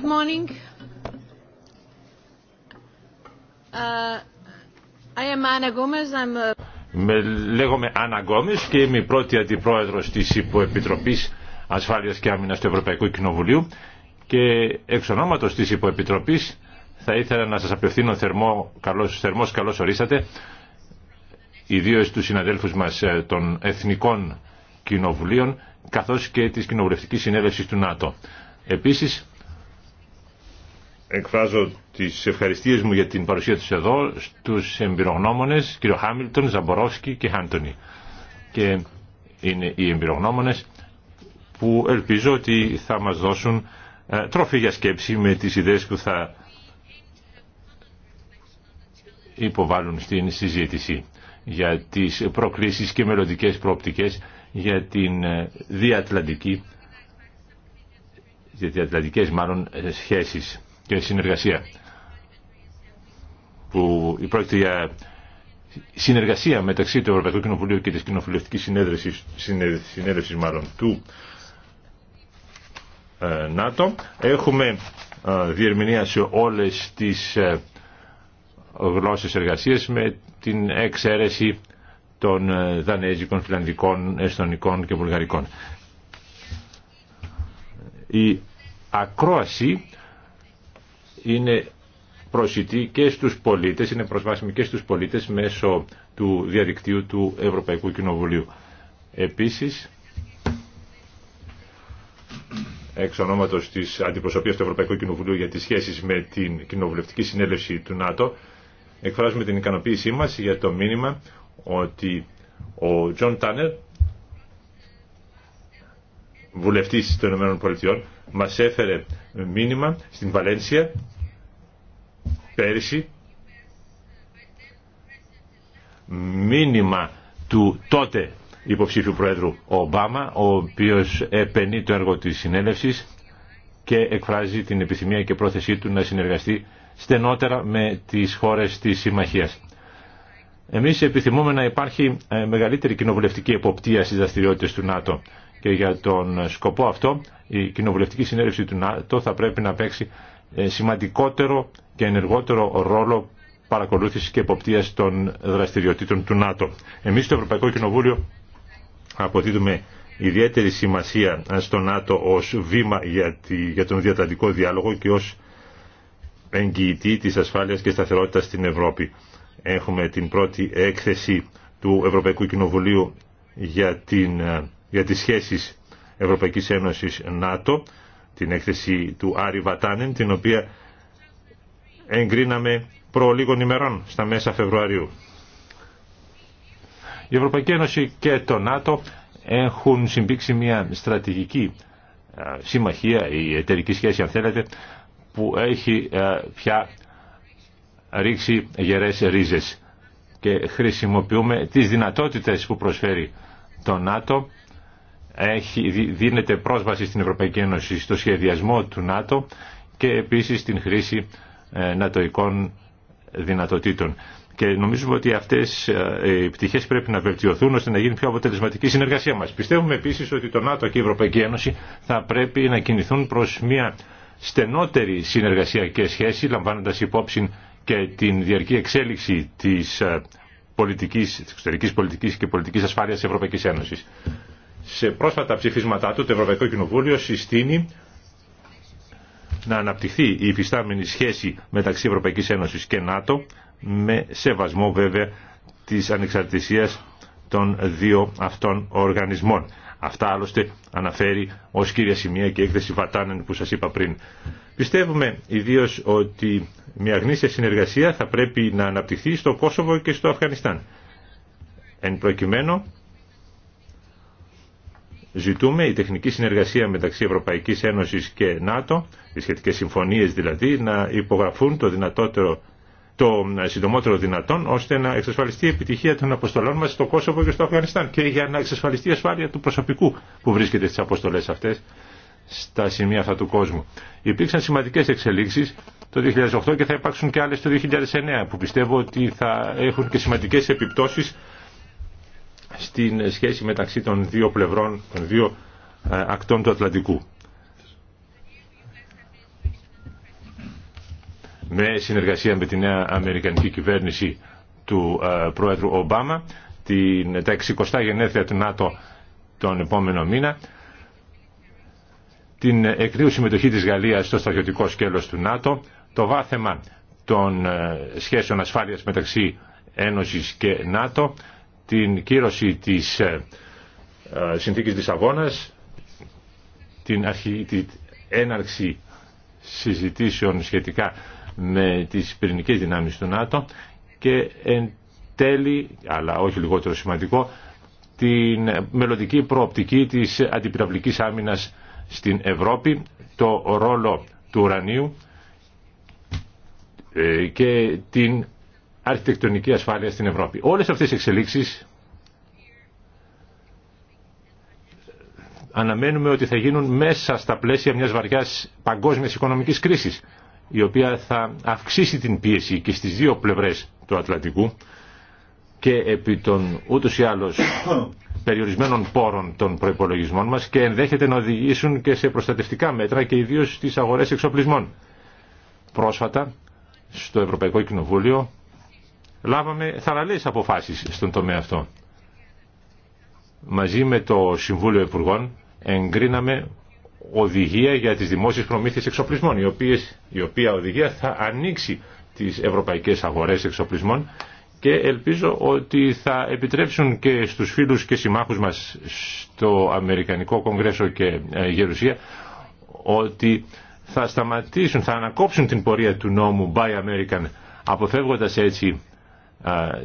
Good morning. Uh, Με, λέγομαι Άννα Γκόμες και είμαι η πρώτη αντιπρόεδρος της Υποεπιτροπής Ασφάλειας και Άμυνας του Ευρωπαϊκού Κοινοβουλίου και εξ ονόματος της Υποεπιτροπής θα ήθελα να σας απευθύνω θερμό, καλώς, θερμός καλώς ορίσατε ιδίω τους συναδέλφους μας ε, των Εθνικών Κοινοβουλίων καθώς και της Κοινοβουλευτικής Συνέλευσης του ΝΑΤΟ. Επίσης εκφράζω τις ευχαριστίες μου για την παρουσία τους εδώ στους εμπειρογνώμονες κύριο Χάμιλτον, Ζαμπορόφσκι και Χάντονι και είναι οι εμπειρογνώμονες που ελπίζω ότι θα μας δώσουν ε, τρόφι για σκέψη με τις ιδέες που θα υποβάλουν στην συζήτηση για τις προκλήσεις και μελλοντικέ προοπτικές για την ε, διατλαντική για διατλαντικές μάλλον ε, σχέσεις και συνεργασία που πρόκειται για συνεργασία μεταξύ του Ευρωπαϊκού Κοινοβουλίου και της Κοινοβουλευτικής Συνέδρισης, του ε, ΝΑΤΟ. Έχουμε ε, διερμηνία σε όλες τις ε, γλώσσες εργασίες με την εξαίρεση των δανέζικων, φιλανδικών, εστονικών και βουλγαρικών. Η ακρόαση είναι προσιτή και στους πολίτες, είναι προσβάσιμη και στους πολίτες μέσω του διαδικτύου του Ευρωπαϊκού Κοινοβουλίου. Επίσης, εξ ονόματος της αντιπροσωπείας του Ευρωπαϊκού Κοινοβουλίου για τις σχέσεις με την Κοινοβουλευτική Συνέλευση του ΝΑΤΟ, εκφράζουμε την ικανοποίησή μας για το μήνυμα ότι ο Τζον Τάνερ, βουλευτής των ΗΠΑ, μας έφερε μήνυμα στην Βαλένσια πέρυσι μήνυμα του τότε υποψήφιου Πρόεδρου Ομπάμα, ο οποίος επενεί το έργο της συνέλευσης και εκφράζει την επιθυμία και πρόθεσή του να συνεργαστεί στενότερα με τις χώρες της συμμαχίας. Εμείς επιθυμούμε να υπάρχει ε, μεγαλύτερη κοινοβουλευτική εποπτεία στις δραστηριότητες του ΝΑΤΟ και για τον σκοπό αυτό η κοινοβουλευτική συνέλευση του ΝΑΤΟ θα πρέπει να παίξει ε, σημαντικότερο και ενεργότερο ρόλο παρακολούθησης και εποπτείας των δραστηριοτήτων του ΝΑΤΟ. Εμείς στο Ευρωπαϊκό Κοινοβούλιο αποδίδουμε ιδιαίτερη σημασία στο ΝΑΤΟ ως βήμα για, τον διατατικό διάλογο και ως εγγυητή της ασφάλειας και σταθερότητας στην Ευρώπη. Έχουμε την πρώτη έκθεση του Ευρωπαϊκού Κοινοβουλίου για, την, ε, για τις σχέσεις Ευρωπαϊκής Ένωσης ΝΑΤΟ την έκθεση του Άρη Βατάνεν, την οποία εγκρίναμε προ λίγων ημερών στα μέσα Φεβρουαρίου. Η Ευρωπαϊκή Ένωση και το ΝΑΤΟ έχουν συμπήξει μια στρατηγική συμμαχία ή εταιρική σχέση αν θέλετε που έχει πια ρίξει γερές ρίζες και χρησιμοποιούμε τις δυνατότητες που προσφέρει το ΝΑΤΟ έχει, δίνεται πρόσβαση στην Ευρωπαϊκή Ένωση στο σχεδιασμό του ΝΑΤΟ και επίσης στην χρήση ε, νατοικών δυνατοτήτων. Και νομίζουμε ότι αυτές ε, οι πτυχές πρέπει να βελτιωθούν ώστε να γίνει πιο αποτελεσματική συνεργασία μας. Πιστεύουμε επίσης ότι το ΝΑΤΟ και η Ευρωπαϊκή Ένωση θα πρέπει να κινηθούν προς μια στενότερη συνεργασιακή σχέση λαμβάνοντας υπόψη και την διαρκή εξέλιξη της ε, πολιτικής, της εξωτερικής πολιτικής και πολιτικής ασφάλειας της Ευρωπαϊκής Ένωσης σε πρόσφατα ψηφίσματά του το Ευρωπαϊκό Κοινοβούλιο συστήνει να αναπτυχθεί η υφιστάμενη σχέση μεταξύ Ευρωπαϊκής Ένωσης και ΝΑΤΟ με σεβασμό βέβαια της ανεξαρτησίας των δύο αυτών οργανισμών. Αυτά άλλωστε αναφέρει ως κύρια σημεία και έκθεση Βατάνεν που σας είπα πριν. Πιστεύουμε ιδίως ότι μια γνήσια συνεργασία θα πρέπει να αναπτυχθεί στο Κόσοβο και στο Αφγανιστάν. Εν προκειμένου Ζητούμε η τεχνική συνεργασία μεταξύ Ευρωπαϊκής Ένωσης και ΝΑΤΟ, οι σχετικές συμφωνίες δηλαδή, να υπογραφούν το, δυνατότερο, το συντομότερο δυνατόν, ώστε να εξασφαλιστεί η επιτυχία των αποστολών μας στο Κόσοβο και στο Αφγανιστάν και για να εξασφαλιστεί η ασφάλεια του προσωπικού που βρίσκεται στις αποστολές αυτές στα σημεία αυτά του κόσμου. Υπήρξαν σημαντικές εξελίξεις το 2008 και θα υπάρξουν και άλλες το 2009 που πιστεύω ότι θα έχουν και σημαντικές επιπτώσεις στην σχέση μεταξύ των δύο πλευρών, των δύο ε, ακτών του Ατλαντικού. Με συνεργασία με τη νέα Αμερικανική κυβέρνηση του ε, Πρόεδρου Ομπάμα, την, τα 60 γενέθλια του ΝΑΤΟ τον επόμενο μήνα, την εκρήου συμμετοχή της Γαλλίας στο στρατιωτικό σκέλος του ΝΑΤΟ, το βάθεμα των ε, σχέσεων ασφάλειας μεταξύ Ένωσης και ΝΑΤΟ, την κύρωση της ε, ε, συνθήκης της αγώνας, την, την έναρξη συζητήσεων σχετικά με τις πυρηνικές δυνάμεις του ΝΑΤΟ και εν τέλει, αλλά όχι λιγότερο σημαντικό, την μελλοντική προοπτική της αντιπυραυλικής άμυνας στην Ευρώπη, το ρόλο του ουρανίου ε, και την αρχιτεκτονική ασφάλεια στην Ευρώπη. Όλες αυτές οι εξελίξεις αναμένουμε ότι θα γίνουν μέσα στα πλαίσια μιας βαριάς παγκόσμιας οικονομικής κρίσης, η οποία θα αυξήσει την πίεση και στις δύο πλευρές του Ατλαντικού και επί των ούτως ή άλλως περιορισμένων πόρων των προϋπολογισμών μας και ενδέχεται να οδηγήσουν και σε προστατευτικά μέτρα και ιδίως στις αγορές εξοπλισμών. Πρόσφατα, στο Ευρωπαϊκό Κοινοβούλιο, λάβαμε θαραλές αποφάσεις στον τομέα αυτό. Μαζί με το Συμβούλιο Υπουργών εγκρίναμε οδηγία για τις δημόσιες προμήθειες εξοπλισμών, η, η οποία οδηγία θα ανοίξει τις ευρωπαϊκές αγορές εξοπλισμών και ελπίζω ότι θα επιτρέψουν και στους φίλους και συμμάχους μας στο Αμερικανικό Κογκρέσο και ε, Γερουσία ότι θα σταματήσουν, θα ανακόψουν την πορεία του νόμου Buy American αποφεύγοντας έτσι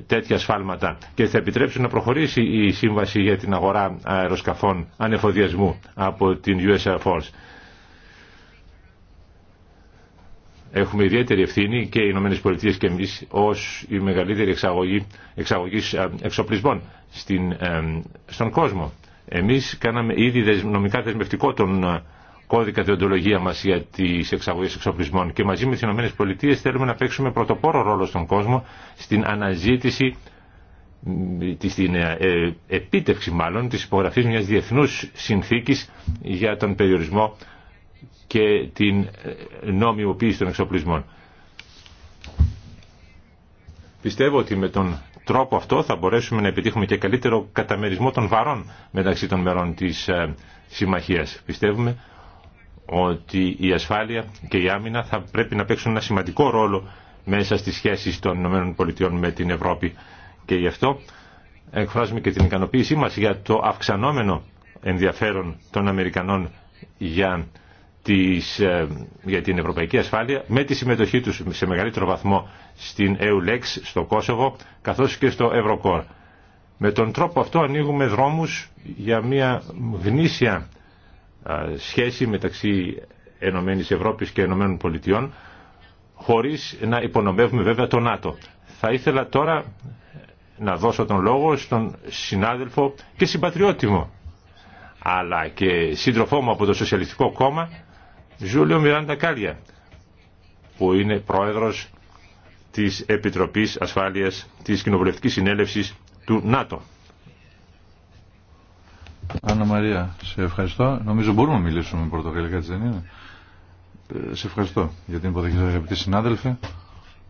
τέτοια σφάλματα και θα επιτρέψουν να προχωρήσει η σύμβαση για την αγορά αεροσκαφών ανεφοδιασμού από την US Air Force. Έχουμε ιδιαίτερη ευθύνη και οι Ηνωμένες Πολιτείες και εμεί ω η μεγαλύτερη εξαγωγή εξαγωγής εξοπλισμών στην, στον κόσμο. Εμείς κάναμε ήδη νομικά δεσμευτικό τον κώδικα διοντολογία μα για τι εξαγωγέ εξοπλισμών και μαζί με τι ΗΠΑ θέλουμε να παίξουμε πρωτοπόρο ρόλο στον κόσμο στην αναζήτηση στην ε, ε, επίτευξη μάλλον της υπογραφής μιας διεθνούς συνθήκης για τον περιορισμό και την ε, νόμιμοποίηση των εξοπλισμών. Πιστεύω ότι με τον τρόπο αυτό θα μπορέσουμε να επιτύχουμε και καλύτερο καταμερισμό των βαρών μεταξύ των μερών της συμμαχίας. Πιστεύουμε ότι η ασφάλεια και η άμυνα θα πρέπει να παίξουν ένα σημαντικό ρόλο μέσα στις σχέσεις των ΗΠΑ με την Ευρώπη. Και γι' αυτό εκφράζουμε και την ικανοποίησή μας για το αυξανόμενο ενδιαφέρον των Αμερικανών ε, για, την ευρωπαϊκή ασφάλεια με τη συμμετοχή τους σε μεγαλύτερο βαθμό στην EULEX, στο Κόσοβο, καθώς και στο Ευρωκόρ. Με τον τρόπο αυτό ανοίγουμε δρόμους για μια γνήσια σχέση μεταξύ Ενωμένης Ευρώπης και Ενωμένων χωρίς να υπονομεύουμε βέβαια το ΝΑΤΟ. Θα ήθελα τώρα να δώσω τον λόγο στον συνάδελφο και συμπατριώτη μου αλλά και σύντροφό μου από το Σοσιαλιστικό Κόμμα Ζούλιο Μιράντα Κάλια που είναι πρόεδρος της Επιτροπής Ασφάλειας της Κοινοβουλευτικής Συνέλευσης του ΝΑΤΟ. Άννα Μαρία, σε ευχαριστώ. Νομίζω μπορούμε να μιλήσουμε με πορτογαλικά, έτσι δεν είναι. Ε, σε ευχαριστώ για την υποδοχή σα, αγαπητοί συνάδελφοι.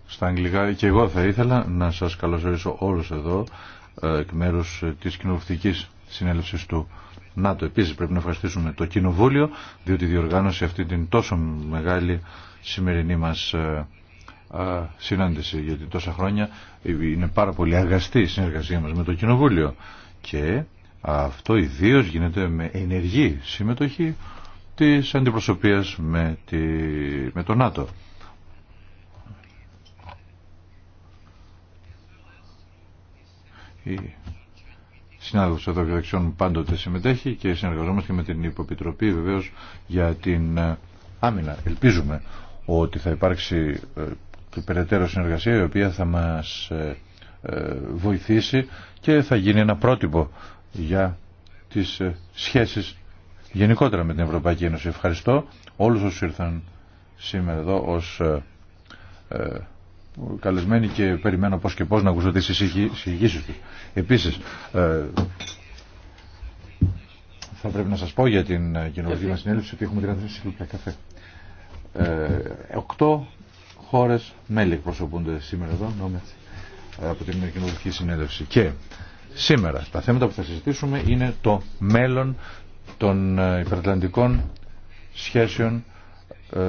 Στα αγγλικά και εγώ θα ήθελα να σα καλωσορίσω όλου εδώ ε, εκ μέρου ε, τη κοινοβουλευτική συνέλευση του ΝΑΤΟ. Επίση πρέπει να ευχαριστήσουμε το Κοινοβούλιο διότι διοργάνωσε αυτή την τόσο μεγάλη σημερινή μα συνάντηση γιατί τόσα χρόνια είναι πάρα πολύ αργαστή η συνεργασία μα με το Κοινοβούλιο και αυτό ιδίως γίνεται με ενεργή συμμετοχή της αντιπροσωπείας με, τη, με το ΝΑΤΟ. Η συνάδελφος εδώ δεξιών πάντοτε συμμετέχει και συνεργαζόμαστε με την Υποπιτροπή βεβαίως για την ε, άμυνα. Ελπίζουμε ότι θα υπάρξει ε, περαιτέρω συνεργασία η οποία θα μας ε, βοηθήσει και θα γίνει ένα πρότυπο για τις ε, σχέσεις γενικότερα με την Ευρωπαϊκή Ένωση. Ευχαριστώ όλους όσους ήρθαν σήμερα εδώ ως ε, ε, καλεσμένοι και περιμένω πώς και πώς να ακούσω τις εισηγήσεις τους. Επίσης, θα πρέπει να σας πω για την κοινωνική μας συνέλευση ότι έχουμε 33 συλλογικά καφέ. Ε, οκτώ χώρες μέλη εκπροσωπούνται σήμερα εδώ, από την κοινωνική συνέλευση. Και σήμερα. Τα θέματα που θα συζητήσουμε είναι το μέλλον των ε, υπερατλαντικών σχέσεων ε,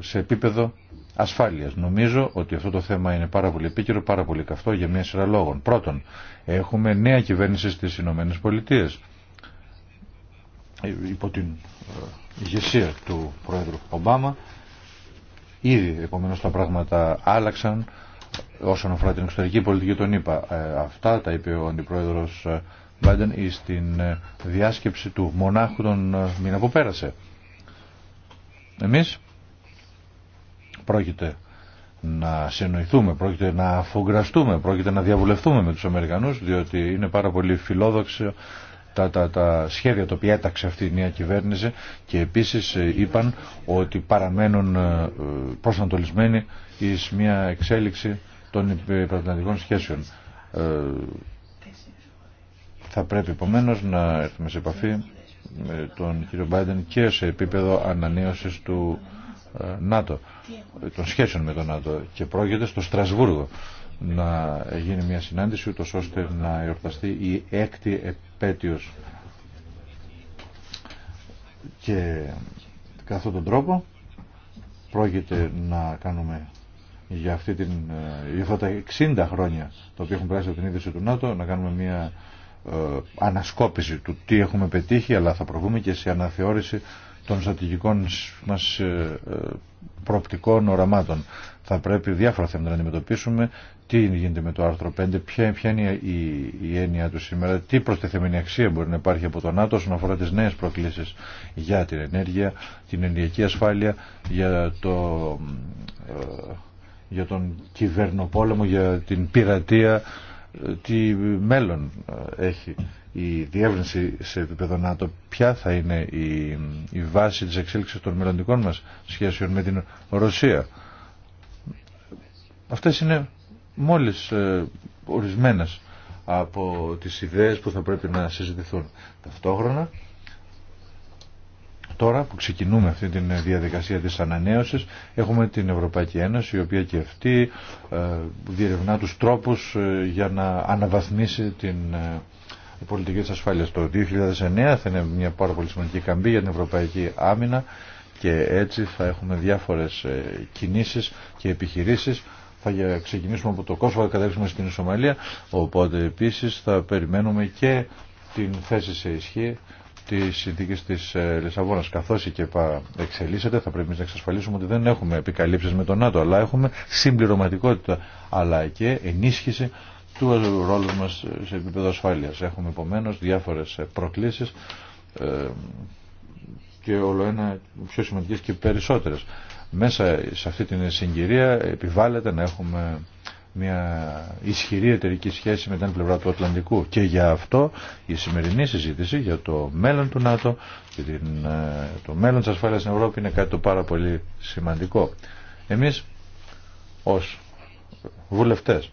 σε επίπεδο ασφάλειας. Νομίζω ότι αυτό το θέμα είναι πάρα πολύ επίκαιρο, πάρα πολύ καυτό για μια σειρά λόγων. Πρώτον, έχουμε νέα κυβέρνηση στις Ηνωμένε Πολιτείε ε, υπό την ηγεσία του Πρόεδρου Ομπάμα. Ήδη επομένως τα πράγματα άλλαξαν όσον αφορά την εξωτερική πολιτική των ΗΠΑ. Ε, αυτά τα είπε ο Αντιπρόεδρος η ε, στην ε, διάσκεψη του μονάχου τον μήνα που πέρασε. Εμείς πρόκειται να συνοηθούμε, πρόκειται να αφογκραστούμε, πρόκειται να διαβουλευτούμε με τους Αμερικανούς διότι είναι πάρα πολύ φιλόδοξο τα, τα, σχέδια τα οποία έταξε αυτή η νέα κυβέρνηση και επίσης ε, είπαν ότι παραμένουν ε, ε, προσανατολισμένοι εις μια εξέλιξη των υπερατλαντικών σχέσεων. Θα πρέπει επομένω να έρθουμε σε επαφή με τον κύριο Μπάιντεν και σε επίπεδο ανανέωσης του ΝΑΤΟ, των σχέσεων με τον ΝΑΤΟ και πρόκειται στο Στρασβούργο να γίνει μια συνάντηση ούτως ώστε να εορταστεί η έκτη επέτειος και κατά τον τρόπο πρόκειται να κάνουμε για, αυτή την, ε, για αυτά τα 60 χρόνια τα οποία έχουν περάσει από την είδηση του ΝΑΤΟ να κάνουμε μια ε, ανασκόπηση του τι έχουμε πετύχει αλλά θα προβούμε και σε αναθεώρηση των στρατηγικών μας ε, ε, προοπτικών οραμάτων. Θα πρέπει διάφορα θέματα να αντιμετωπίσουμε. Τι γίνεται με το άρθρο 5, ποια, ποια είναι η, η έννοια του σήμερα, τι προστεθεμένη αξία μπορεί να υπάρχει από τον ΝΑΤΟ όσον αφορά τις νέες προκλήσεις για την ενέργεια, την ενεργειακή ασφάλεια, για, το, ε, για τον κυβερνοπόλεμο, για την πειρατεία, τι μέλλον έχει η διεύρυνση σε επίπεδο ΝΑΤΟ, ποια θα είναι η, η βάση της εξέλιξης των μελλοντικών μας σχέσεων με την Ρωσία. Αυτές είναι μόλις ε, ορισμένες από τις ιδέες που θα πρέπει να συζητηθούν. Ταυτόχρονα, τώρα που ξεκινούμε αυτή τη διαδικασία της ανανέωσης, έχουμε την Ευρωπαϊκή Ένωση, η οποία και αυτή ε, διερευνά τους τρόπους ε, για να αναβαθμίσει την ε, η πολιτική της ασφάλειας. Το 2009 θα είναι μια πάρα πολύ σημαντική καμπή για την ευρωπαϊκή άμυνα και έτσι θα έχουμε διάφορες ε, κινήσεις και επιχειρήσεις. Θα ξεκινήσουμε από το Κόσοβο, θα καταλήξουμε στην Σομαλία, οπότε επίσης θα περιμένουμε και την θέση σε ισχύ τη συνθήκη τη ε, Λισαβόνα. Καθώ η ΚΕΠΑ εξελίσσεται, θα πρέπει να εξασφαλίσουμε ότι δεν έχουμε επικαλύψει με τον ΝΑΤΟ, αλλά έχουμε συμπληρωματικότητα αλλά και ενίσχυση του ρόλου μας σε επίπεδο ασφάλειας. Έχουμε επομένως διάφορες προκλήσεις ε, και όλο ένα πιο σημαντικές και περισσότερες. Μέσα σε αυτή την συγκυρία επιβάλλεται να έχουμε μια ισχυρή εταιρική σχέση με την πλευρά του Ατλαντικού και για αυτό η σημερινή συζήτηση για το μέλλον του ΝΑΤΟ και την, ε, το μέλλον της ασφάλειας στην Ευρώπη είναι κάτι το πάρα πολύ σημαντικό. Εμείς ως βουλευτές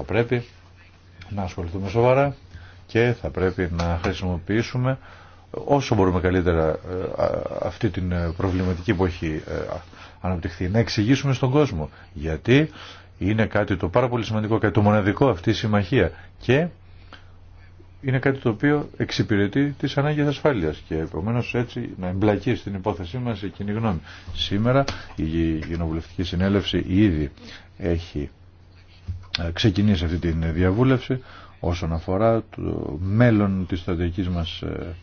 θα πρέπει να ασχοληθούμε σοβαρά και θα πρέπει να χρησιμοποιήσουμε όσο μπορούμε καλύτερα ε, αυτή την ε, προβληματική που έχει ε, αναπτυχθεί. Να εξηγήσουμε στον κόσμο γιατί είναι κάτι το πάρα πολύ σημαντικό, και το μοναδικό αυτή η συμμαχία και είναι κάτι το οποίο εξυπηρετεί τις ανάγκες ασφάλειας και επομένω έτσι να εμπλακεί στην υπόθεσή μας η κοινή γνώμη. Σήμερα η Κοινοβουλευτική Συνέλευση ήδη έχει ξεκινήσει αυτή τη διαβούλευση όσον αφορά το μέλλον της στρατηγικής μας ε,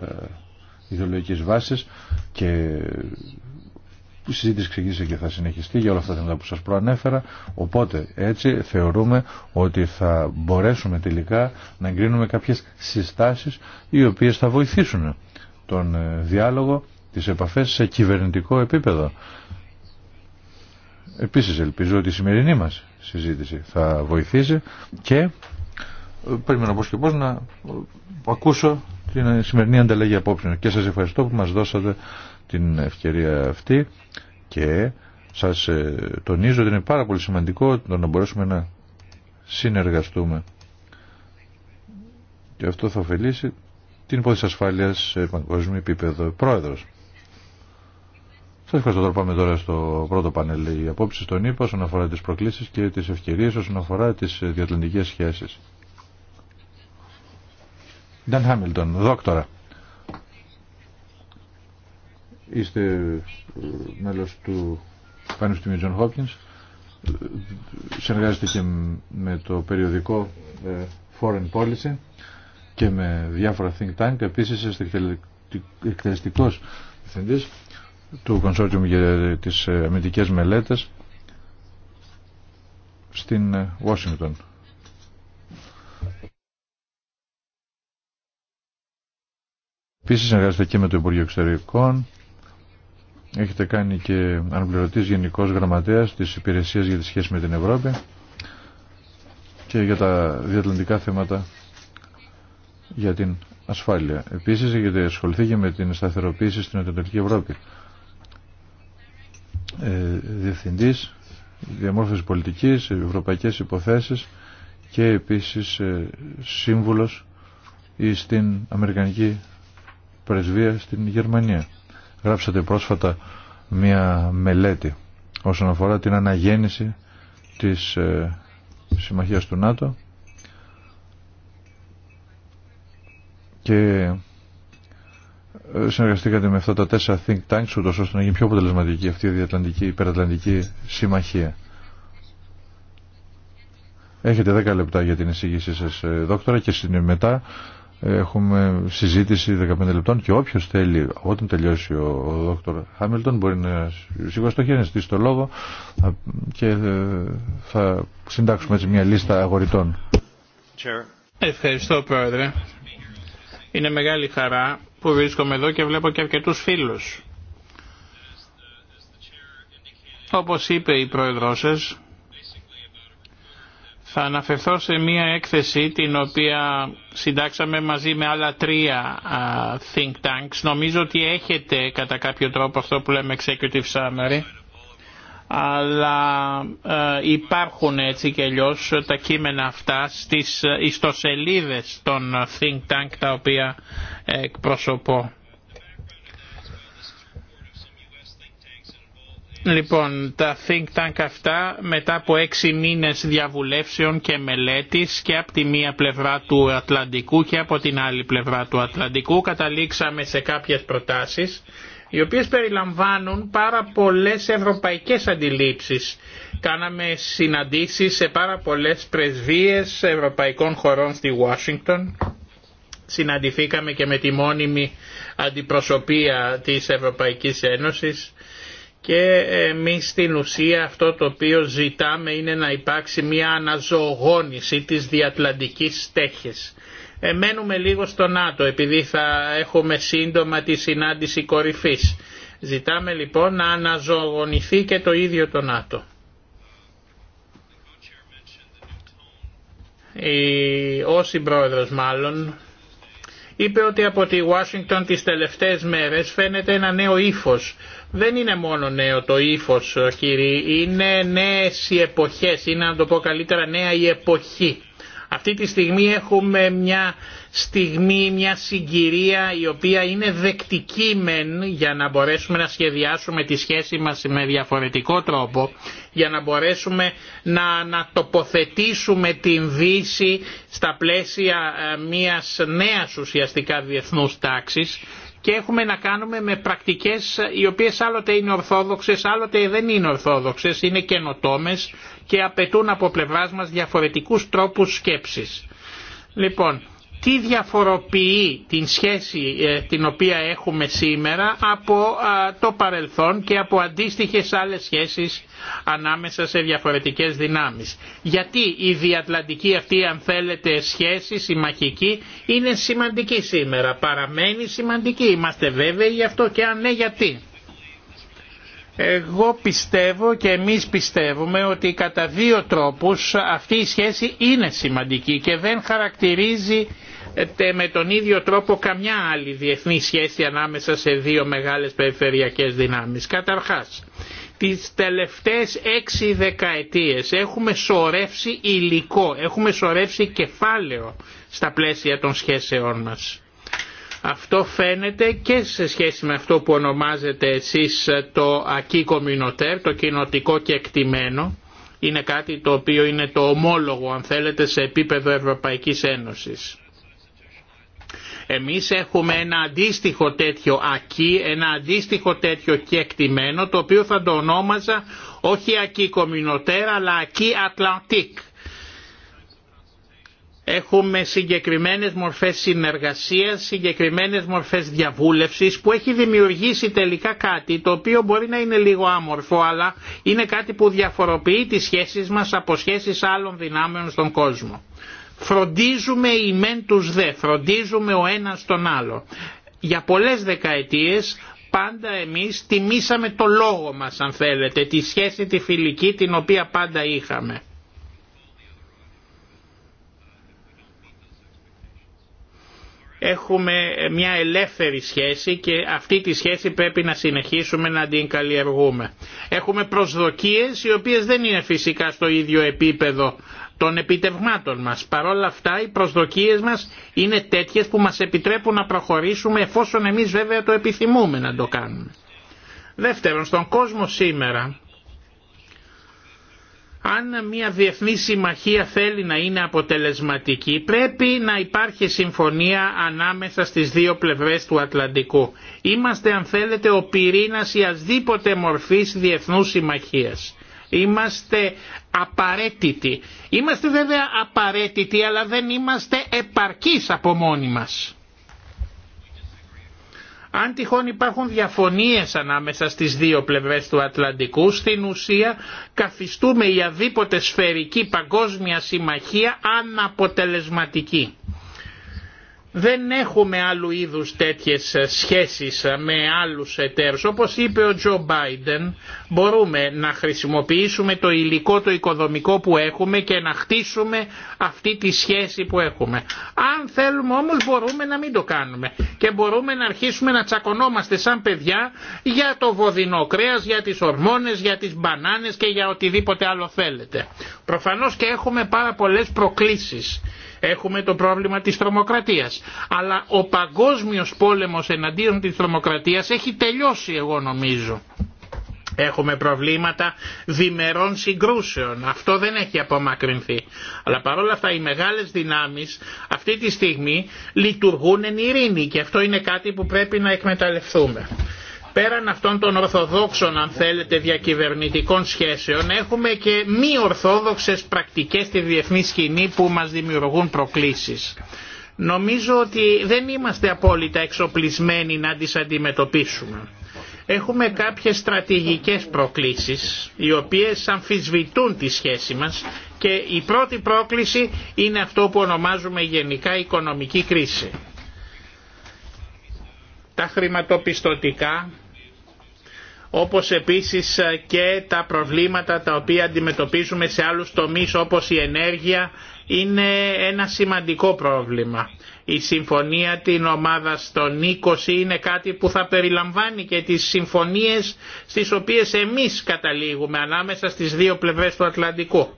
ε, ιδεολογικής βάσης και η συζήτηση ξεκίνησε και θα συνεχιστεί για όλα αυτά τα που σας προανέφερα οπότε έτσι θεωρούμε ότι θα μπορέσουμε τελικά να εγκρίνουμε κάποιες συστάσεις οι οποίες θα βοηθήσουν τον ε, διάλογο, τις επαφές σε κυβερνητικό επίπεδο. Επίσης ελπίζω ότι η σημερινή μας συζήτηση. Θα βοηθήσει και ε, περιμένω πώς και πώς να ε, ακούσω την ε, σημερινή ανταλλαγή απόψεων. Και σας ευχαριστώ που μας δώσατε την ευκαιρία αυτή και σας τονίζω ότι είναι πάρα πολύ σημαντικό το να μπορέσουμε να συνεργαστούμε. Και αυτό θα ωφελήσει την υπόθεση ασφάλειας σε παγκόσμιο επίπεδο. Πρόεδρος. Σας ευχαριστώ τώρα πάμε τώρα στο πρώτο πανελ. Οι απόψεις των ΗΠΑ όσον αφορά τις προκλήσεις και τις ευκαιρίες όσον αφορά τις διατλαντικές σχέσεις. Νταν Χάμιλτον, δόκτορα. Είστε ε, μέλος του Πανεπιστημίου Τζον Χόπκινς. Συνεργάζεστε και με το περιοδικό ε, Foreign Policy και με διάφορα think tank. Επίσης είστε εκτελεστικός διευθυντής του Κονσόρτιουμ για τις ε, αμυντικές μελέτες στην Ουάσιγκτον. Ε, Επίσης συνεργάζεται και με το Υπουργείο Εξωτερικών. Έχετε κάνει και αναπληρωτή γενικός γραμματέας της Υπηρεσίας για τη σχέση με την Ευρώπη και για τα διατλαντικά θέματα για την ασφάλεια. Επίσης έχετε ασχοληθεί και με την σταθεροποίηση στην Ανατολική Ευρώπη. Ε, διευθυντής διαμόρφωση πολιτικής, ευρωπαϊκές υποθέσεις και επίσης ε, σύμβουλος στην Αμερικανική Πρεσβεία στην Γερμανία. Γράψατε πρόσφατα μία μελέτη όσον αφορά την αναγέννηση της ε, συμμαχίας του ΝΑΤΟ και συνεργαστήκατε με αυτά τα τέσσερα think tanks ούτως ώστε να γίνει πιο αποτελεσματική αυτή η διατλαντική, υπερατλαντική συμμαχία. Έχετε 10 λεπτά για την εισήγησή σας ε, δόκτωρα και μετά ε, έχουμε συζήτηση 15 λεπτών και όποιος θέλει όταν τελειώσει ο, ο δόκτωρ Χάμιλτον μπορεί να σίγουρα στο χέρι να στήσει το λόγο και ε, θα συντάξουμε έτσι μια λίστα αγορητών. Ευχαριστώ Πρόεδρε. Είναι μεγάλη χαρά που βρίσκομαι εδώ και βλέπω και αρκετούς φίλους. Όπως είπε η πρόεδρό θα αναφερθώ σε μία έκθεση την οποία συντάξαμε μαζί με άλλα τρία think tanks. Νομίζω ότι έχετε κατά κάποιο τρόπο αυτό που λέμε executive summary αλλά ε, υπάρχουν έτσι και αλλιώ τα κείμενα αυτά στις ιστοσελίδες των think tank τα οποία εκπροσωπώ. Λοιπόν, τα think tank αυτά μετά από έξι μήνες διαβουλεύσεων και μελέτης και από τη μία πλευρά του Ατλαντικού και από την άλλη πλευρά του Ατλαντικού καταλήξαμε σε κάποιες προτάσεις οι οποίες περιλαμβάνουν πάρα πολλές ευρωπαϊκές αντιλήψεις. Κάναμε συναντήσεις σε πάρα πολλές πρεσβείες ευρωπαϊκών χωρών στη Ουάσιγκτον. Συναντηθήκαμε και με τη μόνιμη αντιπροσωπεία της Ευρωπαϊκής Ένωσης και εμείς στην ουσία αυτό το οποίο ζητάμε είναι να υπάρξει μια αναζωογόνηση της διατλαντικής στέχης ε, μένουμε λίγο στο ΝΑΤΟ επειδή θα έχουμε σύντομα τη συνάντηση κορυφής. Ζητάμε λοιπόν να αναζωογονηθεί και το ίδιο το ΝΑΤΟ. Η, ο συμπρόεδρος μάλλον είπε ότι από τη Ουάσιγκτον τις τελευταίες μέρες φαίνεται ένα νέο ύφος. Δεν είναι μόνο νέο το ύφος ε, κύριε, είναι νέες οι εποχές, είναι να το πω καλύτερα νέα η εποχή. Αυτή τη στιγμή έχουμε μια στιγμή, μια συγκυρία η οποία είναι δεκτική μεν για να μπορέσουμε να σχεδιάσουμε τη σχέση μας με διαφορετικό τρόπο, για να μπορέσουμε να ανατοποθετήσουμε την Δύση στα πλαίσια ε, μιας νέας ουσιαστικά διεθνούς τάξης, και έχουμε να κάνουμε με πρακτικές οι οποίες άλλοτε είναι ορθόδοξες, άλλοτε δεν είναι ορθόδοξες, είναι καινοτόμε και απαιτούν από πλευράς μας διαφορετικούς τρόπους σκέψης. Λοιπόν, τι διαφοροποιεί την σχέση ε, την οποία έχουμε σήμερα από το παρελθόν και από αντίστοιχες άλλες σχέσεις ανάμεσα σε διαφορετικές δυνάμεις. Γιατί η διατλαντική αυτή αν θέλετε σχέση συμμαχική είναι σημαντική σήμερα, παραμένει σημαντική, είμαστε βέβαιοι γι' αυτό και αν ναι γιατί. Εγώ πιστεύω και εμείς πιστεύουμε ότι κατά δύο τρόπους αυτή η σχέση είναι σημαντική και δεν χαρακτηρίζει με τον ίδιο τρόπο καμιά άλλη διεθνή σχέση ανάμεσα σε δύο μεγάλες περιφερειακές δυνάμεις. Καταρχάς, τις τελευταίες έξι δεκαετίες έχουμε σωρεύσει υλικό, έχουμε σωρεύσει κεφάλαιο στα πλαίσια των σχέσεών μας. Αυτό φαίνεται και σε σχέση με αυτό που ονομάζετε εσείς το ακή κομινοτέρ, το κοινοτικό και εκτιμένο. Είναι κάτι το οποίο είναι το ομόλογο αν θέλετε σε επίπεδο Ευρωπαϊκής Ένωσης. Εμείς έχουμε ένα αντίστοιχο τέτοιο ακί, ένα αντίστοιχο τέτοιο κεκτημένο το οποίο θα το ονόμαζα όχι ακί κομινοτέρα αλλά ακί ατλαντικ. Έχουμε συγκεκριμένες μορφές συνεργασίας, συγκεκριμένες μορφές διαβούλευσης που έχει δημιουργήσει τελικά κάτι το οποίο μπορεί να είναι λίγο άμορφο αλλά είναι κάτι που διαφοροποιεί τις σχέσεις μας από σχέσεις άλλων δυνάμεων στον κόσμο φροντίζουμε οι μεν τους δε, φροντίζουμε ο ένας τον άλλο. Για πολλές δεκαετίες πάντα εμείς τιμήσαμε το λόγο μας αν θέλετε, τη σχέση τη φιλική την οποία πάντα είχαμε. Έχουμε μια ελεύθερη σχέση και αυτή τη σχέση πρέπει να συνεχίσουμε να την καλλιεργούμε. Έχουμε προσδοκίες οι οποίες δεν είναι φυσικά στο ίδιο επίπεδο των επιτευγμάτων μας. Παρόλα αυτά οι προσδοκίες μας είναι τέτοιες που μας επιτρέπουν να προχωρήσουμε εφόσον εμείς βέβαια το επιθυμούμε να το κάνουμε. Δεύτερον, στον κόσμο σήμερα, αν μια διεθνή συμμαχία θέλει να είναι αποτελεσματική, πρέπει να υπάρχει συμφωνία ανάμεσα στις δύο πλευρές του Ατλαντικού. Είμαστε, αν θέλετε, ο πυρήνας ή ασδήποτε μορφής διεθνούς συμμαχίας Είμαστε απαραίτητοι. Είμαστε βέβαια απαραίτητοι αλλά δεν είμαστε επαρκείς από μόνοι μας. Αν τυχόν υπάρχουν διαφωνίες ανάμεσα στις δύο πλευρές του Ατλαντικού, στην ουσία καθιστούμε η αδίποτε σφαιρική παγκόσμια συμμαχία αναποτελεσματική δεν έχουμε άλλου είδους τέτοιες ε, σχέσεις ε, με άλλους εταίρους. Όπως είπε ο Τζο Μπάιντεν, μπορούμε να χρησιμοποιήσουμε το υλικό, το οικοδομικό που έχουμε και να χτίσουμε αυτή τη σχέση που έχουμε. Αν θέλουμε όμως μπορούμε να μην το κάνουμε και μπορούμε να αρχίσουμε να τσακωνόμαστε σαν παιδιά για το βοδινό κρέας, για τις ορμόνες, για τις μπανάνες και για οτιδήποτε άλλο θέλετε. Προφανώς και έχουμε πάρα πολλές προκλήσεις Έχουμε το πρόβλημα της τρομοκρατίας. Αλλά ο παγκόσμιος πόλεμος εναντίον της τρομοκρατίας έχει τελειώσει εγώ νομίζω. Έχουμε προβλήματα διμερών συγκρούσεων. Αυτό δεν έχει απομακρυνθεί. Αλλά παρόλα αυτά οι μεγάλες δυνάμεις αυτή τη στιγμή λειτουργούν εν ειρήνη και αυτό είναι κάτι που πρέπει να εκμεταλλευτούμε. Πέραν αυτών των ορθοδόξων αν θέλετε διακυβερνητικών σχέσεων έχουμε και μη ορθόδοξες πρακτικές στη διεθνή σκηνή που μας δημιουργούν προκλήσεις. Νομίζω ότι δεν είμαστε απόλυτα εξοπλισμένοι να τις αντιμετωπίσουμε. Έχουμε κάποιες στρατηγικές προκλήσεις οι οποίες αμφισβητούν τη σχέση μας και η πρώτη πρόκληση είναι αυτό που ονομάζουμε γενικά οικονομική κρίση. Τα χρηματοπιστωτικά όπως επίσης ε, και τα προβλήματα τα οποία αντιμετωπίζουμε σε άλλους τομείς όπως η ενέργεια είναι ένα σημαντικό πρόβλημα. Η συμφωνία την ομάδα των 20 είναι κάτι που θα περιλαμβάνει και τις συμφωνίες στις οποίες εμείς καταλήγουμε ανάμεσα στις δύο πλευρές του Ατλαντικού.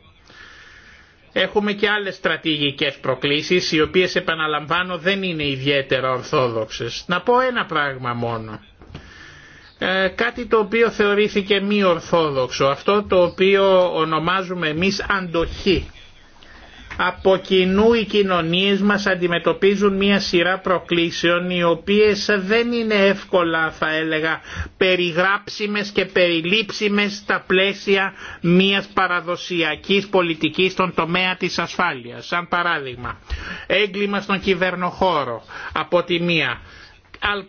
Έχουμε και άλλες στρατηγικές προκλήσεις οι οποίες επαναλαμβάνω δεν είναι ιδιαίτερα ορθόδοξες. Να πω ένα πράγμα μόνο ε, κάτι το οποίο θεωρήθηκε μη ορθόδοξο, αυτό το οποίο ονομάζουμε εμείς αντοχή. Από κοινού οι κοινωνίες μας αντιμετωπίζουν μία σειρά προκλήσεων οι οποίες δεν είναι εύκολα θα έλεγα περιγράψιμες και περιλήψιμες στα πλαίσια μίας παραδοσιακής πολιτικής στον τομέα της ασφάλειας. Σαν παράδειγμα, έγκλημα στον κυβερνοχώρο από τη μία, αλ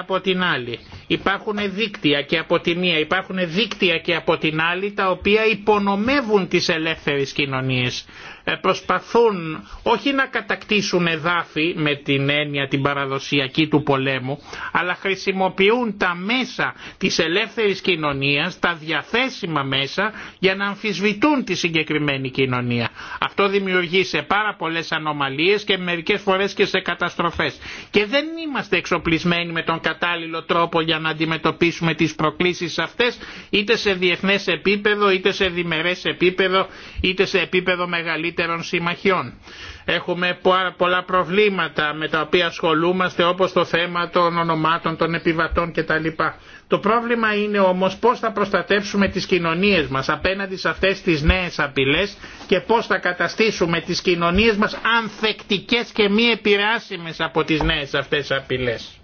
από την άλλη. Υπάρχουν δίκτυα και από τη μία, υπάρχουν δίκτυα και από την άλλη τα οποία υπονομεύουν τις ελεύθερες κοινωνίες. Ε, προσπαθούν όχι να κατακτήσουν εδάφη με την έννοια την παραδοσιακή του πολέμου, αλλά χρησιμοποιούν τα μέσα της ελεύθερης κοινωνίας, τα διαθέσιμα μέσα για να αμφισβητούν τη συγκεκριμένη κοινωνία. Αυτό δημιουργεί σε πάρα πολλές ανομαλίες και μερικές φορές και σε καταστροφές. Και δεν είμαστε εξοπλισμένοι με τον κατάλληλο τρόπο για να αντιμετωπίσουμε τις προκλήσεις αυτές, είτε σε διεθνές επίπεδο, είτε σε διμερές επίπεδο, είτε σε επίπεδο μεγαλύτερη Έχουμε πολλά προβλήματα με τα οποία ασχολούμαστε όπως το θέμα των ονομάτων των επιβατών κτλ. Το πρόβλημα είναι όμως πώς θα προστατεύσουμε τις κοινωνίες μας απέναντι σε αυτές τις νέες απειλές και πώς θα καταστήσουμε τις κοινωνίες μας ανθεκτικές και μη επηρεάσιμες από τις νέες αυτές απειλές.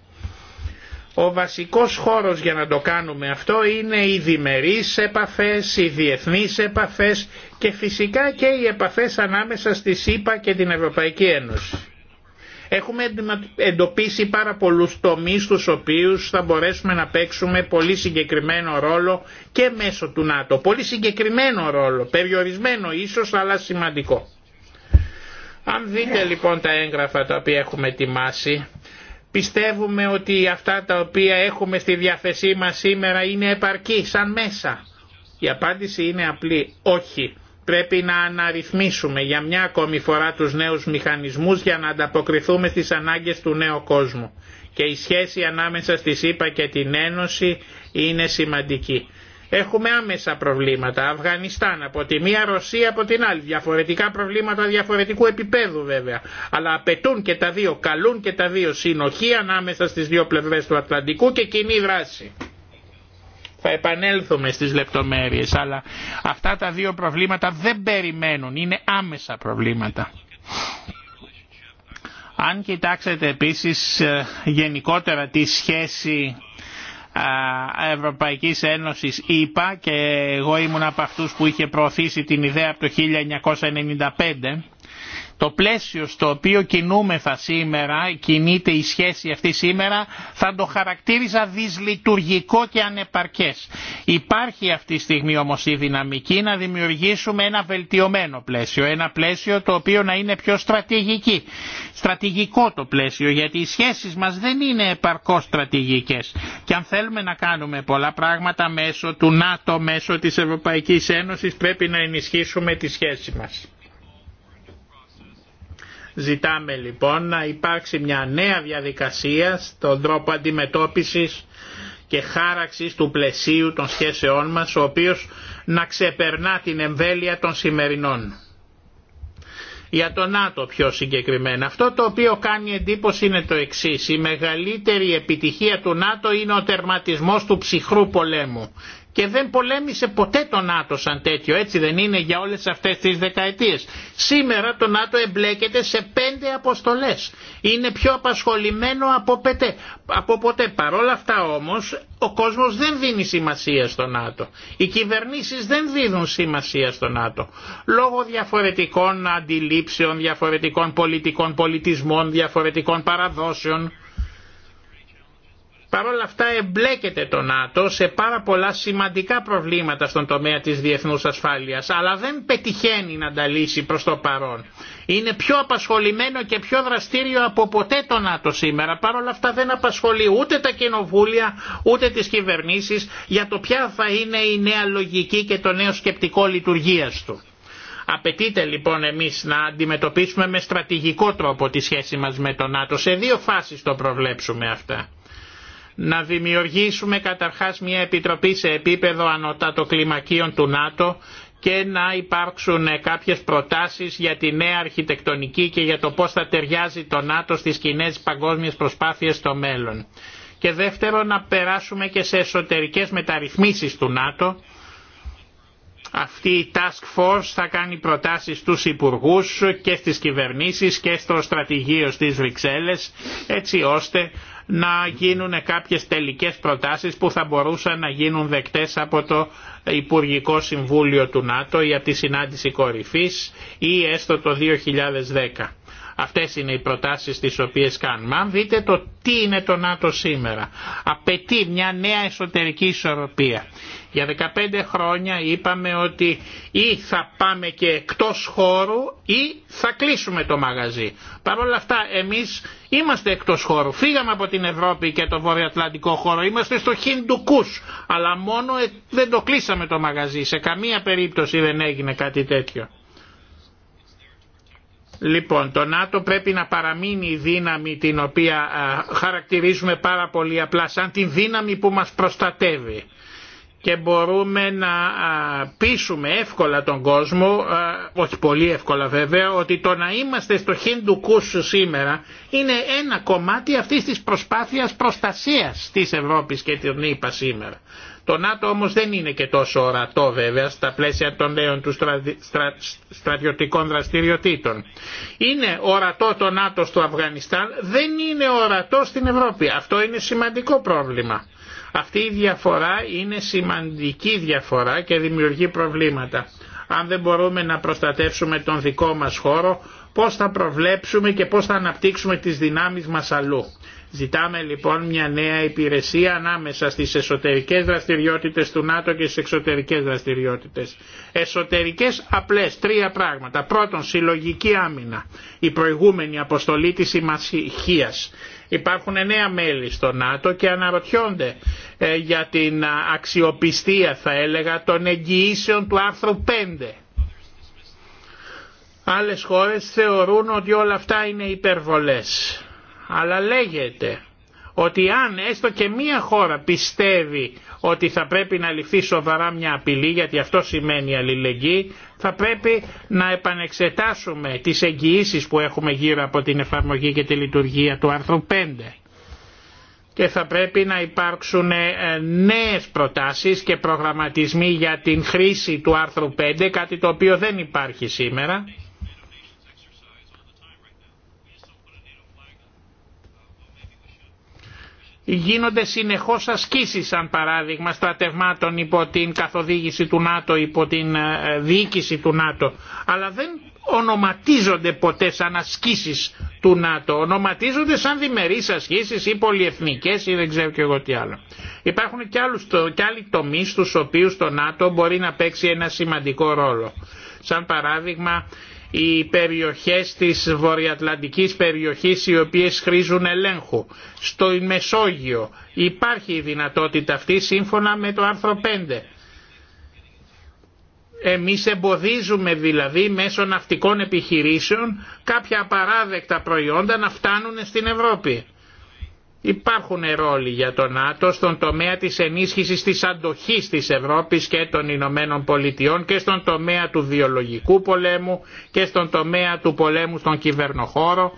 Ο βασικός χώρος για να το κάνουμε αυτό είναι οι διμερείς επαφές, οι διεθνείς επαφές, και φυσικά και οι επαφές ανάμεσα στη ΣΥΠΑ και την Ευρωπαϊκή Ένωση. Έχουμε εντοπίσει πάρα πολλούς τομείς στους οποίους θα μπορέσουμε να παίξουμε πολύ συγκεκριμένο ρόλο και μέσω του ΝΑΤΟ. Πολύ συγκεκριμένο ρόλο, περιορισμένο ίσως αλλά σημαντικό. Αν δείτε λοιπόν τα έγγραφα τα οποία έχουμε ετοιμάσει, πιστεύουμε ότι αυτά τα οποία έχουμε στη διάθεσή μας σήμερα είναι επαρκή σαν μέσα. Η απάντηση είναι απλή, όχι πρέπει να αναρρυθμίσουμε για μια ακόμη φορά τους νέους μηχανισμούς για να ανταποκριθούμε στις ανάγκες του νέου κόσμου. Και η σχέση ανάμεσα στη ΣΥΠΑ και την Ένωση είναι σημαντική. Έχουμε άμεσα προβλήματα, Αφγανιστάν από τη μία, Ρωσία από την άλλη, διαφορετικά προβλήματα διαφορετικού επίπεδου βέβαια, αλλά απαιτούν και τα δύο, καλούν και τα δύο συνοχή ανάμεσα στις δύο πλευρές του Ατλαντικού και κοινή δράση θα επανέλθουμε στις λεπτομέρειες, αλλά αυτά τα δύο προβλήματα δεν περιμένουν, είναι άμεσα προβλήματα. Αν κοιτάξετε επίσης ε, γενικότερα τη σχέση Ευρωπαϊκής Ένωσης είπα και εγώ ήμουν από αυτούς που είχε προωθήσει την ιδέα από το 1995 το πλαίσιο στο οποίο κινούμεθα σήμερα, κινείται η σχέση αυτή σήμερα, θα το χαρακτήριζα δυσλειτουργικό και ανεπαρκές. Υπάρχει αυτή τη στιγμή όμως η δυναμική να δημιουργήσουμε ένα βελτιωμένο πλαίσιο, ένα πλαίσιο το οποίο να είναι πιο στρατηγική. Στρατηγικό το πλαίσιο γιατί οι σχέσεις μας δεν είναι επαρκώς στρατηγικές και αν θέλουμε να κάνουμε πολλά πράγματα μέσω του ΝΑΤΟ, μέσω της Ευρωπαϊκής Ένωσης πρέπει να ενισχύσουμε τη σχέση μας. Ζητάμε λοιπόν να υπάρξει μια νέα διαδικασία στον τρόπο αντιμετώπισης και χάραξης του πλαισίου των σχέσεών μας, ο οποίος να ξεπερνά την εμβέλεια των σημερινών. Για το ΝΑΤΟ πιο συγκεκριμένα. Αυτό το οποίο κάνει εντύπωση είναι το εξή. Η μεγαλύτερη επιτυχία του ΝΑΤΟ είναι ο τερματισμός του ψυχρού πολέμου και δεν πολέμησε ποτέ το ΝΑΤΟ σαν τέτοιο, έτσι δεν είναι για όλες αυτές τις δεκαετίες. Σήμερα το ΝΑΤΟ εμπλέκεται σε πέντε αποστολές. Είναι πιο απασχολημένο από, πετέ, από ποτέ. Παρόλα αυτά όμως ο κόσμος δεν δίνει σημασία στο ΝΑΤΟ. Οι κυβερνήσεις δεν δίνουν σημασία στο ΝΑΤΟ. Λόγω διαφορετικών αντιλήψεων, διαφορετικών πολιτικών πολιτισμών, διαφορετικών παραδόσεων Παρ' όλα αυτά εμπλέκεται το ΝΑΤΟ σε πάρα πολλά σημαντικά προβλήματα στον τομέα της διεθνούς ασφάλειας, αλλά δεν πετυχαίνει να τα λύσει προς το παρόν. Είναι πιο απασχολημένο και πιο δραστήριο από ποτέ το ΝΑΤΟ σήμερα. Παρ' όλα αυτά δεν απασχολεί ούτε τα κοινοβούλια, ούτε τις κυβερνήσεις για το ποια θα είναι η νέα λογική και το νέο σκεπτικό λειτουργίας του. Απαιτείται λοιπόν εμείς να αντιμετωπίσουμε με στρατηγικό τρόπο τη σχέση μας με το ΝΑΤΟ. Σε δύο φάσεις το προβλέψουμε αυτά να δημιουργήσουμε καταρχάς μια επιτροπή σε επίπεδο κλιμακίων του ΝΑΤΟ και να υπάρξουν ε, κάποιες προτάσεις για τη νέα αρχιτεκτονική και για το πώς θα ταιριάζει το ΝΑΤΟ στις κοινέ παγκόσμιες προσπάθειες στο μέλλον. Και δεύτερο να περάσουμε και σε εσωτερικές μεταρρυθμίσεις του ΝΑΤΟ αυτή η task force θα κάνει προτάσεις στους υπουργούς και στις κυβερνήσεις και στο στρατηγείο στις Βρυξέλλες έτσι ώστε να γίνουν κάποιες τελικές προτάσεις που θα μπορούσαν να γίνουν δεκτές από το Υπουργικό Συμβούλιο του ΝΑΤΟ ή από τη συνάντηση κορυφής ή έστω το 2010. Αυτές είναι οι προτάσεις τις οποίες κάνουμε. Αν δείτε το τι είναι το ΝΑΤΟ σήμερα. Απαιτεί μια νέα εσωτερική ισορροπία. Για 15 χρόνια είπαμε ότι ή θα πάμε και εκτός χώρου ή θα κλείσουμε το μαγαζί. Παρ' όλα αυτά εμείς είμαστε εκτός χώρου. Φύγαμε από την Ευρώπη και το βορειοατλαντικό χώρο. Είμαστε στο Χιντουκούς. Αλλά μόνο ε, δεν το κλείσαμε το μαγαζί. Σε καμία περίπτωση δεν έγινε κάτι τέτοιο. Λοιπόν, το ΝΑΤΟ πρέπει να παραμείνει η δύναμη την οποία χαρακτηρίζουμε πάρα πολύ απλά σαν τη δύναμη που μας προστατεύει και μπορούμε να πείσουμε εύκολα τον κόσμο, όχι πολύ εύκολα βέβαια, ότι το να είμαστε στο Χίντου Κούσου σήμερα είναι ένα κομμάτι αυτής της προσπάθειας προστασίας της Ευρώπης και την ΝΥΠΑ σήμερα. Το ΝΑΤΟ όμως δεν είναι και τόσο ορατό βέβαια στα πλαίσια των νέων του στρατιωτικών δραστηριοτήτων. Είναι ορατό το ΝΑΤΟ στο Αφγανιστάν, δεν είναι ορατό στην Ευρώπη. Αυτό είναι σημαντικό πρόβλημα. Αυτή η διαφορά είναι σημαντική διαφορά και δημιουργεί προβλήματα. Αν δεν μπορούμε να προστατεύσουμε τον δικό μας χώρο, πώς θα προβλέψουμε και πώς θα αναπτύξουμε τις δυνάμεις μας αλλού. Ζητάμε λοιπόν μια νέα υπηρεσία ανάμεσα στις εσωτερικές δραστηριότητες του ΝΑΤΟ και στις εξωτερικές δραστηριότητες. Εσωτερικές απλές τρία πράγματα. Πρώτον συλλογική άμυνα, η προηγούμενη αποστολή της Υπάρχουν νέα μέλη στο ΝΑΤΟ και αναρωτιόνται ε, για την αξιοπιστία θα έλεγα των εγγυήσεων του άρθρου 5. Άλλες χώρες θεωρούν ότι όλα αυτά είναι υπερβολές. Αλλά λέγεται ότι αν έστω και μία χώρα πιστεύει ότι θα πρέπει να ληφθεί σοβαρά μια απειλή, γιατί αυτό σημαίνει αλληλεγγύη, θα πρέπει να επανεξετάσουμε τις εγγυήσεις που έχουμε γύρω από την εφαρμογή και τη λειτουργία του άρθρου 5 και θα πρέπει να υπάρξουν ε, νέες προτάσεις και προγραμματισμοί για την χρήση του άρθρου 5, κάτι το οποίο δεν υπάρχει σήμερα γίνονται συνεχώς ασκήσεις σαν παράδειγμα στρατευμάτων υπό την καθοδήγηση του ΝΑΤΟ, υπό την ε, διοίκηση του ΝΑΤΟ, αλλά δεν ονοματίζονται ποτέ σαν ασκήσεις του ΝΑΤΟ, ονοματίζονται σαν διμερείς ασκήσεις ή πολυεθνικές ή δεν ξέρω και εγώ τι άλλο. Υπάρχουν και, και άλλοι τομείς στους οποίους το ΝΑΤΟ μπορεί να παίξει ένα σημαντικό ρόλο. Σαν παράδειγμα οι περιοχές της βορειοατλαντικής περιοχής οι οποίες χρήζουν ελέγχου. Στο Μεσόγειο υπάρχει η δυνατότητα αυτή σύμφωνα με το άρθρο 5. Εμείς εμποδίζουμε δηλαδή μέσω ναυτικών επιχειρήσεων κάποια απαράδεκτα προϊόντα να φτάνουν στην Ευρώπη. Υπάρχουν ρόλοι για το ΝΑΤΟ στον τομέα της ενίσχυσης της αντοχής της Ευρώπης και των Ηνωμένων Πολιτειών και στον τομέα του βιολογικού πολέμου και στον τομέα του πολέμου στον κυβερνοχώρο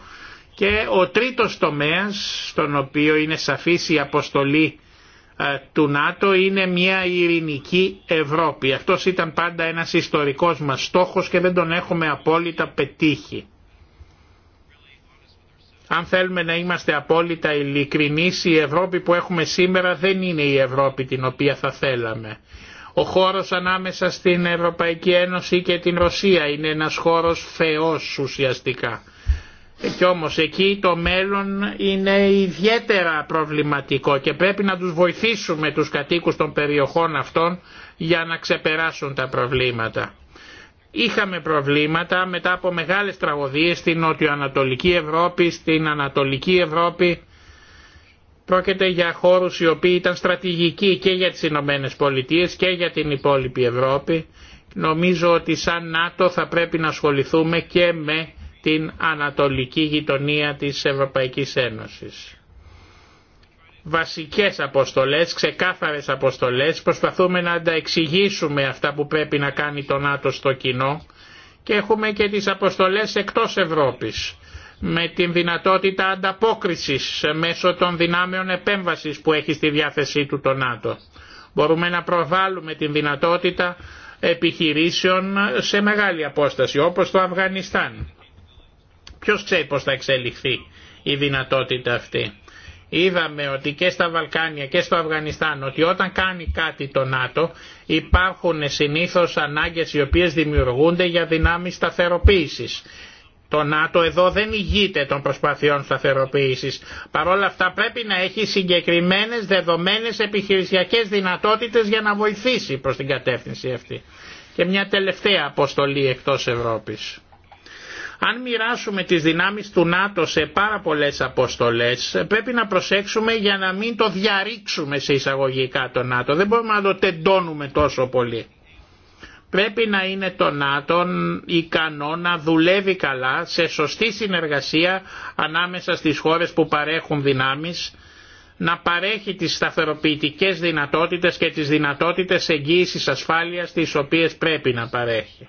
και ο τρίτος τομέας στον οποίο είναι σαφής η αποστολή ε, του ΝΑΤΟ είναι μια ειρηνική Ευρώπη. Αυτός ήταν πάντα ένας ιστορικός μας στόχος και δεν τον έχουμε απόλυτα πετύχει. Αν θέλουμε να είμαστε απόλυτα ειλικρινείς, η Ευρώπη που έχουμε σήμερα δεν είναι η Ευρώπη την οποία θα θέλαμε. Ο χώρος ανάμεσα στην Ευρωπαϊκή Ένωση και την Ρωσία είναι ένας χώρος φεός ουσιαστικά. Κι όμως εκεί το μέλλον είναι ιδιαίτερα προβληματικό και πρέπει να τους βοηθήσουμε τους κατοίκους των περιοχών αυτών για να ξεπεράσουν τα προβλήματα. Είχαμε προβλήματα μετά από μεγάλες τραγωδίες στην νοτιοανατολική Ευρώπη, στην Ανατολική Ευρώπη. Πρόκειται για χώρους οι οποίοι ήταν στρατηγικοί και για τις Ηνωμένε Πολιτείες και για την υπόλοιπη Ευρώπη. Νομίζω ότι σαν ΝΑΤΟ θα πρέπει να ασχοληθούμε και με την ανατολική γειτονία της Ευρωπαϊκής Ένωσης βασικές αποστολές, ξεκάθαρες αποστολές, προσπαθούμε να ανταεξηγήσουμε αυτά που πρέπει να κάνει το ΝΑΤΟ στο κοινό και έχουμε και τις αποστολές εκτός Ευρώπης με την δυνατότητα ανταπόκρισης μέσω των δυνάμεων επέμβασης που έχει στη διάθεσή του το ΝΑΤΟ. Μπορούμε να προβάλλουμε την δυνατότητα επιχειρήσεων σε μεγάλη απόσταση όπως το Αφγανιστάν. Ποιος ξέρει πώς θα εξελιχθεί η δυνατότητα αυτή. Είδαμε ότι και στα Βαλκάνια και στο Αφγανιστάν ότι όταν κάνει κάτι το ΝΑΤΟ υπάρχουν συνήθως ανάγκες οι οποίες δημιουργούνται για δυνάμεις σταθεροποίησης. Το ΝΑΤΟ εδώ δεν ηγείται των προσπαθειών σταθεροποίησης. Παρ' όλα αυτά πρέπει να έχει συγκεκριμένες δεδομένες επιχειρησιακές δυνατότητες για να βοηθήσει προς την κατεύθυνση αυτή. Και μια τελευταία αποστολή εκτός Ευρώπης. Αν μοιράσουμε τις δυνάμεις του ΝΑΤΟ σε πάρα πολλές αποστολές πρέπει να προσέξουμε για να μην το διαρρήξουμε σε εισαγωγικά το ΝΑΤΟ. Δεν μπορούμε να το τεντώνουμε τόσο πολύ. Πρέπει να είναι το ΝΑΤΟ ικανό να δουλεύει καλά σε σωστή συνεργασία ανάμεσα στις χώρες που παρέχουν δυνάμεις να παρέχει τις σταθεροποιητικές δυνατότητες και τις δυνατότητες εγγύησης ασφάλειας τις οποίες πρέπει να παρέχει.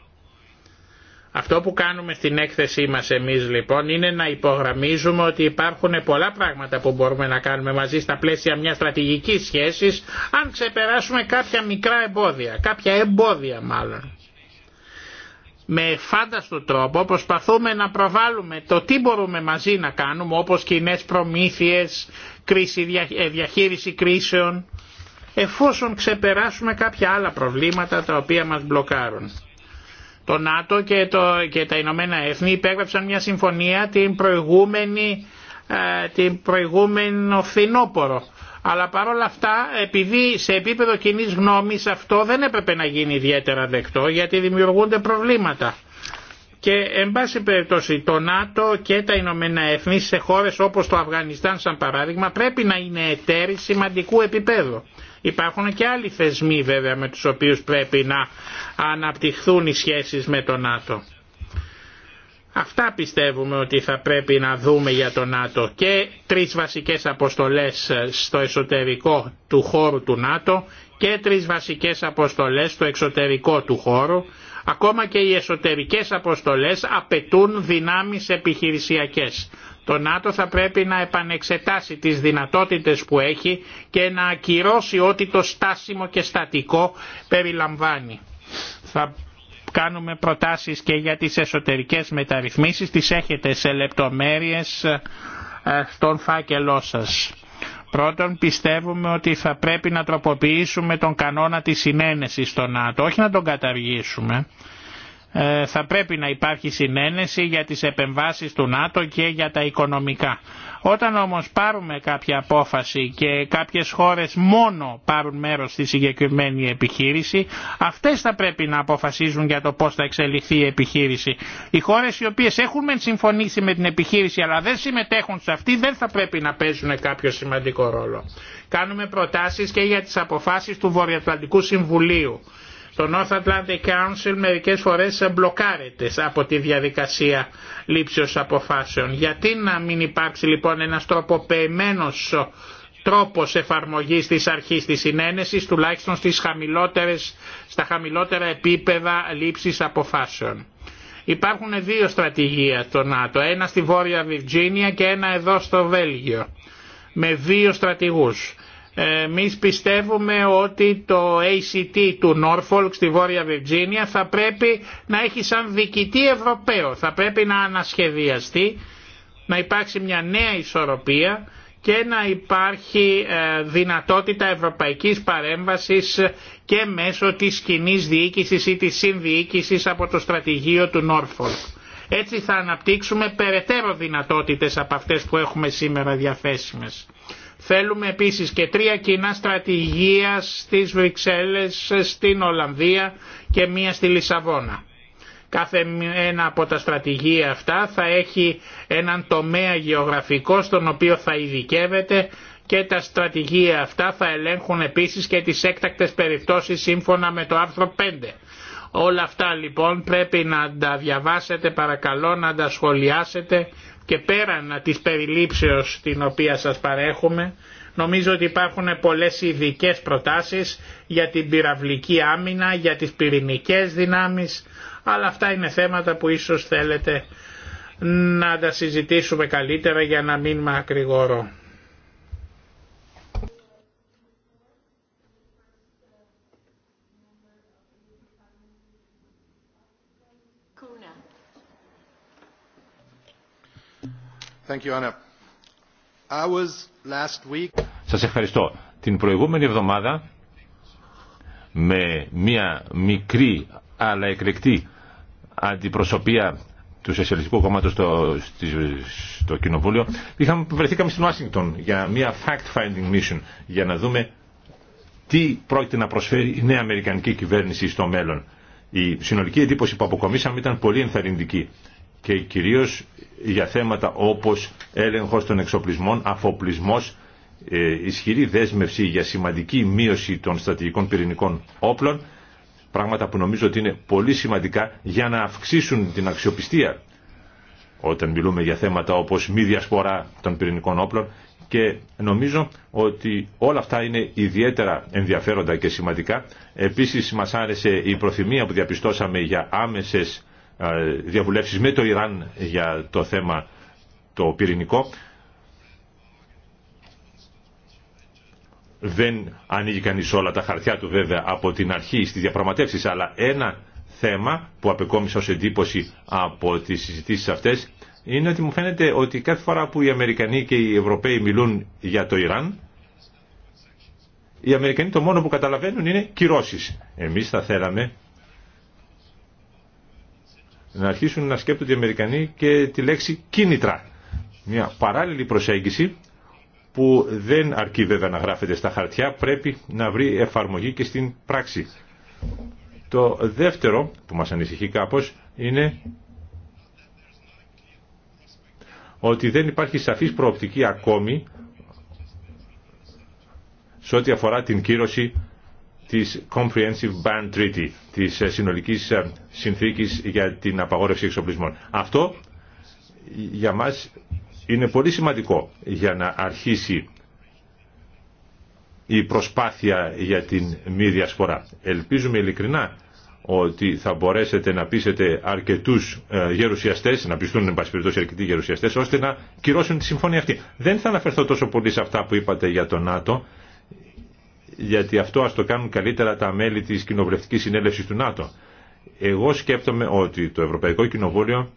Αυτό που κάνουμε στην έκθεσή μας εμείς λοιπόν είναι να υπογραμμίζουμε ότι υπάρχουν πολλά πράγματα που μπορούμε να κάνουμε μαζί στα πλαίσια μιας στρατηγικής σχέσης αν ξεπεράσουμε κάποια μικρά εμπόδια, κάποια εμπόδια μάλλον. Με φάνταστο τρόπο προσπαθούμε να προβάλλουμε το τι μπορούμε μαζί να κάνουμε όπως κοινέ προμήθειες, κρίση, ε, διαχείριση κρίσεων εφόσον ξεπεράσουμε κάποια άλλα προβλήματα τα οποία μας μπλοκάρουν το ΝΑΤΟ και, το, και τα Ηνωμένα Έθνη υπέγραψαν μια συμφωνία την προηγούμενη, ε, την προηγούμενο φθινόπορο. Αλλά παρόλα αυτά, επειδή σε επίπεδο κοινή γνώμη αυτό δεν έπρεπε να γίνει ιδιαίτερα δεκτό, γιατί δημιουργούνται προβλήματα. Και εν πάση περιπτώσει το ΝΑΤΟ και τα Ηνωμένα Έθνη σε χώρες όπως το Αφγανιστάν σαν παράδειγμα πρέπει να είναι εταίροι σημαντικού επίπεδου. Υπάρχουν και άλλοι θεσμοί βέβαια με τους οποίους πρέπει να αναπτυχθούν οι σχέσεις με το ΝΑΤΟ. Αυτά πιστεύουμε ότι θα πρέπει να δούμε για τον ΝΑΤΟ και τρεις βασικές αποστολές ε, στο εσωτερικό του χώρου του ΝΑΤΟ και τρεις βασικές αποστολές στο εξωτερικό του χώρου. Ακόμα και οι εσωτερικές αποστολές απαιτούν δυνάμεις επιχειρησιακές. Το ΝΑΤΟ θα πρέπει να επανεξετάσει τις δυνατότητες που έχει και να ακυρώσει ό,τι το στάσιμο και στατικό περιλαμβάνει. Θα κάνουμε προτάσεις και για τις εσωτερικές μεταρρυθμίσεις, τις έχετε σε λεπτομέρειες ε, στον φάκελό σας. Πρώτον, πιστεύουμε ότι θα πρέπει να τροποποιήσουμε τον κανόνα της συνένεσης στο ΝΑΤΟ, όχι να τον καταργήσουμε. Ε, θα πρέπει να υπάρχει συνένεση για τις επεμβάσεις του ΝΑΤΟ και για τα οικονομικά. Όταν όμως πάρουμε κάποια απόφαση και κάποιες χώρες μόνο πάρουν μέρος στη συγκεκριμένη επιχείρηση, αυτές θα πρέπει να αποφασίζουν για το πώς θα εξελιχθεί η επιχείρηση. Οι χώρες οι οποίες έχουν συμφωνήσει με την επιχείρηση αλλά δεν συμμετέχουν σε αυτή δεν θα πρέπει να παίζουν κάποιο σημαντικό ρόλο. Κάνουμε προτάσεις και για τις αποφάσεις του Βορειοατλαντικού Συμβουλίου το North Atlantic Council μερικές φορές μπλοκάρεται από τη διαδικασία λήψεως αποφάσεων. Γιατί να μην υπάρξει λοιπόν ένας τροποποιημένος τρόπος εφαρμογής της αρχής της συνένεσης τουλάχιστον στις χαμηλότερες, στα χαμηλότερα επίπεδα λήψης αποφάσεων. Υπάρχουν δύο στρατηγία στο ΝΑΤΟ, ένα στη Βόρεια Βιρτζίνια και ένα εδώ στο Βέλγιο, με δύο στρατηγούς. Εμεί πιστεύουμε ότι το ACT του Norfolk στη Βόρεια Βιρτζίνια θα πρέπει να έχει σαν διοικητή Ευρωπαίο. Θα πρέπει να ανασχεδιαστεί, να υπάρξει μια νέα ισορροπία και να υπάρχει ε, δυνατότητα ευρωπαϊκής παρέμβασης και μέσω της κοινή διοίκησης ή της συνδιοίκησης από το στρατηγείο του Norfolk. Έτσι θα αναπτύξουμε περαιτέρω δυνατότητες από αυτές που έχουμε σήμερα διαθέσιμες. Θέλουμε επίσης και τρία κοινά στρατηγία στις Βρυξέλλες, στην Ολλανδία και μία στη Λισαβόνα. Κάθε ένα από τα στρατηγία αυτά θα έχει έναν τομέα γεωγραφικό στον οποίο θα ειδικεύεται και τα στρατηγία αυτά θα ελέγχουν επίσης και τις έκτακτες περιπτώσεις σύμφωνα με το άρθρο 5. Όλα αυτά λοιπόν πρέπει να τα διαβάσετε παρακαλώ, να τα σχολιάσετε και πέραν της περιλήψεως την οποία σας παρέχουμε νομίζω ότι υπάρχουν πολλές ειδικέ προτάσεις για την πυραυλική άμυνα, για τις πυρηνικές δυνάμεις αλλά αυτά είναι θέματα που ίσως θέλετε να τα συζητήσουμε καλύτερα για να μην μακρηγορώ. Σας ευχαριστώ. Την προηγούμενη εβδομάδα με μια μικρή αλλά εκλεκτή αντιπροσωπεία του Σοσιαλιστικού Κόμματος στο, Κοινοβούλιο είχαμε, βρεθήκαμε στην Ουάσιγκτον για μια fact-finding mission για να δούμε τι πρόκειται να προσφέρει η νέα Αμερικανική κυβέρνηση στο μέλλον. Η συνολική εντύπωση που αποκομίσαμε ήταν πολύ ενθαρρυντική και κυρίως για θέματα όπως έλεγχος των εξοπλισμών, αφοπλισμός, ε, ισχυρή δέσμευση για σημαντική μείωση των στρατηγικών πυρηνικών όπλων, πράγματα που νομίζω ότι είναι πολύ σημαντικά για να αυξήσουν την αξιοπιστία όταν μιλούμε για θέματα όπως μη διασπορά των πυρηνικών όπλων και νομίζω ότι όλα αυτά είναι ιδιαίτερα ενδιαφέροντα και σημαντικά. Επίσης μας άρεσε η προθυμία που διαπιστώσαμε για άμεσες ε, διαβουλεύσεις με το Ιράν για το θέμα το πυρηνικό. Δεν ανοίγει κανεί όλα τα χαρτιά του βέβαια από την αρχή στις διαπραγματεύσεις, αλλά ένα θέμα που απεκόμισε ως εντύπωση από τις συζητήσεις αυτές είναι ότι μου φαίνεται ότι κάθε φορά που οι Αμερικανοί και οι Ευρωπαίοι μιλούν για το Ιράν, οι Αμερικανοί το μόνο που καταλαβαίνουν είναι κυρώσεις. Εμείς θα θέλαμε να αρχίσουν να σκέπτονται οι Αμερικανοί και τη λέξη κίνητρα. Μια παράλληλη προσέγγιση που δεν αρκεί βέβαια να γράφεται στα χαρτιά, πρέπει να βρει εφαρμογή και στην πράξη. Το δεύτερο που μας ανησυχεί κάπως είναι ότι δεν υπάρχει σαφής προοπτική ακόμη σε ό,τι αφορά την κύρωση της Comprehensive Ban Treaty, της ε, συνολικής ε, συνθήκης για την απαγόρευση εξοπλισμών. Αυτό για μας είναι πολύ σημαντικό για να αρχίσει η προσπάθεια για την μη διασπορά. Ελπίζουμε ειλικρινά ότι θα μπορέσετε να πείσετε αρκετούς ε, γερουσιαστές, να πιστούν εν πάση περιπτώσει αρκετοί γερουσιαστές, ώστε να κυρώσουν τη συμφωνία αυτή. Δεν θα αναφερθώ τόσο πολύ σε αυτά που είπατε για το ΝΑΤΟ, γιατί αυτό ας το κάνουν καλύτερα τα μέλη της Κοινοβουλευτικής Συνέλευσης του ΝΑΤΟ. Εγώ σκέπτομαι ότι το Ευρωπαϊκό Κοινοβούλιο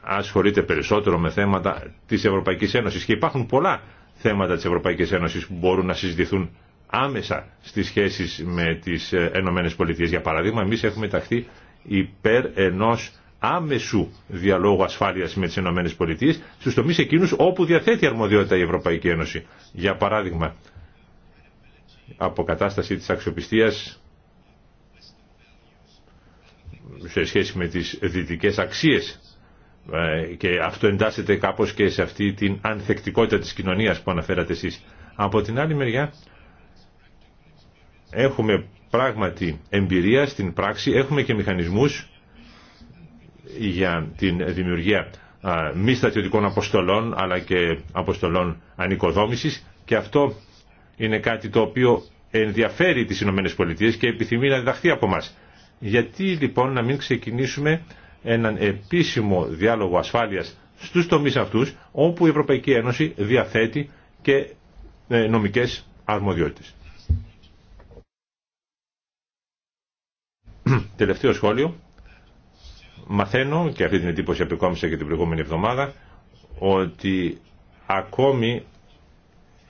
ασχολείται περισσότερο με θέματα της Ευρωπαϊκής Ένωσης και υπάρχουν πολλά θέματα της Ευρωπαϊκής Ένωσης που μπορούν να συζητηθούν άμεσα στις σχέσεις με τις ε, Ενωμένες Πολιτείες. Για παράδειγμα, εμείς έχουμε ταχθεί υπέρ ενός άμεσου διαλόγου ασφάλειας με τις ΕΠΑ Πολιτείες στους τομείς εκείνους όπου διαθέτει αρμοδιότητα η Ευρωπαϊκή Ένωση. Για παράδειγμα, αποκατάσταση της αξιοπιστίας σε σχέση με τις δυτικές αξίες ε, και αυτό εντάσσεται κάπως και σε αυτή την ανθεκτικότητα της κοινωνίας που αναφέρατε εσείς. Από την άλλη μεριά έχουμε πράγματι εμπειρία στην πράξη, έχουμε και μηχανισμούς για την δημιουργία ε, μη στρατιωτικών αποστολών αλλά και αποστολών ανοικοδόμησης και αυτό είναι κάτι το οποίο ενδιαφέρει τις Ηνωμένες Πολιτείες και επιθυμεί να διδαχθεί από μας. Γιατί λοιπόν να μην ξεκινήσουμε έναν επίσημο διάλογο ασφάλειας στους τομείς αυτούς όπου η Ευρωπαϊκή Ένωση διαθέτει και ε, νομικές αρμοδιότητες. Τελευταίο σχόλιο. Μαθαίνω, και αυτή την εντύπωση απεικόμισα και την προηγούμενη εβδομάδα, ότι ακόμη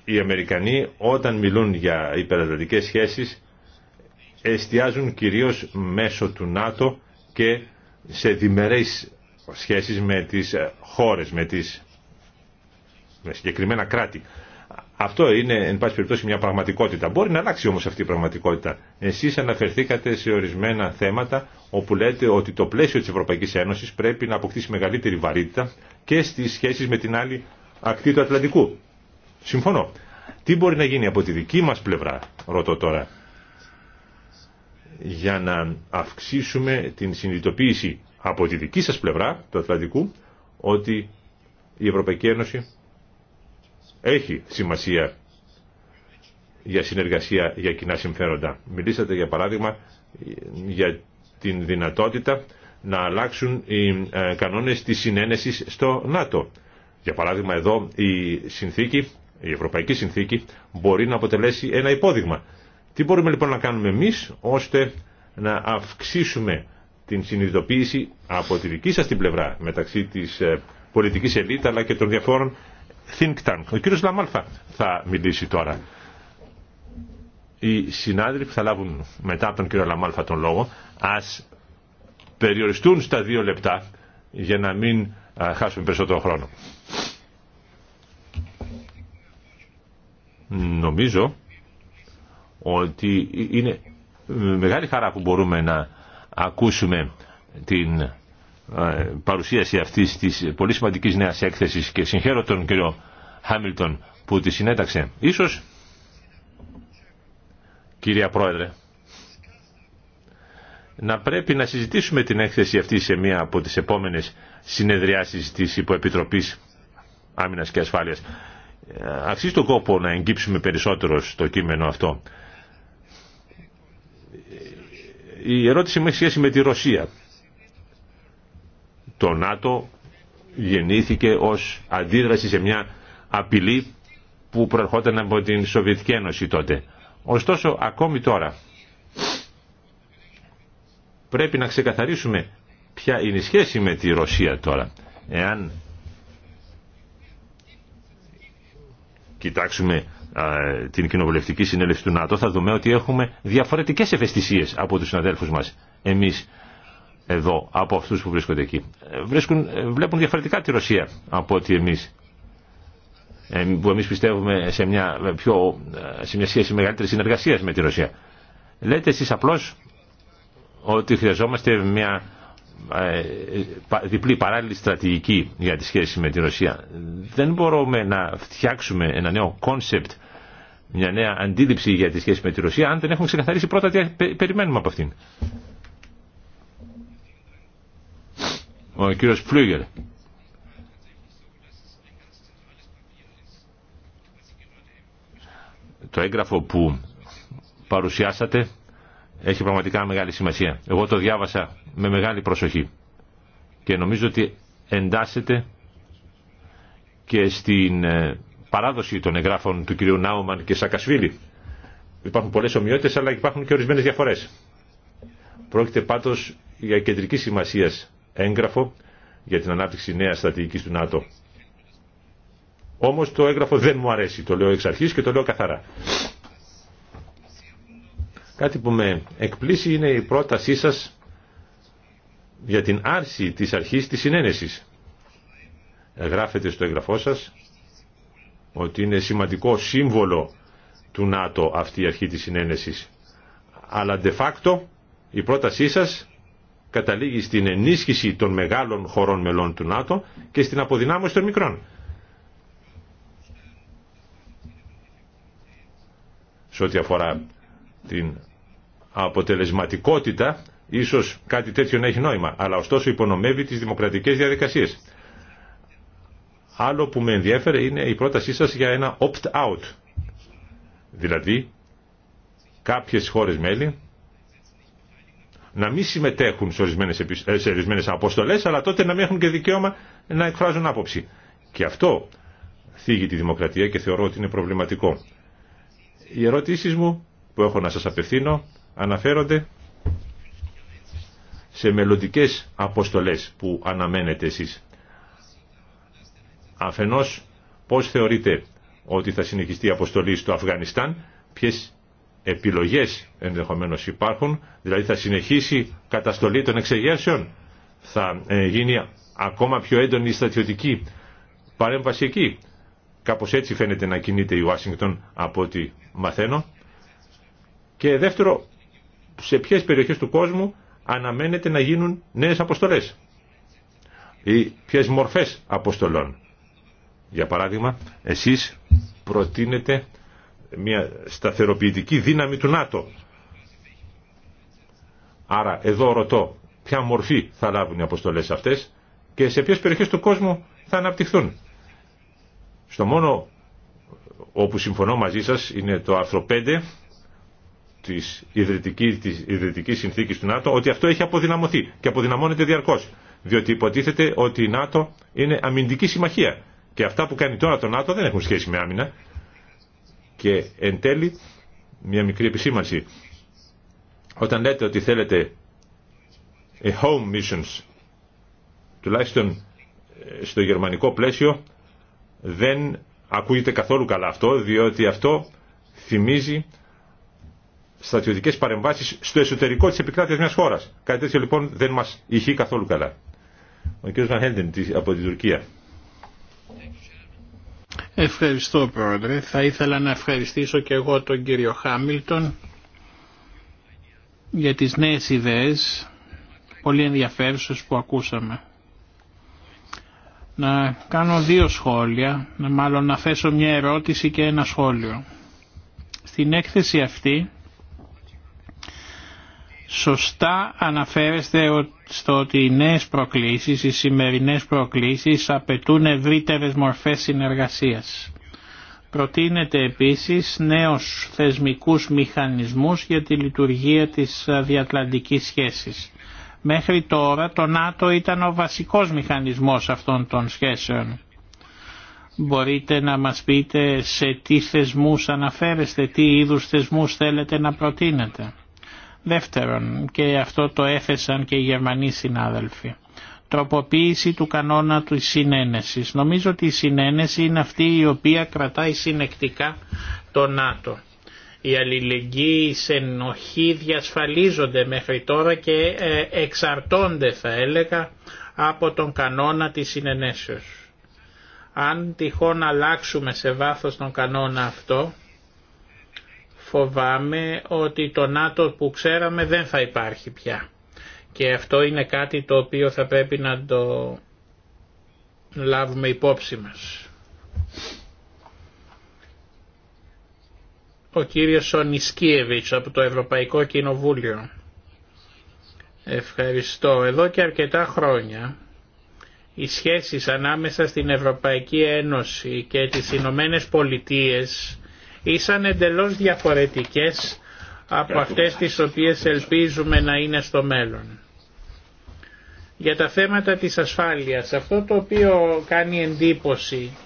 οι Αμερικανοί όταν μιλούν για υπερατλαντικές σχέσεις εστιάζουν κυρίως μέσω του ΝΑΤΟ και σε διμερείς σχέσεις με τις ε, χώρες, με, τις, συγκεκριμένα κράτη. Αυτό είναι, εν πάση περιπτώσει, μια πραγματικότητα. Μπορεί να αλλάξει όμως αυτή η πραγματικότητα. Εσείς αναφερθήκατε σε ορισμένα θέματα όπου λέτε ότι το πλαίσιο της Ευρωπαϊκής Ένωσης πρέπει να αποκτήσει μεγαλύτερη βαρύτητα και στις σχέσεις με την άλλη ακτή του Ατλαντικού. Συμφωνώ. Τι μπορεί να γίνει από τη δική μας πλευρά, ρωτώ τώρα, για να αυξήσουμε την συνειδητοποίηση από τη δική σας πλευρά, του Ατλαντικού, ότι η Ευρωπαϊκή Ένωση έχει σημασία για συνεργασία για κοινά συμφέροντα. Μιλήσατε για παράδειγμα για την δυνατότητα να αλλάξουν οι ε, κανόνες της συνένεσης στο ΝΑΤΟ. Για παράδειγμα εδώ η συνθήκη η Ευρωπαϊκή Συνθήκη μπορεί να αποτελέσει ένα υπόδειγμα. Τι μπορούμε λοιπόν να κάνουμε εμείς ώστε να αυξήσουμε την συνειδητοποίηση από τη δική σας την πλευρά μεταξύ της ε, πολιτικής ελίτ αλλά και των διαφόρων think tank. Ο κύριος Λαμάλφα θα μιλήσει τώρα. Οι συνάδελφοι που θα λάβουν μετά από τον κύριο Λαμάλφα τον λόγο ας περιοριστούν στα δύο λεπτά για να μην χάσουμε περισσότερο χρόνο. Νομίζω ότι είναι μεγάλη χαρά που μπορούμε να ακούσουμε την ε, παρουσίαση αυτής της πολύ σημαντικής νέας έκθεσης και συγχαίρω τον κύριο Χάμιλτον που τη συνέταξε. Ίσως, κυρία Πρόεδρε, να πρέπει να συζητήσουμε την έκθεση αυτή σε μία από τις επόμενες συνεδριάσεις της Υποεπιτροπής Άμυνας και Ασφάλειας αξίζει τον κόπο να εγκύψουμε περισσότερο στο κείμενο αυτό. Η ερώτηση μου έχει σχέση με τη Ρωσία. Το ΝΑΤΟ γεννήθηκε ως αντίδραση σε μια απειλή που προερχόταν από την Σοβιετική Ένωση τότε. Ωστόσο, ακόμη τώρα, πρέπει να ξεκαθαρίσουμε ποια είναι η σχέση με τη Ρωσία τώρα. Εάν κοιτάξουμε την κοινοβουλευτική συνέλευση του ΝΑΤΟ θα δούμε ότι έχουμε διαφορετικές ευαισθησίες από τους συναδέλφους μας εμείς εδώ από αυτούς που βρίσκονται εκεί. Βρίσκουν, ε, βλέπουν διαφορετικά τη Ρωσία από ότι εμείς ε, που εμείς πιστεύουμε σε μια, ε, πιο, σε μια σχέση μεγαλύτερη συνεργασία με τη Ρωσία. Λέτε εσείς απλώς ότι χρειαζόμαστε μια ε, διπλή παράλληλη στρατηγική για τη σχέση με τη Ρωσία. Δεν μπορούμε να φτιάξουμε ένα νέο κόνσεπτ, μια νέα αντίληψη για τη σχέση με τη Ρωσία, αν δεν έχουμε ξεκαθαρίσει πρώτα τι περιμένουμε από αυτήν. Ο κύριος Φλούγερ. Το έγγραφο που παρουσιάσατε έχει πραγματικά μεγάλη σημασία. Εγώ το διάβασα με μεγάλη προσοχή και νομίζω ότι εντάσσεται και στην ε, παράδοση των εγγράφων του κυρίου Νάουμαν και Σακασβίλη. Υπάρχουν πολλές ομοιότητες αλλά υπάρχουν και ορισμένες διαφορές. Πρόκειται πάντως για κεντρική σημασία έγγραφο για την ανάπτυξη νέας στρατηγικής του ΝΑΤΟ. Όμως το έγγραφο δεν μου αρέσει, το λέω εξ αρχής και το λέω καθαρά. Κάτι που με εκπλήσει είναι η πρότασή σας για την άρση της αρχής της συνένεσης. Γράφετε στο εγγραφό σας ότι είναι σημαντικό σύμβολο του ΝΑΤΟ αυτή η αρχή της συνένεσης. Αλλά de facto η πρότασή σας καταλήγει στην ενίσχυση των μεγάλων χωρών μελών του ΝΑΤΟ και στην αποδυνάμωση των μικρών. Σε ό,τι αφορά την αποτελεσματικότητα Ίσως κάτι τέτοιο να έχει νόημα, αλλά ωστόσο υπονομεύει τις δημοκρατικές διαδικασίες. Άλλο που με ενδιέφερε είναι η πρότασή σας για ένα opt-out. Δηλαδή, κάποιες χώρες μέλη να μην συμμετέχουν σε ορισμένες, ε, σε αποστολές, αλλά τότε να μην έχουν και δικαίωμα να εκφράζουν άποψη. Και αυτό θίγει τη δημοκρατία και θεωρώ ότι είναι προβληματικό. Οι ερωτήσεις μου που έχω να σας απευθύνω αναφέρονται σε μελλοντικέ αποστολές που αναμένετε εσείς. Αφενός, πώς θεωρείτε ότι θα συνεχιστεί η αποστολή στο Αφγανιστάν, ποιες επιλογές ενδεχομένως υπάρχουν, δηλαδή θα συνεχίσει καταστολή των εξεγέρσεων, θα ε, γίνει ακόμα πιο έντονη η στρατιωτική παρέμβαση εκεί. Κάπως έτσι φαίνεται να κινείται η Ουάσιγκτον από ό,τι μαθαίνω. Και δεύτερο, σε ποιες περιοχές του κόσμου αναμένεται να γίνουν νέες αποστολές ή ποιες μορφές αποστολών. Για παράδειγμα, εσείς προτείνετε μια σταθεροποιητική δύναμη του ΝΑΤΟ. Άρα εδώ ρωτώ ποια μορφή θα λάβουν οι αποστολές αυτές και σε ποιες περιοχές του κόσμου θα αναπτυχθούν. Στο μόνο όπου συμφωνώ μαζί σας είναι το άρθρο της ιδρυτικής, της συνθήκης του ΝΑΤΟ ότι αυτό έχει αποδυναμωθεί και αποδυναμώνεται διαρκώς. Διότι υποτίθεται ότι η ΝΑΤΟ είναι αμυντική συμμαχία και αυτά που κάνει τώρα το ΝΑΤΟ δεν έχουν σχέση με άμυνα. Και εν τέλει, μια μικρή επισήμανση, όταν λέτε ότι θέλετε a ε, home missions, τουλάχιστον ε, στο γερμανικό πλαίσιο, δεν ακούγεται καθόλου καλά αυτό, διότι αυτό θυμίζει στρατιωτικέ παρεμβάσει στο εσωτερικό τη επικράτειας μια χώρα. Κάτι τέτοιο λοιπόν δεν μα ηχεί καθόλου καλά. Ο κ. Βαν από την Τουρκία. Ευχαριστώ Πρόεδρε. Θα ήθελα να ευχαριστήσω και εγώ τον κύριο Χάμιλτον για τις νέες ιδέες πολύ ενδιαφέρουσες που ακούσαμε. Να κάνω δύο σχόλια, μάλλον να θέσω μια ερώτηση και ένα σχόλιο. Στην έκθεση αυτή Σωστά αναφέρεστε στο ότι οι νέες προκλήσεις, οι σημερινές προκλήσεις απαιτούν ευρύτερε μορφές συνεργασίας. Προτείνεται επίσης νέους θεσμικούς μηχανισμούς για τη λειτουργία της διατλαντικής σχέσης. Μέχρι τώρα το ΝΑΤΟ ήταν ο βασικός μηχανισμός αυτών των σχέσεων. Μπορείτε να μας πείτε σε τι θεσμούς αναφέρεστε, τι είδους θεσμούς θέλετε να προτείνετε. Δεύτερον, και αυτό το έθεσαν και οι Γερμανοί συνάδελφοι, τροποποίηση του κανόνα του συνένεσης. Νομίζω ότι η συνένεση είναι αυτή η οποία κρατάει συνεκτικά το ΝΑΤΟ. Η αλληλεγγύη, η σενοχή διασφαλίζονται μέχρι τώρα και ε, εξαρτώνται θα έλεγα από τον κανόνα της συνενέσεως. Αν τυχόν αλλάξουμε σε βάθος τον κανόνα αυτό, φοβάμαι ότι το ΝΑΤΟ που ξέραμε δεν θα υπάρχει πια. Και αυτό είναι κάτι το οποίο θα πρέπει να το λάβουμε υπόψη μας. Ο κύριος Σονισκίεβιτς από το Ευρωπαϊκό Κοινοβούλιο. Ευχαριστώ. Εδώ και αρκετά χρόνια οι σχέσεις ανάμεσα στην Ευρωπαϊκή Ένωση και τις Ηνωμένε Πολιτείες ήσαν εντελώς διαφορετικές από αυτές τις οποίες ελπίζουμε να είναι στο μέλλον. Για τα θέματα της ασφάλειας, αυτό το οποίο κάνει εντύπωση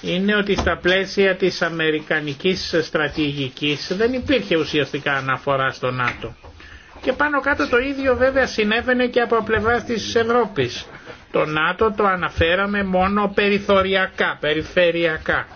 είναι ότι στα πλαίσια της αμερικανικής στρατηγικής δεν υπήρχε ουσιαστικά αναφορά στο ΝΑΤΟ. Και πάνω κάτω το ίδιο βέβαια συνέβαινε και από πλευρά της Ευρώπης. Το ΝΑΤΟ το αναφέραμε μόνο περιθωριακά, περιφερειακά.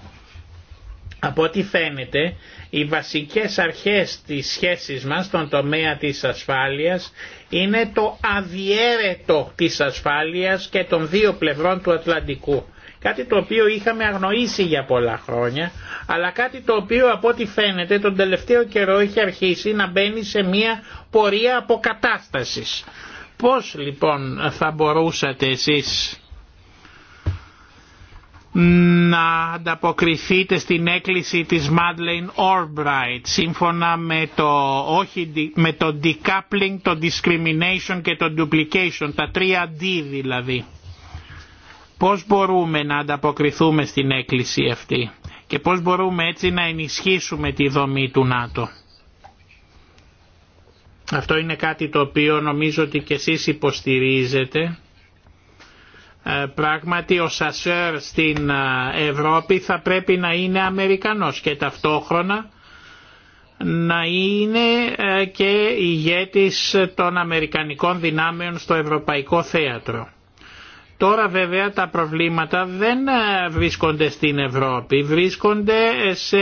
Από ό,τι φαίνεται, οι βασικές αρχές της σχέσης μας στον τομέα της ασφάλειας είναι το αδιέρετο της ασφάλειας και των δύο πλευρών του Ατλαντικού. Κάτι το οποίο είχαμε αγνοήσει για πολλά χρόνια, αλλά κάτι το οποίο από ό,τι φαίνεται τον τελευταίο καιρό έχει αρχίσει να μπαίνει σε μια πορεία αποκατάστασης. Πώς λοιπόν θα μπορούσατε εσείς να ανταποκριθείτε στην έκκληση της Madeleine Albright σύμφωνα με το, όχι, με το decoupling, το discrimination και το duplication, τα τρία D δηλαδή. Πώς μπορούμε να ανταποκριθούμε στην έκκληση αυτή και πώς μπορούμε έτσι να ενισχύσουμε τη δομή του ΝΑΤΟ. Αυτό είναι κάτι το οποίο νομίζω ότι και εσείς υποστηρίζετε ε, πράγματι ο Σασέρ στην ε, Ευρώπη θα πρέπει να είναι Αμερικανός και ταυτόχρονα να είναι ε, και ηγέτης των Αμερικανικών δυνάμεων στο Ευρωπαϊκό Θέατρο. Τώρα βέβαια τα προβλήματα δεν βρίσκονται στην Ευρώπη, βρίσκονται σε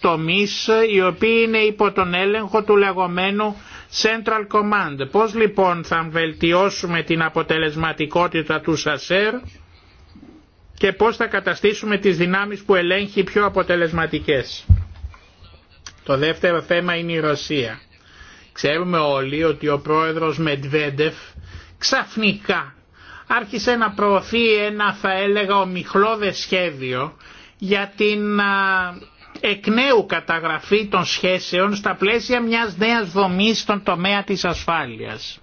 τομείς οι οποίοι είναι υπό τον έλεγχο του λεγόμενου Central Command. Πώς λοιπόν θα βελτιώσουμε την αποτελεσματικότητα του ΣΑΣΕΡ και πώς θα καταστήσουμε τις δυνάμεις που ελέγχει πιο αποτελεσματικές. Το δεύτερο θέμα είναι η Ρωσία. Ξέρουμε όλοι ότι ο πρόεδρος Μετβέντεφ ξαφνικά άρχισε να προωθεί ένα θα έλεγα ομιχλώδες σχέδιο για την εκ νέου καταγραφή των σχέσεων στα πλαίσια μιας νέας δομής στον τομέα της ασφάλειας.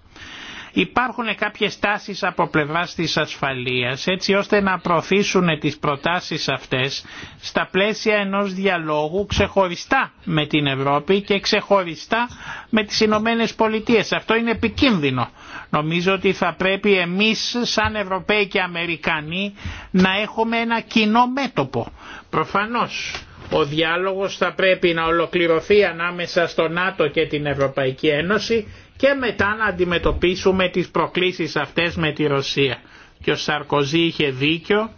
Υπάρχουν κάποιες τάσεις από πλευράς της ασφαλείας έτσι ώστε να προωθήσουν τις προτάσεις αυτές στα πλαίσια ενός διαλόγου ξεχωριστά με την Ευρώπη και ξεχωριστά με τις Ηνωμένε Πολιτείες. Αυτό είναι επικίνδυνο. Νομίζω ότι θα πρέπει εμείς σαν Ευρωπαίοι και Αμερικανοί να έχουμε ένα κοινό μέτωπο. Προφανώς ο διάλογος θα πρέπει να ολοκληρωθεί ανάμεσα στο ΝΑΤΟ και την Ευρωπαϊκή Ένωση και μετά να αντιμετωπίσουμε τις προκλήσεις αυτές με τη Ρωσία. Και ο Σαρκοζή είχε δίκιο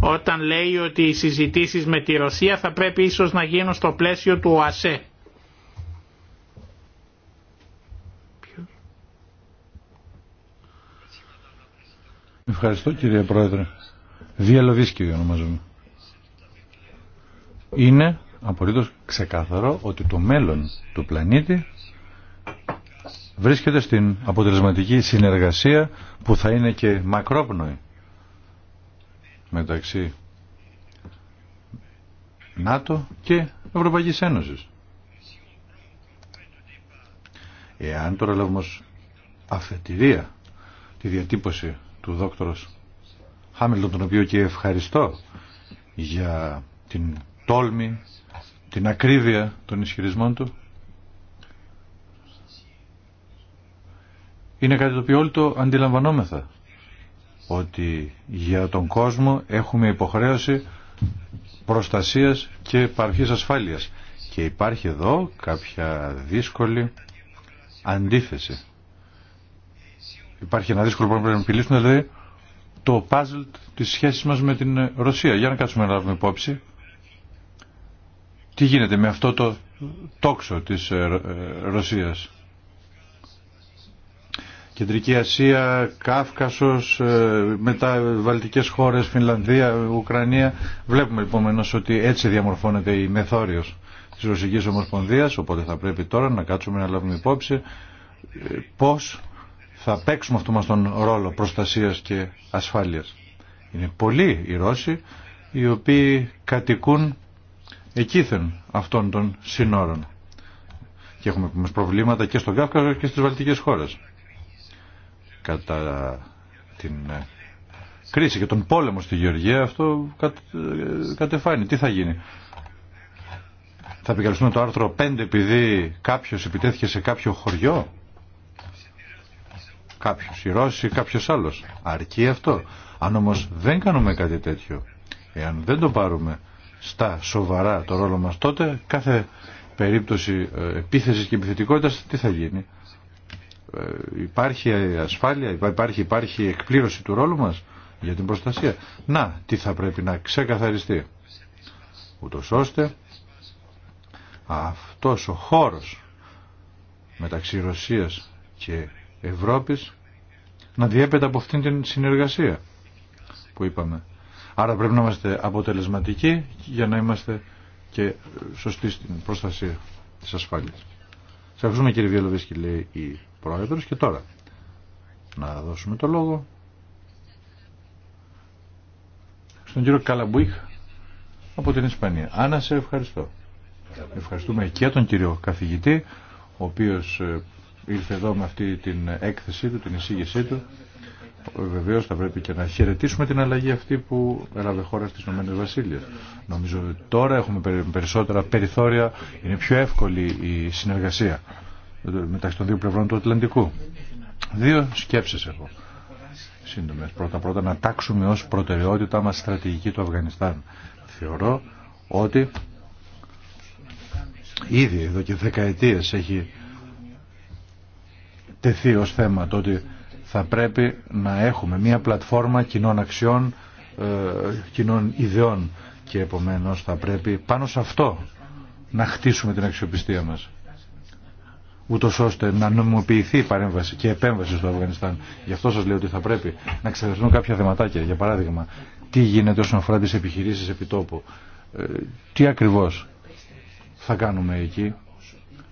όταν λέει ότι οι συζητήσεις με τη Ρωσία θα πρέπει ίσως να γίνουν στο πλαίσιο του ΟΑΣΕ. Ευχαριστώ κύριε Πρόεδρε. Διαλοδίσκη ονομάζομαι είναι απολύτως ξεκάθαρο ότι το μέλλον του πλανήτη βρίσκεται στην αποτελεσματική συνεργασία που θα είναι και μακρόπνοη μεταξύ ΝΑΤΟ και Ευρωπαϊκής Ένωσης. Εάν τώρα λέω αφετηρία τη διατύπωση του δόκτωρος Χάμιλτον, τον οποίο και ευχαριστώ για την τόλμη, την ακρίβεια των ισχυρισμών του. Είναι κάτι το οποίο όλοι το αντιλαμβανόμεθα. Ότι για τον κόσμο έχουμε υποχρέωση προστασίας και παρχής ασφάλειας. Και υπάρχει εδώ κάποια δύσκολη αντίθεση. Υπάρχει ένα δύσκολο πρόβλημα να επιλύσουμε, δηλαδή το παζλ της σχέσης μας με την Ρωσία. Για να κάτσουμε να λάβουμε υπόψη τι γίνεται με αυτό το τόξο της ε, ε, Ρωσίας. Κεντρική Ασία, Κάυκασος, ε, μετά Βαλτικές χώρες, Φινλανδία, Ουκρανία. Βλέπουμε λοιπόν ότι έτσι διαμορφώνεται η μεθόριος της Ρωσικής Ομοσπονδίας, οπότε θα πρέπει τώρα να κάτσουμε να λάβουμε υπόψη πώς θα παίξουμε αυτό μας τον ρόλο προστασίας και ασφάλειας. Είναι πολλοί οι Ρώσοι οι οποίοι κατοικούν εκείθεν αυτών των συνόρων. Και έχουμε προβλήματα και στον Κάφκαζο και στις βαλτικές χώρες. Κατά την ε, κρίση και τον πόλεμο στη Γεωργία αυτό ε, κατεφάνει. Τι θα γίνει. Θα επικαλυστούμε το άρθρο 5 επειδή κάποιος επιτέθηκε σε κάποιο χωριό. Κάποιος, Ρώση ή κάποιος άλλος. Αρκεί αυτό. Αν όμως δεν κάνουμε κάτι τέτοιο, εάν δεν το πάρουμε στα σοβαρά το ρόλο μας τότε κάθε περίπτωση ε, επίθεσης και επιθετικότητας τι θα γίνει ε, υπάρχει ασφάλεια υπάρχει, υπάρχει εκπλήρωση του ρόλου μας για την προστασία να τι θα πρέπει να ξεκαθαριστεί ούτως ώστε αυτός ο χώρος μεταξύ Ρωσίας και Ευρώπης να διέπεται από αυτήν την συνεργασία που είπαμε Άρα πρέπει να είμαστε αποτελεσματικοί για να είμαστε και σωστοί στην προστασία της ασφάλειας. Σε ευχαριστούμε κύριε Βιολοβίσκη λέει η Πρόεδρος και τώρα να δώσουμε το λόγο στον κύριο Καλαμπουίχ από την Ισπανία. Άννα σε ευχαριστώ. Ευχαριστούμε και τον κύριο καθηγητή ο οποίος ε, ήρθε εδώ με αυτή την έκθεσή του, την εισήγησή του Βεβαίω θα πρέπει και να χαιρετήσουμε την αλλαγή αυτή που έλαβε χώρα στι ΗΠΑ. Νομίζω ότι τώρα έχουμε περισσότερα περιθώρια, είναι πιο εύκολη η συνεργασία μεταξύ των δύο πλευρών του Ατλαντικού. σκέψει σκέψεις έχω. Σύντομες. Πρώτα-πρώτα να τάξουμε ω προτεραιότητά μα στρατηγική του Αφγανιστάν. Θεωρώ ότι ήδη εδώ και δεκαετίε έχει τεθεί ω θέμα το ότι θα πρέπει να έχουμε μια πλατφόρμα κοινών αξιών, ε, κοινών ιδεών και επομένως θα πρέπει πάνω σε αυτό να χτίσουμε την αξιοπιστία μας ούτως ώστε να νομιμοποιηθεί η παρέμβαση και η επέμβαση στο Αφγανιστάν. Γι' αυτό σας λέω ότι θα πρέπει να ξεχαστούν κάποια θεματάκια. Για παράδειγμα, τι γίνεται όσον αφορά τις επιχειρήσεις επιτόπου. Ε, τι ακριβώς θα κάνουμε εκεί.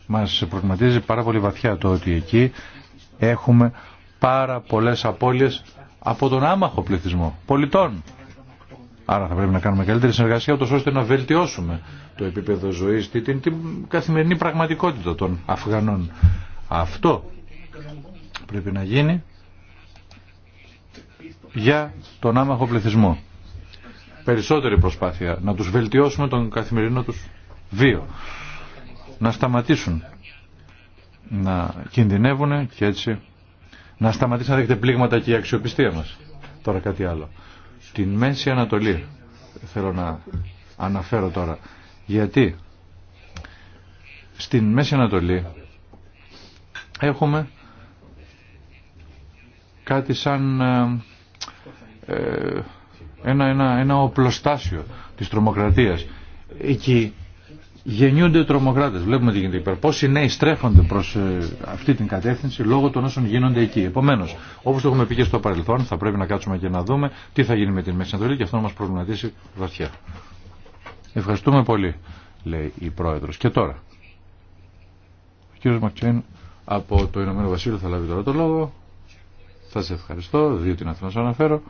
Μας προβληματίζει πάρα πολύ βαθιά το ότι εκεί έχουμε πάρα πολλές απώλειες από τον άμαχο πληθυσμό πολιτών. Άρα θα πρέπει να κάνουμε καλύτερη συνεργασία ούτως ώστε να βελτιώσουμε το επίπεδο ζωής, την, την, την καθημερινή πραγματικότητα των Αφγανών. Αυτό πρέπει να γίνει για τον άμαχο πληθυσμό. Περισσότερη προσπάθεια να τους βελτιώσουμε τον καθημερινό τους βίο. Να σταματήσουν να κινδυνεύουν και έτσι να σταματήσει να δέχεται πλήγματα και η αξιοπιστία μας. Τώρα κάτι άλλο. Την Μέση Ανατολή θέλω να αναφέρω τώρα. Γιατί στην Μέση Ανατολή έχουμε κάτι σαν ε, ε ένα, ένα, ένα οπλοστάσιο της τρομοκρατίας. Εκεί γεννιούνται τρομοκράτε, Βλέπουμε τι γίνεται εκεί Πόσοι νέοι στρέφονται προς ε, αυτή την κατεύθυνση λόγω των όσων γίνονται εκεί. Επομένω, όπω το έχουμε πει και στο παρελθόν, θα πρέπει να κάτσουμε και να δούμε τι θα γίνει με την Μέση Ανατολή και αυτό να μα προβληματίσει βαθιά. Ευχαριστούμε πολύ, λέει η πρόεδρο. Και τώρα, ο κύριο Μακτσέν από το Ηνωμένο Βασίλειο θα λάβει τώρα το λόγο. Θα σε ευχαριστώ, διότι να θέλω να σα αναφέρω.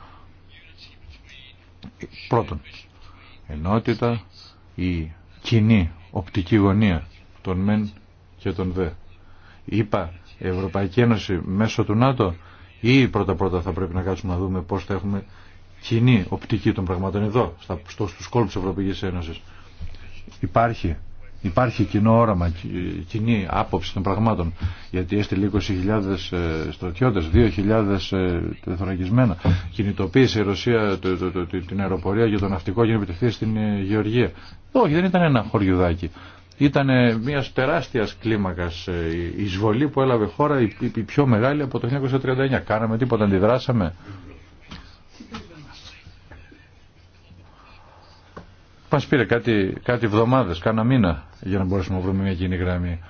Πρώτον, ενότητα ή κοινή οπτική γωνία των μεν και των δε. Είπα Ευρωπαϊκή Ένωση μέσω του ΝΑΤΟ ή πρώτα πρώτα θα πρέπει να κάτσουμε να δούμε πώς θα έχουμε κοινή οπτική των πραγματών εδώ, στα, στους κόλπους Ευρωπαϊκή Ευρωπαϊκής Ένωσης. Υπάρχει υπάρχει κοινό όραμα, κοινή άποψη των πραγμάτων, γιατί έστειλε 20.000 ε, στρατιώτες, 2.000 ε, τεθωρακισμένα, κινητοποίησε η Ρωσία την αεροπορία για το ναυτικό για να επιτευχθεί στην ε, Γεωργία. Όχι, δεν ήταν ένα χωριουδάκι. Ήταν μια τεράστια κλίμακα η εισβολή που έλαβε χώρα, η πιο μεγάλη από το 1939. Κάναμε τίποτα, αντιδράσαμε. μα πήρε κάτι, κάτι εβδομάδες, κάνα μήνα για να μπορέσουμε να βρούμε μια κοινή γραμμή.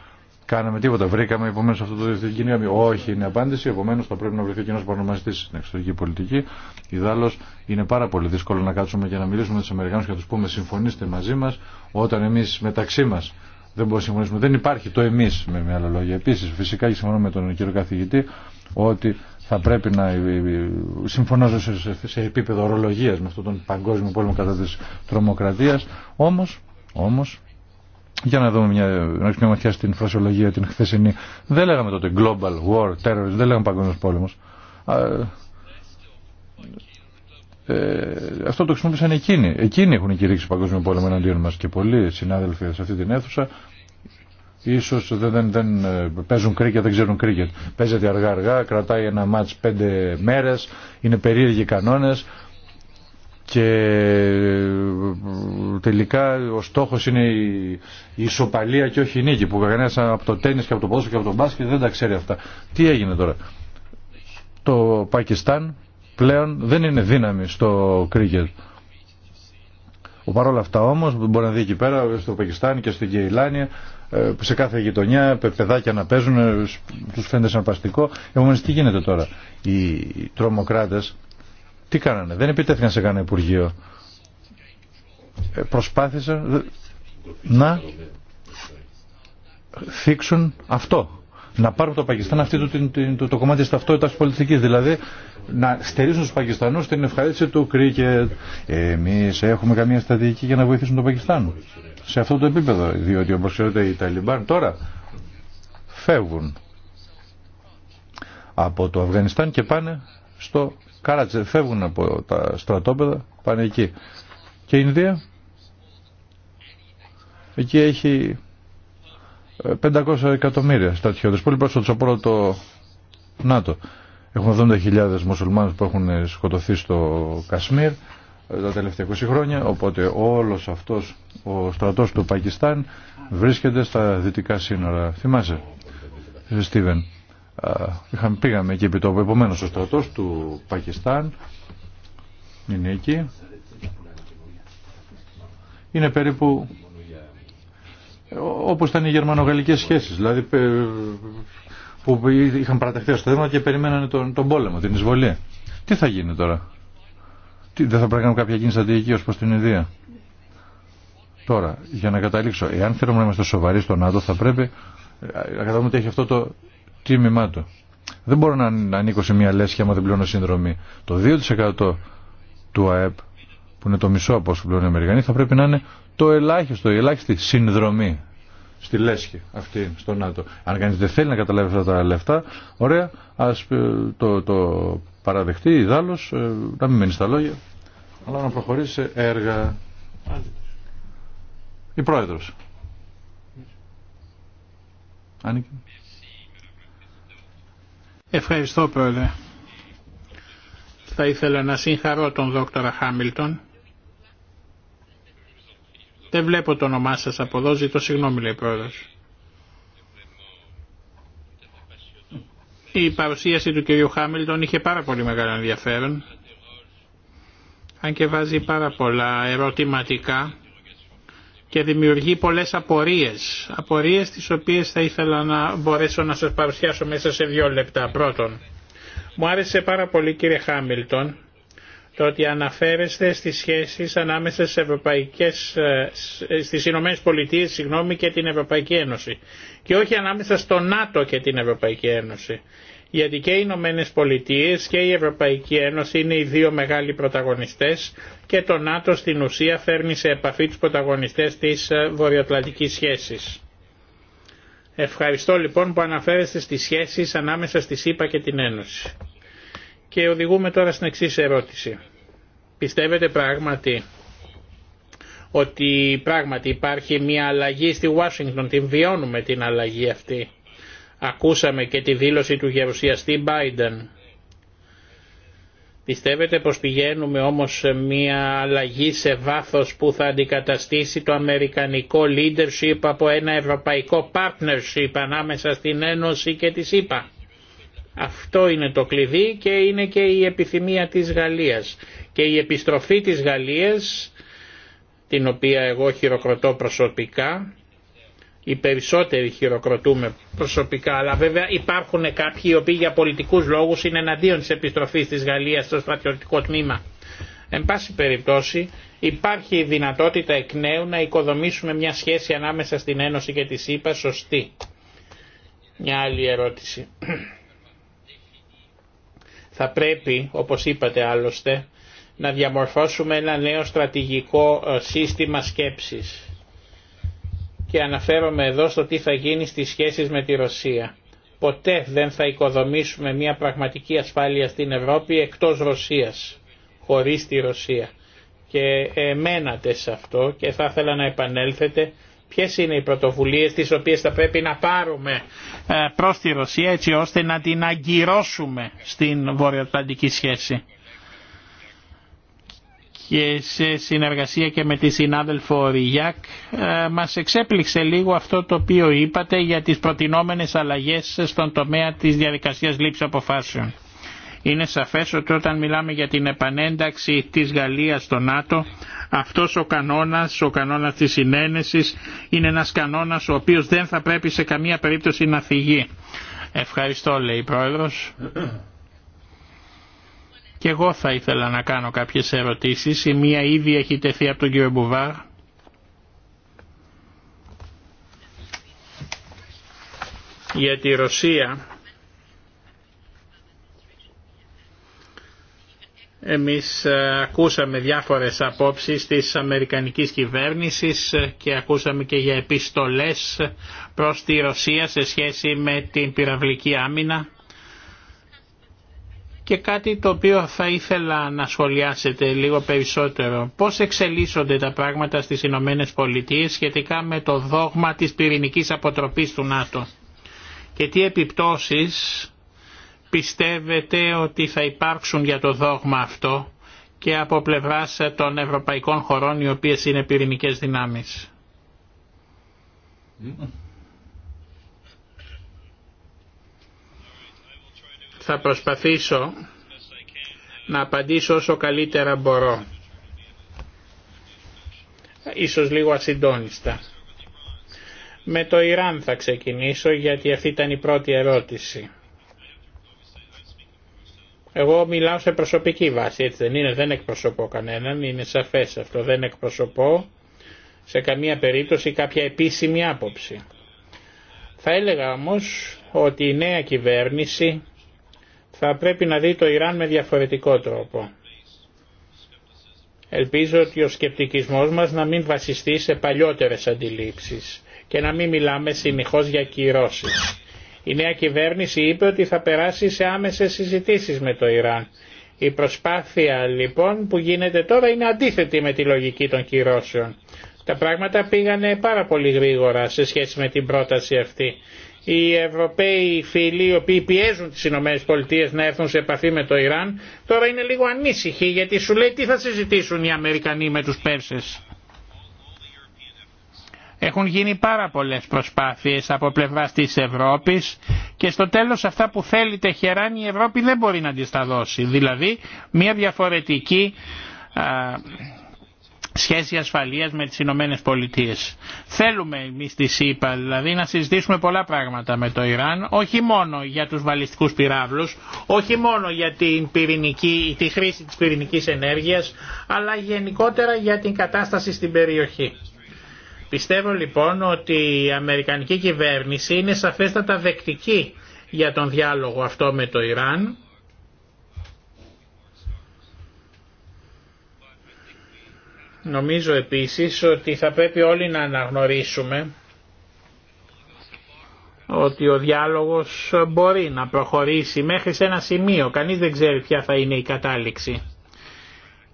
Κάναμε τίποτα, βρήκαμε επομένω αυτό το κοινή γραμμή. Όχι, είναι απάντηση. Επομένω θα πρέπει να βρεθεί και ένα παρονομαστή στην εξωτερική πολιτική. Ιδάλω είναι πάρα πολύ δύσκολο να κάτσουμε και να μιλήσουμε με του Αμερικάνου και να του πούμε συμφωνήστε μαζί μα όταν εμεί μεταξύ μα δεν μπορούμε να συμφωνήσουμε. Δεν υπάρχει το εμεί με, με άλλα λόγια. Επίση, φυσικά και συμφωνώ με τον κύριο καθηγητή ότι θα πρέπει να ε, ε, ε, συμφωνώ σε, επίπεδο ορολογίας με αυτόν τον παγκόσμιο πόλεμο κατά της τρομοκρατίας. Όμως, όμως για να δούμε μια, να μια ματιά στην φρασιολογία την χθεσινή. Δεν λέγαμε τότε global war, terrorism, δεν λέγαμε παγκόσμιος πόλεμος. Ε, αυτό το χρησιμοποίησαν εκείνοι. Εκείνοι έχουν κηρύξει παγκόσμιο πόλεμο εναντίον μα και πολλοί συνάδελφοι σε αυτή την αίθουσα ίσως δεν, δεν, δεν ε, παίζουν κρίκετ, δεν ξέρουν κρίκετ. Παίζεται αργά-αργά, κρατάει ένα μάτς πέντε μέρες, είναι περίεργοι κανόνες και ε, τελικά ο στόχος είναι η ισοπαλία και όχι η νίκη που κανένας από το τένις και από το πόσο και από το μπάσκετ δεν τα ξέρει αυτά. Τι έγινε τώρα. Το Πακιστάν πλέον δεν είναι δύναμη στο κρίκετ. Παρ' παρόλα αυτά όμως μπορεί να δει εκεί πέρα στο Πακιστάν και στην Κεϊλάνια ε, σε κάθε γειτονιά, παιδάκια να παίζουν, ε, του φαίνεται σαν παστικό. Επομένω, τι γίνεται τώρα. Οι τρομοκράτε τι κάνανε, δεν επιτέθηκαν σε κανένα Υπουργείο. Ε, προσπάθησαν να θίξουν αυτό να πάρουν το Πακιστάν αυτή το, το, το, κομμάτι της ταυτότητα πολιτικής. Δηλαδή να στερήσουν τους Πακιστανούς την ευχαρίστηση του κρίκετ. Εμεί έχουμε καμία στρατηγική για να βοηθήσουμε το Πακιστάν σε αυτό το επίπεδο. Διότι όπω ξέρετε οι Ταλιμπάν τώρα φεύγουν από το Αφγανιστάν και πάνε στο Καράτσε. Φεύγουν από τα στρατόπεδα, πάνε εκεί. Και η Ινδία εκεί έχει 500 εκατομμύρια στρατιώτε. πολύ πρόσφατο από όλο το ΝΑΤΟ. Έχουμε 70.000 μουσουλμάνους που έχουν σκοτωθεί στο Κασμίρ ε, τα τελευταία 20 χρόνια, οπότε όλος αυτός ο στρατός του Πακιστάν βρίσκεται στα δυτικά σύνορα. Θυμάσαι, Στίβεν, πήγαμε εκεί επί τόπου. Επομένως, ο στρατός του Πακιστάν είναι εκεί. Είναι περίπου όπως ήταν οι γερμανογαλλικές σχέσεις, δηλαδή που είχαν παραταχθεί στο θέμα και περιμένανε τον, τον πόλεμο, την εισβολή. Τι θα γίνει τώρα. Τι, δεν θα πρέπει να κάνουμε κάποια κίνηση στρατηγική ως προς την Ινδία. Τώρα, για να καταλήξω, εάν θέλουμε να είμαστε σοβαροί στον ΝΑΤΟ θα πρέπει να ε, καταλάβουμε ότι έχει αυτό το τίμημά του. Δεν μπορώ να ανήκω σε μια λέσχη άμα δεν πληρώνω συνδρομή. Το 2% του ΑΕΠ που είναι το μισό από όσο πλέον οι Αμερικανοί, θα πρέπει να είναι το ελάχιστο, η ελάχιστη συνδρομή στη λέσχη αυτή στο ΝΑΤΟ. Αν κάνει δεν θέλει να καταλάβει αυτά τα λεφτά, ωραία, ας ε, το, το παραδεχτεί, δάλο ε, να μην μένει στα λόγια, αλλά να προχωρήσει σε έργα. Η πρόεδρο. Άνικη. Ευχαριστώ Πρόεδρε. Θα ήθελα να συγχαρώ τον Δόκτωρα Χάμιλτον δεν βλέπω το όνομά σα από εδώ, ζητώ συγγνώμη λέει πρόεδρος. Η παρουσίαση του κυρίου Χάμιλτον είχε πάρα πολύ μεγάλο ενδιαφέρον, αν και βάζει πάρα πολλά ερωτηματικά και δημιουργεί πολλές απορίες, απορίες τις οποίες θα ήθελα να μπορέσω να σας παρουσιάσω μέσα σε δύο λεπτά. Πρώτον, μου άρεσε πάρα πολύ κύριε Χάμιλτον το ότι αναφέρεστε στις σχέσεις ανάμεσα στις, Ευρωπαϊκές, ε, στις και την Ευρωπαϊκή Ένωση και όχι ανάμεσα στο ΝΑΤΟ και την Ευρωπαϊκή Ένωση. Γιατί και οι Ηνωμένε Πολιτείε και η Ευρωπαϊκή Ένωση είναι οι δύο μεγάλοι πρωταγωνιστές και το ΝΑΤΟ στην ουσία φέρνει σε επαφή του πρωταγωνιστές τη ε, Βορειοατλαντική σχέση. Ευχαριστώ λοιπόν που αναφέρεστε στις σχέσεις ανάμεσα στη ΣΥΠΑ και την Ένωση. Και οδηγούμε τώρα στην εξή ερώτηση. Πιστεύετε πράγματι ότι πράγματι υπάρχει μια αλλαγή στη Ουάσιγκτον, την βιώνουμε την αλλαγή αυτή. Ακούσαμε και τη δήλωση του γερουσιαστή Biden. Πιστεύετε πως πηγαίνουμε όμως σε μια αλλαγή σε βάθος που θα αντικαταστήσει το αμερικανικό leadership από ένα ευρωπαϊκό partnership ανάμεσα στην Ένωση και τη ΣΥΠΑ. Αυτό είναι το κλειδί και είναι και η επιθυμία της Γαλλίας. Και η επιστροφή της Γαλλίας, την οποία εγώ χειροκροτώ προσωπικά, οι περισσότεροι χειροκροτούμε προσωπικά, αλλά βέβαια υπάρχουν κάποιοι οι οποίοι για πολιτικούς λόγους είναι εναντίον της επιστροφής της Γαλλίας στο στρατιωτικό τμήμα. Εν πάση περιπτώσει υπάρχει η δυνατότητα εκ νέου να οικοδομήσουμε μια σχέση ανάμεσα στην Ένωση και τη ΣΥΠΑ σωστή. Μια άλλη ερώτηση. Θα πρέπει, όπως είπατε άλλωστε, να διαμορφώσουμε ένα νέο στρατηγικό ε, σύστημα σκέψης. Και αναφέρομαι εδώ στο τι θα γίνει στις σχέσεις με τη Ρωσία. Ποτέ δεν θα οικοδομήσουμε μια πραγματική ασφάλεια στην Ευρώπη εκτός Ρωσίας, χωρίς τη Ρωσία. Και εμένατε σε αυτό και θα ήθελα να επανέλθετε ποιες είναι οι πρωτοβουλίες τις οποίες θα πρέπει να πάρουμε ε, προς τη Ρωσία έτσι ώστε να την αγκυρώσουμε στην βορειοατλαντική σχέση και σε συνεργασία και με τη συνάδελφο Ριγιάκ ε, μας εξέπληξε λίγο αυτό το οποίο είπατε για τις προτινόμενες αλλαγές στον τομέα της διαδικασίας λήψης αποφάσεων. Είναι σαφές ότι όταν μιλάμε για την επανένταξη της Γαλλίας στο ΝΑΤΟ αυτός ο κανόνας, ο κανόνας της συνένεσης είναι ένας κανόνας ο οποίος δεν θα πρέπει σε καμία περίπτωση να φυγεί. Ευχαριστώ λέει η Πρόεδρος. Και εγώ θα ήθελα να κάνω κάποιες ερωτήσεις. Η μία ήδη έχει τεθεί από τον κύριο Μπουβάρ. Για τη Ρωσία Εμείς ε, ακούσαμε διάφορες απόψεις της Αμερικανικής κυβέρνησης ε, και ακούσαμε και για επιστολές προς τη Ρωσία σε σχέση με την πυραυλική άμυνα και κάτι το οποίο θα ήθελα να σχολιάσετε λίγο περισσότερο. Πώς εξελίσσονται τα πράγματα στις Ηνωμένε Πολιτείες σχετικά με το δόγμα της πυρηνικής αποτροπής του ΝΑΤΟ και τι επιπτώσεις πιστεύετε ότι θα υπάρξουν για το δόγμα αυτό και από πλευράς των ευρωπαϊκών χωρών οι οποίες είναι πυρηνικές δυνάμεις. Θα προσπαθήσω να απαντήσω όσο καλύτερα μπορώ. Ίσως λίγο ασυντόνιστα. Με το Ιράν θα ξεκινήσω γιατί αυτή ήταν η πρώτη ερώτηση. Εγώ μιλάω σε προσωπική βάση, έτσι δεν είναι, δεν εκπροσωπώ κανέναν, είναι σαφές αυτό, δεν εκπροσωπώ σε καμία περίπτωση κάποια επίσημη άποψη. Θα έλεγα όμως ότι η νέα κυβέρνηση θα πρέπει να δει το Ιράν με διαφορετικό τρόπο. Ελπίζω ότι ο σκεπτικισμός μας να μην βασιστεί σε παλιότερες αντιλήψεις και να μην μιλάμε συνεχώς για κυρώσεις. Η νέα κυβέρνηση είπε ότι θα περάσει σε άμεσες συζητήσεις με το Ιράν. Η προσπάθεια λοιπόν που γίνεται τώρα είναι αντίθετη με τη λογική των κυρώσεων. Τα πράγματα πήγανε πάρα πολύ γρήγορα σε σχέση με την πρόταση αυτή. Οι Ευρωπαίοι φίλοι οι οποίοι πιέζουν τις ΗΠΑ να έρθουν σε επαφή με το Ιράν τώρα είναι λίγο ανήσυχοι γιατί σου λέει τι θα συζητήσουν οι Αμερικανοί με τους Πέρσες. Έχουν γίνει πάρα πολλές προσπάθειες από πλευρά της Ευρώπης και στο τέλος αυτά που θέλει τεχεράν η Ευρώπη δεν μπορεί να τις τα δώσει. Δηλαδή μια διαφορετική σχέση ασφαλείας με τις Ηνωμένε Πολιτείες. Θέλουμε εμείς τη ΣΥΠΑ δηλαδή να συζητήσουμε πολλά πράγματα με το Ιράν, όχι μόνο για τους βαλιστικούς πυράβλους, όχι μόνο για την πυρηνική, τη χρήση της πυρηνικής ενέργειας, αλλά γενικότερα για την κατάσταση στην περιοχή. Πιστεύω λοιπόν ότι η Αμερικανική κυβέρνηση είναι σαφέστατα δεκτική για τον διάλογο αυτό με το Ιράν Νομίζω επίσης ότι θα πρέπει όλοι να αναγνωρίσουμε ότι ο διάλογος μπορεί να προχωρήσει μέχρι σε ένα σημείο. Κανείς δεν ξέρει ποια θα είναι η κατάληξη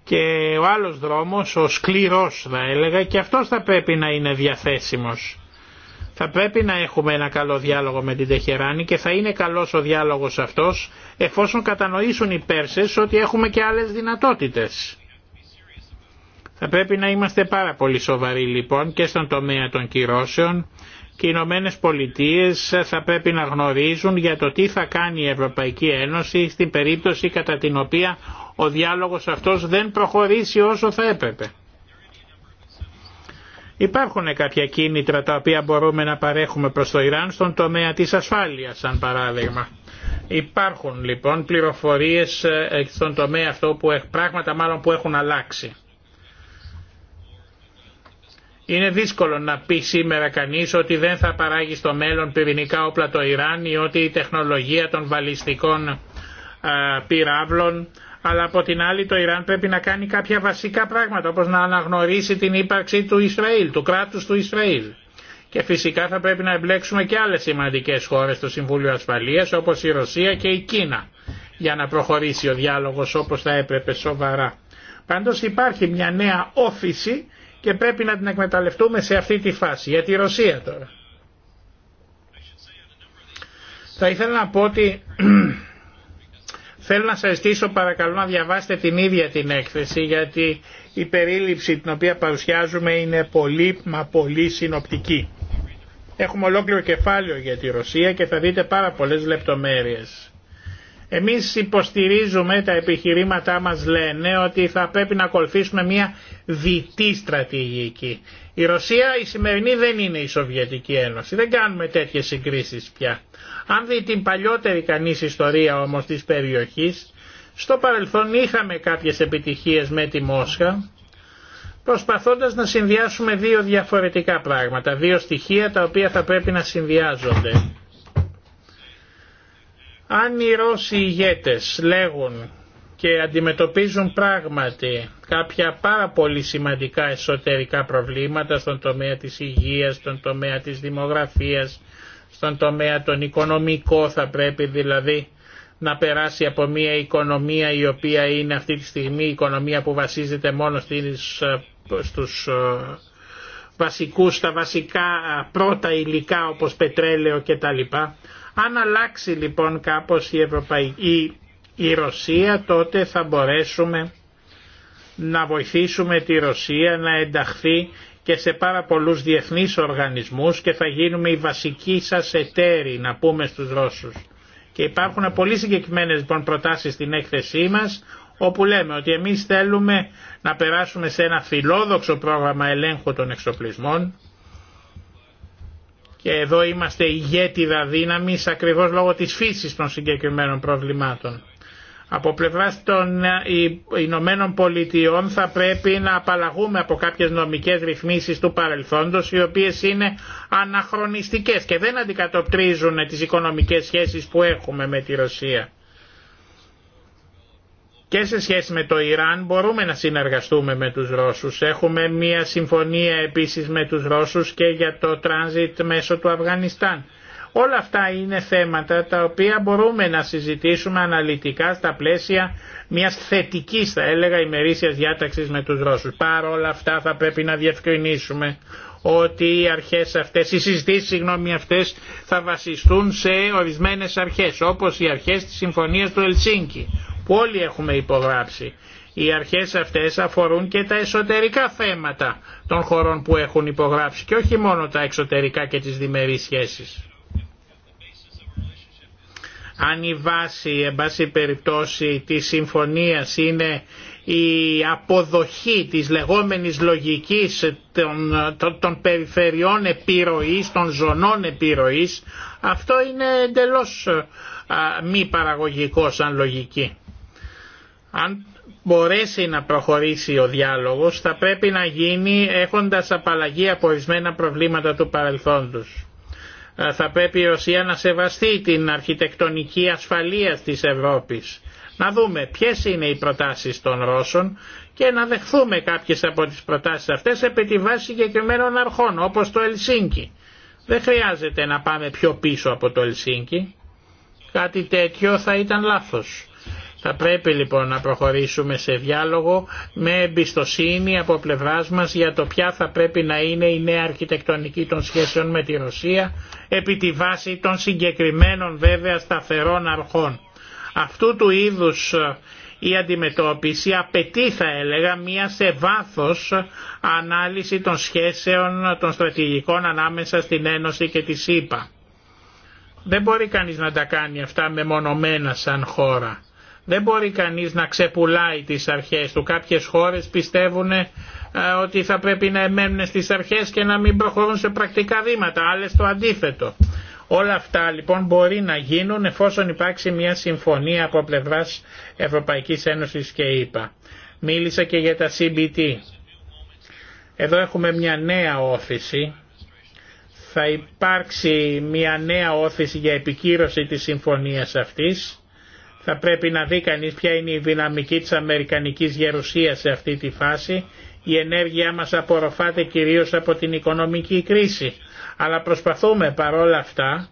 και ο άλλος δρόμος, ο σκληρός θα έλεγα και αυτός θα πρέπει να είναι διαθέσιμος. Θα πρέπει να έχουμε ένα καλό διάλογο με την Τεχεράνη και θα είναι καλός ο διάλογος αυτός εφόσον κατανοήσουν οι Πέρσες ότι έχουμε και άλλες δυνατότητες. Θα πρέπει να είμαστε πάρα πολύ σοβαροί λοιπόν και στον τομέα των κυρώσεων και οι Ηνωμένε Πολιτείε θα πρέπει να γνωρίζουν για το τι θα κάνει η Ευρωπαϊκή Ένωση στην περίπτωση κατά την οποία ο διάλογος αυτός δεν προχωρήσει όσο θα έπρεπε. Υπάρχουν κάποια κίνητρα τα οποία μπορούμε να παρέχουμε προς το Ιράν στον τομέα της ασφάλειας, σαν παράδειγμα. Υπάρχουν λοιπόν πληροφορίες ε, ε, στον τομέα αυτό που πράγματα μάλλον που έχουν αλλάξει. Είναι δύσκολο να πει σήμερα κανείς ότι δεν θα παράγει στο μέλλον πυρηνικά όπλα το Ιράν ή ότι η τεχνολογία των βαλιστικών ε, πυράβλων αλλά από την άλλη το Ιράν πρέπει να κάνει κάποια βασικά πράγματα όπως να αναγνωρίσει την ύπαρξη του Ισραήλ, του κράτους του Ισραήλ. Και φυσικά θα πρέπει να εμπλέξουμε και άλλες σημαντικές χώρες στο Συμβούλιο Ασφαλείας όπως η Ρωσία και η Κίνα για να προχωρήσει ο διάλογος όπως θα έπρεπε σοβαρά. Πάντως υπάρχει μια νέα όφηση και πρέπει να την εκμεταλλευτούμε σε αυτή τη φάση. Για τη Ρωσία τώρα. Θα ήθελα να πω ότι Θέλω να σας ζητήσω παρακαλώ να διαβάσετε την ίδια την έκθεση γιατί η περίληψη την οποία παρουσιάζουμε είναι πολύ μα πολύ συνοπτική. Έχουμε ολόκληρο κεφάλαιο για τη Ρωσία και θα δείτε πάρα πολλές λεπτομέρειες. Εμείς υποστηρίζουμε, τα επιχειρήματά μας λένε ότι θα πρέπει να ακολουθήσουμε μια διτή στρατηγική. Η Ρωσία η σημερινή δεν είναι η Σοβιετική Ένωση, δεν κάνουμε τέτοιες συγκρίσεις πια. Αν δει την παλιότερη κανείς ιστορία όμως της περιοχής, στο παρελθόν είχαμε κάποιες επιτυχίες με τη Μόσχα, προσπαθώντας να συνδυάσουμε δύο διαφορετικά πράγματα, δύο στοιχεία τα οποία θα πρέπει να συνδυάζονται. Αν οι Ρώσοι ηγέτες λέγουν και αντιμετωπίζουν πράγματι κάποια πάρα πολύ σημαντικά εσωτερικά προβλήματα στον τομέα της υγείας, στον τομέα της δημογραφίας, στον τομέα τον οικονομικό θα πρέπει δηλαδή να περάσει από μια οικονομία η οποία είναι αυτή τη στιγμή η οικονομία που βασίζεται μόνο στις, στους ε, βασικούς, στα βασικά ε, πρώτα υλικά όπως πετρέλαιο κτλ. Αν αλλάξει λοιπόν κάπως η, Ευρωπαϊκή, η Ρωσία τότε θα μπορέσουμε να βοηθήσουμε τη Ρωσία να ενταχθεί και σε πάρα πολλούς διεθνείς οργανισμούς και θα γίνουμε οι βασικοί σας εταίροι να πούμε στους Ρώσους. Και υπάρχουν πολύ συγκεκριμένες λοιπόν προτάσεις στην έκθεσή μας όπου λέμε ότι εμείς θέλουμε να περάσουμε σε ένα φιλόδοξο πρόγραμμα ελέγχου των εξοπλισμών και εδώ είμαστε ηγέτιδα δύναμη ακριβώς λόγω της φύσης των συγκεκριμένων προβλημάτων. Από πλευρά των ε, Ηνωμένων Πολιτειών θα πρέπει να απαλλαγούμε από κάποιες νομικές ρυθμίσεις του παρελθόντος οι οποίες είναι αναχρονιστικές και δεν αντικατοπτρίζουν τις οικονομικές σχέσεις που έχουμε με τη Ρωσία. Και σε σχέση με το Ιράν μπορούμε να συνεργαστούμε με τους Ρώσους. Έχουμε μια συμφωνία επίσης με τους Ρώσους και για το τράνζιτ μέσω του Αφγανιστάν Όλα αυτά είναι θέματα τα οποία μπορούμε να συζητήσουμε αναλυτικά στα πλαίσια μιας θετικής θα έλεγα ημερήσιας διάταξης με τους Ρώσους. Παρ' όλα αυτά θα πρέπει να διευκρινίσουμε ότι οι αρχές αυτές, οι συζητήσεις συγγνώμη αυτές θα βασιστούν σε ορισμένες αρχές όπως οι αρχές της Συμφωνίας του Ελσίνκη που όλοι έχουμε υπογράψει. Οι αρχές αυτές αφορούν και τα εσωτερικά θέματα των χωρών που έχουν υπογράψει και όχι μόνο τα εξωτερικά και τις διμερείς σχέσεις αν η βάση, εν πάση περιπτώσει, τη συμφωνίας είναι η αποδοχή της λεγόμενης λογικής των, των, των περιφερειών επιρροής, των ζωνών επιρροής, αυτό είναι εντελώς μη παραγωγικό σαν λογική. Αν μπορέσει να προχωρήσει ο διάλογος θα πρέπει να γίνει έχοντας απαλλαγή από ορισμένα προβλήματα του παρελθόντος. Ε, θα πρέπει η Ρωσία να σεβαστεί την αρχιτεκτονική ασφαλεία της Ευρώπης. Να δούμε ποιες είναι οι προτάσεις των Ρώσων και να δεχθούμε κάποιες από τις προτάσεις αυτές επί τη βάση συγκεκριμένων αρχών όπως το Ελσίνκι. Δεν χρειάζεται να πάμε πιο πίσω από το Ελσίνκι. Κάτι τέτοιο θα ήταν λάθος. Θα πρέπει λοιπόν να προχωρήσουμε σε διάλογο με εμπιστοσύνη από πλευράς μας για το ποια θα πρέπει να είναι η νέα αρχιτεκτονική των σχέσεων με τη Ρωσία επί τη βάση των συγκεκριμένων βέβαια σταθερών αρχών. Αυτού του είδους ε, η αντιμετώπιση απαιτεί θα έλεγα μία σε βάθος ανάλυση των σχέσεων των στρατηγικών ανάμεσα στην Ένωση και τη ΣΥΠΑ. Δεν μπορεί κανείς να τα κάνει αυτά μεμονωμένα σαν χώρα. Δεν μπορεί κανείς να ξεπουλάει τις αρχές του. Κάποιες χώρες πιστεύουν ε, ότι θα πρέπει να εμένουν στις αρχές και να μην προχωρούν σε πρακτικά βήματα, άλλες το αντίθετο. Όλα αυτά λοιπόν μπορεί να γίνουν εφόσον υπάρξει μια συμφωνία από πλευράς Ευρωπαϊκής Ένωσης και ΕΕ. Μίλησα και για τα CBT. Εδώ έχουμε μια νέα όθηση. Θα υπάρξει μια νέα όθηση για επικύρωση της συμφωνίας αυτής θα πρέπει να δει κανείς ποια είναι η δυναμική της Αμερικανικής γερουσίας σε αυτή τη φάση. Η ενέργειά μας απορροφάται κυρίως από την οικονομική κρίση. Αλλά προσπαθούμε παρόλα αυτά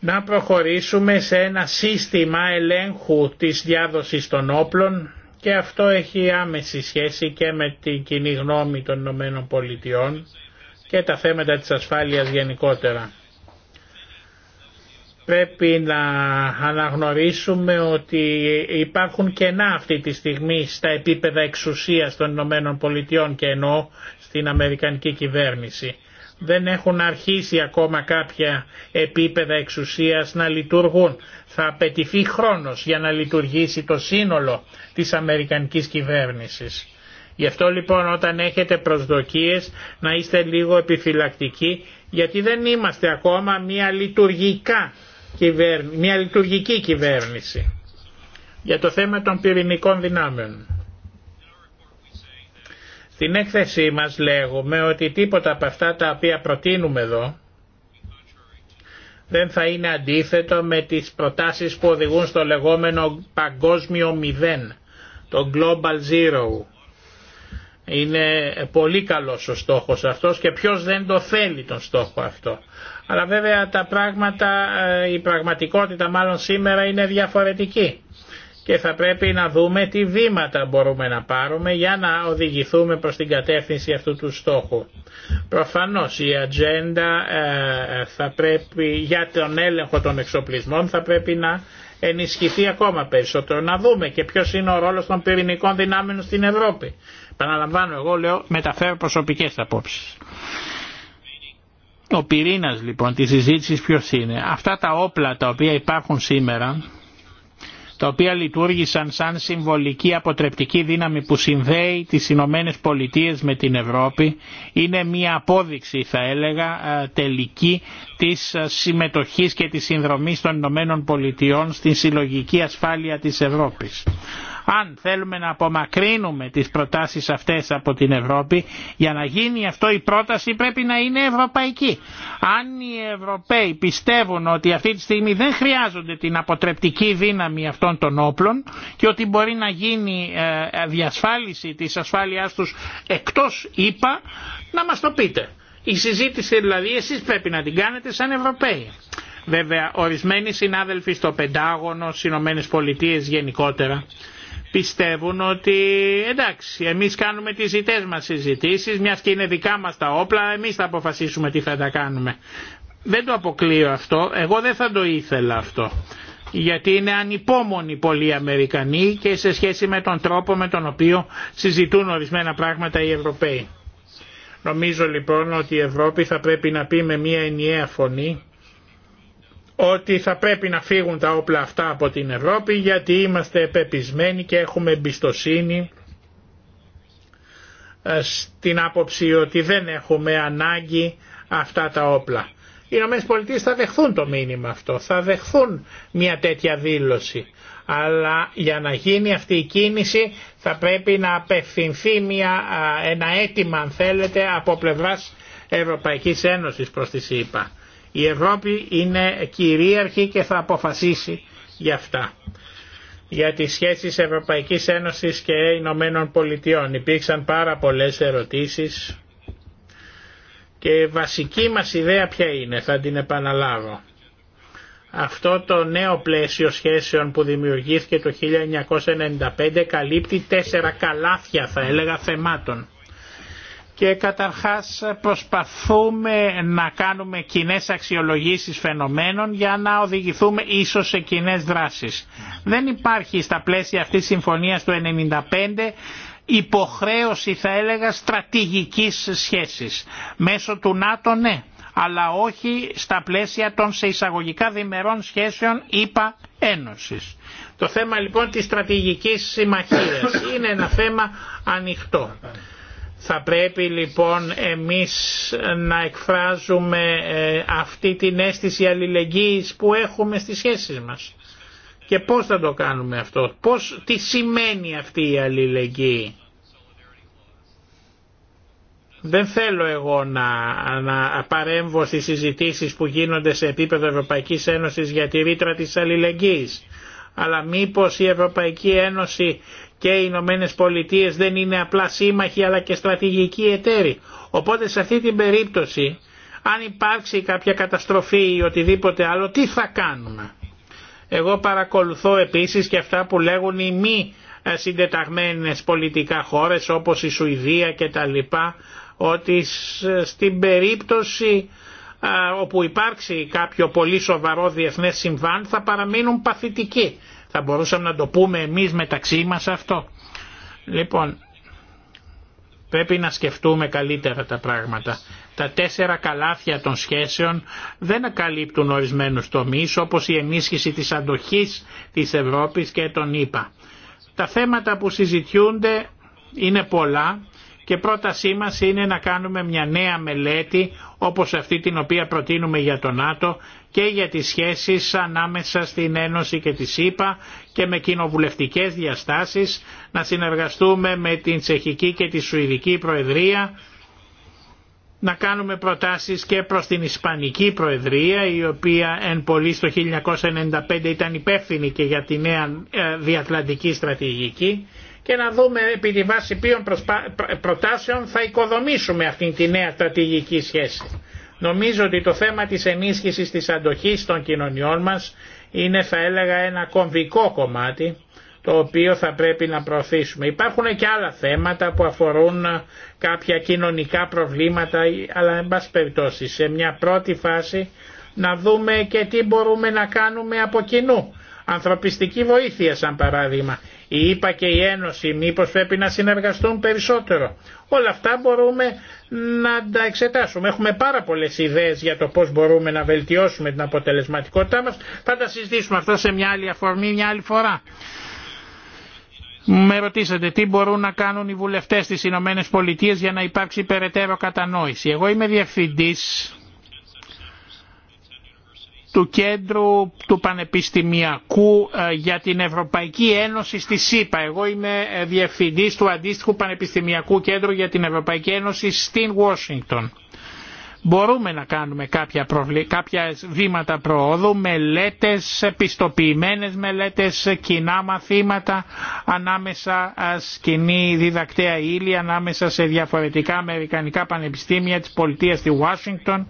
να προχωρήσουμε σε ένα σύστημα ελέγχου της διάδοσης των όπλων και αυτό έχει άμεση σχέση και με την κοινή γνώμη των ΗΠΑ και τα θέματα της ασφάλειας γενικότερα πρέπει να αναγνωρίσουμε ότι υπάρχουν κενά αυτή τη στιγμή στα επίπεδα εξουσίας των Ηνωμένων Πολιτειών και ενώ στην Αμερικανική κυβέρνηση. Δεν έχουν αρχίσει ακόμα κάποια επίπεδα εξουσίας να λειτουργούν. Θα απαιτηθεί χρόνος για να λειτουργήσει το σύνολο της Αμερικανικής κυβέρνησης. Γι' αυτό λοιπόν όταν έχετε προσδοκίες να είστε λίγο επιφυλακτικοί γιατί δεν είμαστε ακόμα μια λειτουργικά μια λειτουργική κυβέρνηση για το θέμα των πυρηνικών δυνάμεων. Στην έκθεσή μας λέγουμε ότι τίποτα από αυτά τα οποία προτείνουμε εδώ δεν θα είναι αντίθετο με τις προτάσεις που οδηγούν στο λεγόμενο παγκόσμιο μηδέν, το Global Zero. Είναι πολύ καλός ο στόχος αυτός και ποιος δεν το θέλει τον στόχο αυτό. Αλλά βέβαια τα πράγματα, ε, η πραγματικότητα μάλλον σήμερα είναι διαφορετική και θα πρέπει να δούμε τι βήματα μπορούμε να πάρουμε για να οδηγηθούμε προς την κατεύθυνση αυτού του στόχου. Προφανώς η ατζέντα ε, θα πρέπει, για τον έλεγχο των εξοπλισμών θα πρέπει να ενισχυθεί ακόμα περισσότερο. Να δούμε και ποιος είναι ο ρόλος των πυρηνικών δυνάμεων στην Ευρώπη. Παναλαμβάνω εγώ λέω μεταφέρω προσωπικές απόψεις. Ο πυρήνας λοιπόν της συζήτησης ποιος είναι. Αυτά τα όπλα τα οποία υπάρχουν σήμερα, τα οποία λειτουργήσαν σαν συμβολική αποτρεπτική δύναμη που συνδέει τις Ηνωμένε Πολιτείε με την Ευρώπη, είναι μια απόδειξη θα έλεγα ε, τελική της ε, συμμετοχής και της συνδρομής των Ηνωμένων Πολιτειών στην συλλογική ασφάλεια της Ευρώπης. Αν θέλουμε να απομακρύνουμε τις προτάσεις αυτές από την Ευρώπη, για να γίνει αυτό η πρόταση πρέπει να είναι ευρωπαϊκή. Αν οι Ευρωπαίοι πιστεύουν ότι αυτή τη στιγμή δεν χρειάζονται την αποτρεπτική δύναμη αυτών των όπλων και ότι μπορεί να γίνει ε, διασφάλιση της ασφάλειάς τους εκτός ΗΠΑ, να μας το πείτε. Η συζήτηση δηλαδή εσείς πρέπει να την κάνετε σαν Ευρωπαίοι. Βέβαια, ορισμένοι συνάδελφοι στο Πεντάγωνο, στι Ηνωμένε Πολιτείε γενικότερα, πιστεύουν ότι εντάξει εμείς κάνουμε τις ζητέ μα συζητήσει, μια και είναι δικά μας τα όπλα εμείς θα αποφασίσουμε τι θα τα κάνουμε. Δεν το αποκλείω αυτό, εγώ δεν θα το ήθελα αυτό γιατί είναι ανυπόμονοι πολλοί Αμερικανοί και σε σχέση με τον τρόπο με τον οποίο συζητούν ορισμένα πράγματα οι Ευρωπαίοι. Νομίζω λοιπόν ότι η Ευρώπη θα πρέπει να πει με μια ενιαία φωνή ότι θα πρέπει να φύγουν τα όπλα αυτά από την Ευρώπη γιατί είμαστε επεπισμένοι και έχουμε εμπιστοσύνη ε, στην άποψη ότι δεν έχουμε ανάγκη αυτά τα όπλα. Οι Ηνωμένες Πολιτείες θα δεχθούν το μήνυμα αυτό, θα δεχθούν μια τέτοια δήλωση. Αλλά για να γίνει αυτή η κίνηση θα πρέπει να απευθυνθεί μια, ένα αίτημα αν θέλετε από πλευράς Ευρωπαϊκής Ένωσης προς τη ΣΥΠΑ. Η Ευρώπη είναι κυρίαρχη και θα αποφασίσει για αυτά. Για τις σχέσεις Ευρωπαϊκής Ένωσης και Ηνωμένων Πολιτειών υπήρξαν πάρα πολλές ερωτήσεις και η βασική μας ιδέα ποια είναι, θα την επαναλάβω. Αυτό το νέο πλαίσιο σχέσεων που δημιουργήθηκε το 1995 καλύπτει τέσσερα καλάθια θα έλεγα θεμάτων και καταρχάς προσπαθούμε να κάνουμε κοινέ αξιολογήσεις φαινομένων για να οδηγηθούμε ίσως σε κοινέ δράσεις. Δεν υπάρχει στα πλαίσια αυτής της συμφωνίας του 1995 υποχρέωση θα έλεγα στρατηγικής σχέσης. Μέσω του ΝΑΤΟ ναι, αλλά όχι στα πλαίσια των σε εισαγωγικά διμερών σχέσεων ήπα Ένωσης. Το θέμα λοιπόν της στρατηγικής συμμαχίας είναι ένα θέμα ανοιχτό. Θα πρέπει λοιπόν εμείς να εκφράζουμε ε, αυτή την αίσθηση αλληλεγγύης που έχουμε στις σχέσεις μας. Και πώς θα το κάνουμε αυτό, πώς, τι σημαίνει αυτή η αλληλεγγύη. Δεν θέλω εγώ να, να παρέμβω στις συζητήσεις που γίνονται σε επίπεδο Ευρωπαϊκής Ένωσης για τη ρήτρα της αλληλεγγύης. Αλλά μήπως η Ευρωπαϊκή Ένωση και οι Ηνωμένε Πολιτείε δεν είναι απλά σύμμαχοι αλλά και στρατηγικοί εταίροι. Οπότε σε αυτή την περίπτωση αν υπάρξει κάποια καταστροφή ή οτιδήποτε άλλο τι θα κάνουμε. Εγώ παρακολουθώ επίσης και αυτά που λέγουν οι μη ε, συντεταγμένες πολιτικά χώρες όπως η Σουηδία και τα λοιπά ότι στην περίπτωση ε, όπου υπάρξει κάποιο πολύ σοβαρό διεθνές συμβάν θα παραμείνουν παθητικοί θα μπορούσαμε να το πούμε εμείς μεταξύ μας αυτό. Λοιπόν, πρέπει να σκεφτούμε καλύτερα τα πράγματα. Τα τέσσερα καλάθια των σχέσεων δεν ακαλύπτουν ορισμένους τομείς όπως η ενίσχυση της αντοχής της Ευρώπης και των ΗΠΑ. Τα θέματα που συζητιούνται είναι πολλά και πρότασή μας είναι να κάνουμε μια νέα μελέτη όπως αυτή την οποία προτείνουμε για τον ΝΑΤΟ και για τις σχέσεις ανάμεσα στην Ένωση και τη ΣΥΠΑ και με κοινοβουλευτικές διαστάσεις, να συνεργαστούμε με την Τσεχική και τη Σουηδική Προεδρία, να κάνουμε προτάσεις και προς την Ισπανική Προεδρία η οποία εν πολύ στο 1995 ήταν υπεύθυνη και για τη νέα ε, διατλαντική στρατηγική και να δούμε επί τη βάση ποιων προτάσεων θα οικοδομήσουμε αυτή τη νέα στρατηγική σχέση. Νομίζω ότι το θέμα της ενίσχυσης της αντοχής των κοινωνιών μας είναι θα έλεγα ένα κομβικό κομμάτι το οποίο θα πρέπει να προωθήσουμε. Υπάρχουν και άλλα θέματα που αφορούν ε, κάποια κοινωνικά προβλήματα αλλά εν πάση περιπτώσει σε μια πρώτη φάση να δούμε και τι μπορούμε να κάνουμε από κοινού. Ανθρωπιστική βοήθεια σαν παράδειγμα η ΕΠΑ και η Ένωση μήπως πρέπει να συνεργαστούν περισσότερο. Όλα αυτά μπορούμε να τα εξετάσουμε. Έχουμε πάρα πολλές ιδέες για το πώς μπορούμε να βελτιώσουμε την αποτελεσματικότητά μας. Θα τα συζητήσουμε αυτό σε μια άλλη αφορμή, μια άλλη φορά. Με ρωτήσατε τι μπορούν να κάνουν οι βουλευτές της Ηνωμένε Πολιτείες για να υπάρξει περαιτέρω κατανόηση. Εγώ είμαι διευθυντής του κέντρου του Πανεπιστημιακού ε, για την Ευρωπαϊκή Ένωση στη ΣΥΠΑ. Εγώ είμαι ε, διευθυντής του αντίστοιχου Πανεπιστημιακού Κέντρου για την Ευρωπαϊκή Ένωση στην Ουάσιγκτον. Μπορούμε να κάνουμε κάποια, προβλη... βήματα προόδου, μελέτες, επιστοποιημένες μελέτες, κοινά μαθήματα ανάμεσα ε, σκηνή διδακτέα ύλη, ανάμεσα σε διαφορετικά αμερικανικά πανεπιστήμια της πολιτείας στη Ουάσιγκτον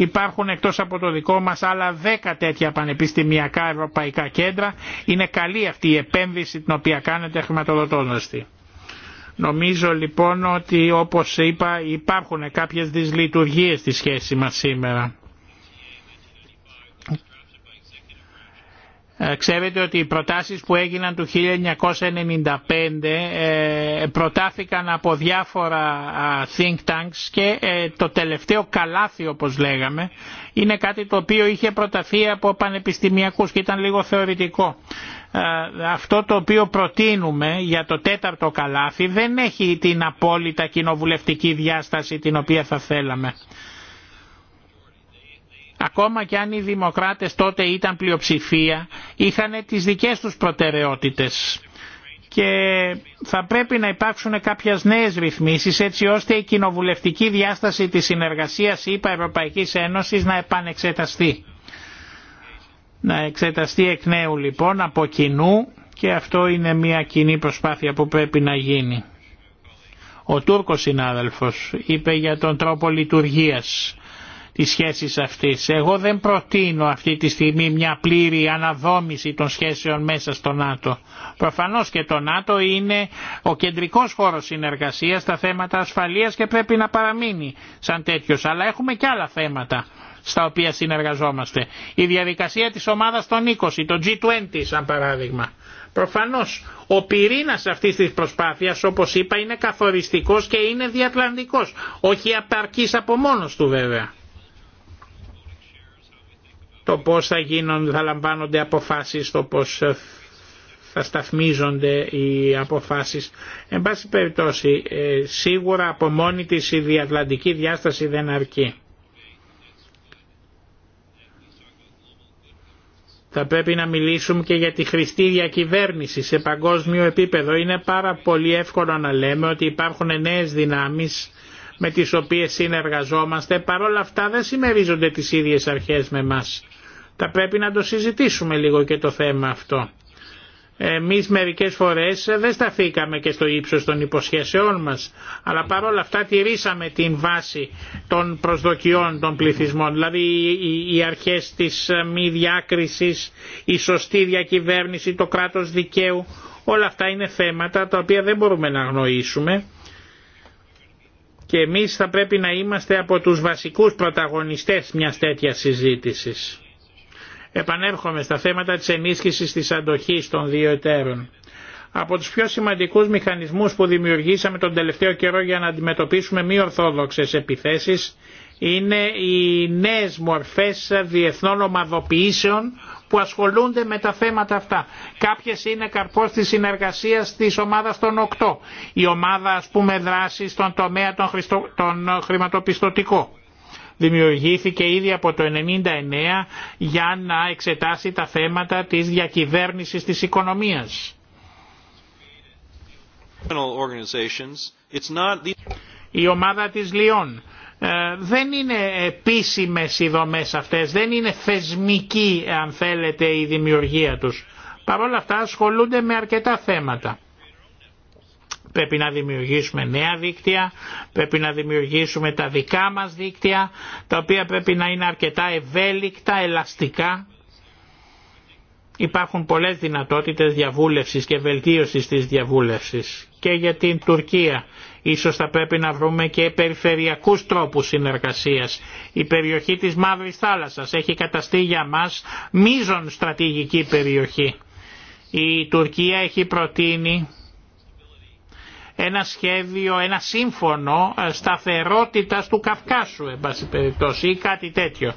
Υπάρχουν εκτός από το δικό μας άλλα δέκα τέτοια πανεπιστημιακά ευρωπαϊκά κέντρα. Είναι καλή αυτή η επένδυση την οποία κάνετε τη. Νομίζω λοιπόν ότι όπως είπα υπάρχουν κάποιες δυσλειτουργίες στη σχέση μας σήμερα. Ε, ξέρετε ότι οι προτάσεις που έγιναν του 1995 ε, προτάθηκαν από διάφορα think tanks και ε, το τελευταίο καλάθι όπως λέγαμε είναι κάτι το οποίο είχε προταθεί από πανεπιστημιακούς και ήταν λίγο θεωρητικό. Αυτό το οποίο προτείνουμε για το τέταρτο καλάθι δεν έχει την απόλυτα κοινοβουλευτική διάσταση την οποία θα θέλαμε. Ακόμα και αν οι δημοκράτες τότε ήταν πλειοψηφία, είχαν τις δικές τους προτεραιότητες και θα πρέπει να υπάρξουν κάποιες νέες ρυθμίσεις έτσι ώστε η κοινοβουλευτική διάσταση της συνεργασίας είπα Ευρωπαϊκής Ένωσης να επανεξεταστεί. Να εξεταστεί εκ νέου λοιπόν από κοινού και αυτό είναι μια κοινή προσπάθεια που πρέπει να γίνει. Ο Τούρκος συνάδελφος είπε για τον τρόπο λειτουργίας τις σχέσεις αυτές. Εγώ δεν προτείνω αυτή τη στιγμή μια πλήρη αναδόμηση των σχέσεων μέσα στο ΝΑΤΟ. Προφανώς και το ΝΑΤΟ είναι ο κεντρικός χώρος συνεργασίας στα θέματα ασφαλείας και πρέπει να παραμείνει σαν τέτοιος. Αλλά έχουμε και άλλα θέματα στα οποία συνεργαζόμαστε. Η διαδικασία της ομάδας των 20, το G20 σαν παράδειγμα. Προφανώς ο πυρήνας αυτής της προσπάθειας όπως είπα είναι καθοριστικός και είναι διατλαντικός, όχι απαρκής από μόνος του βέβαια το πώς θα, γίνουν, θα λαμβάνονται αποφάσεις, το πώς ε, θα σταθμίζονται οι αποφάσεις. Εν πάση περιπτώσει, ε, σίγουρα από μόνη της η διατλαντική διάσταση δεν αρκεί. Θα πρέπει να μιλήσουμε και για τη χρηστή διακυβέρνηση σε παγκόσμιο επίπεδο. Είναι πάρα πολύ εύκολο να λέμε ότι υπάρχουν νέες δυνάμεις με τις οποίες συνεργαζόμαστε. Παρ' όλα αυτά δεν συμμερίζονται τις ίδιες αρχές με μας. Θα πρέπει να το συζητήσουμε λίγο και το θέμα αυτό. Εμείς μερικές φορές δεν σταθήκαμε και στο ύψος των υποσχέσεών μας, αλλά παρόλα αυτά τηρήσαμε την βάση των προσδοκιών των πληθυσμών, δηλαδή οι αρχές της μη διάκρισης, η σωστή διακυβέρνηση, το κράτος δικαίου, όλα αυτά είναι θέματα τα οποία δεν μπορούμε να αγνοήσουμε και εμείς θα πρέπει να είμαστε από τους βασικούς πρωταγωνιστές μιας τέτοιας συζήτησης. Επανέρχομαι στα θέματα της ενίσχυσης της αντοχής των δύο εταίρων. Από τους πιο σημαντικούς μηχανισμούς που δημιουργήσαμε τον τελευταίο καιρό για να αντιμετωπίσουμε μη ορθόδοξες επιθέσεις είναι οι νέες μορφές διεθνών ομαδοποιήσεων που ασχολούνται με τα θέματα αυτά. Κάποιες είναι καρπός της συνεργασίας της ομάδας των 8, η ομάδα ας πούμε δράσης στον τομέα των, χρηματοπιστωτικών δημιουργήθηκε ήδη από το 1999 για να εξετάσει τα θέματα της διακυβέρνησης της οικονομίας. Η ομάδα της Λιών ε, δεν είναι επίσημες οι δομές αυτές, δεν είναι θεσμική αν θέλετε η δημιουργία τους. Παρ' όλα αυτά ασχολούνται με αρκετά θέματα. Πρέπει να δημιουργήσουμε νέα δίκτυα, πρέπει να δημιουργήσουμε τα δικά μας δίκτυα, τα οποία πρέπει να είναι αρκετά ευέλικτα, ελαστικά. Υπάρχουν πολλές δυνατότητες διαβούλευσης και βελτίωσης της διαβούλευσης και για την Τουρκία. Ίσως θα πρέπει να βρούμε και περιφερειακούς τρόπους συνεργασίας. Η περιοχή της Μαύρης Θάλασσας έχει καταστεί για μας μείζον στρατηγική περιοχή. Η Τουρκία έχει προτείνει ένα σχέδιο, ένα σύμφωνο ε, σταθερότητας του Καυκάσου, εν πάση περιπτώσει, ή κάτι τέτοιο.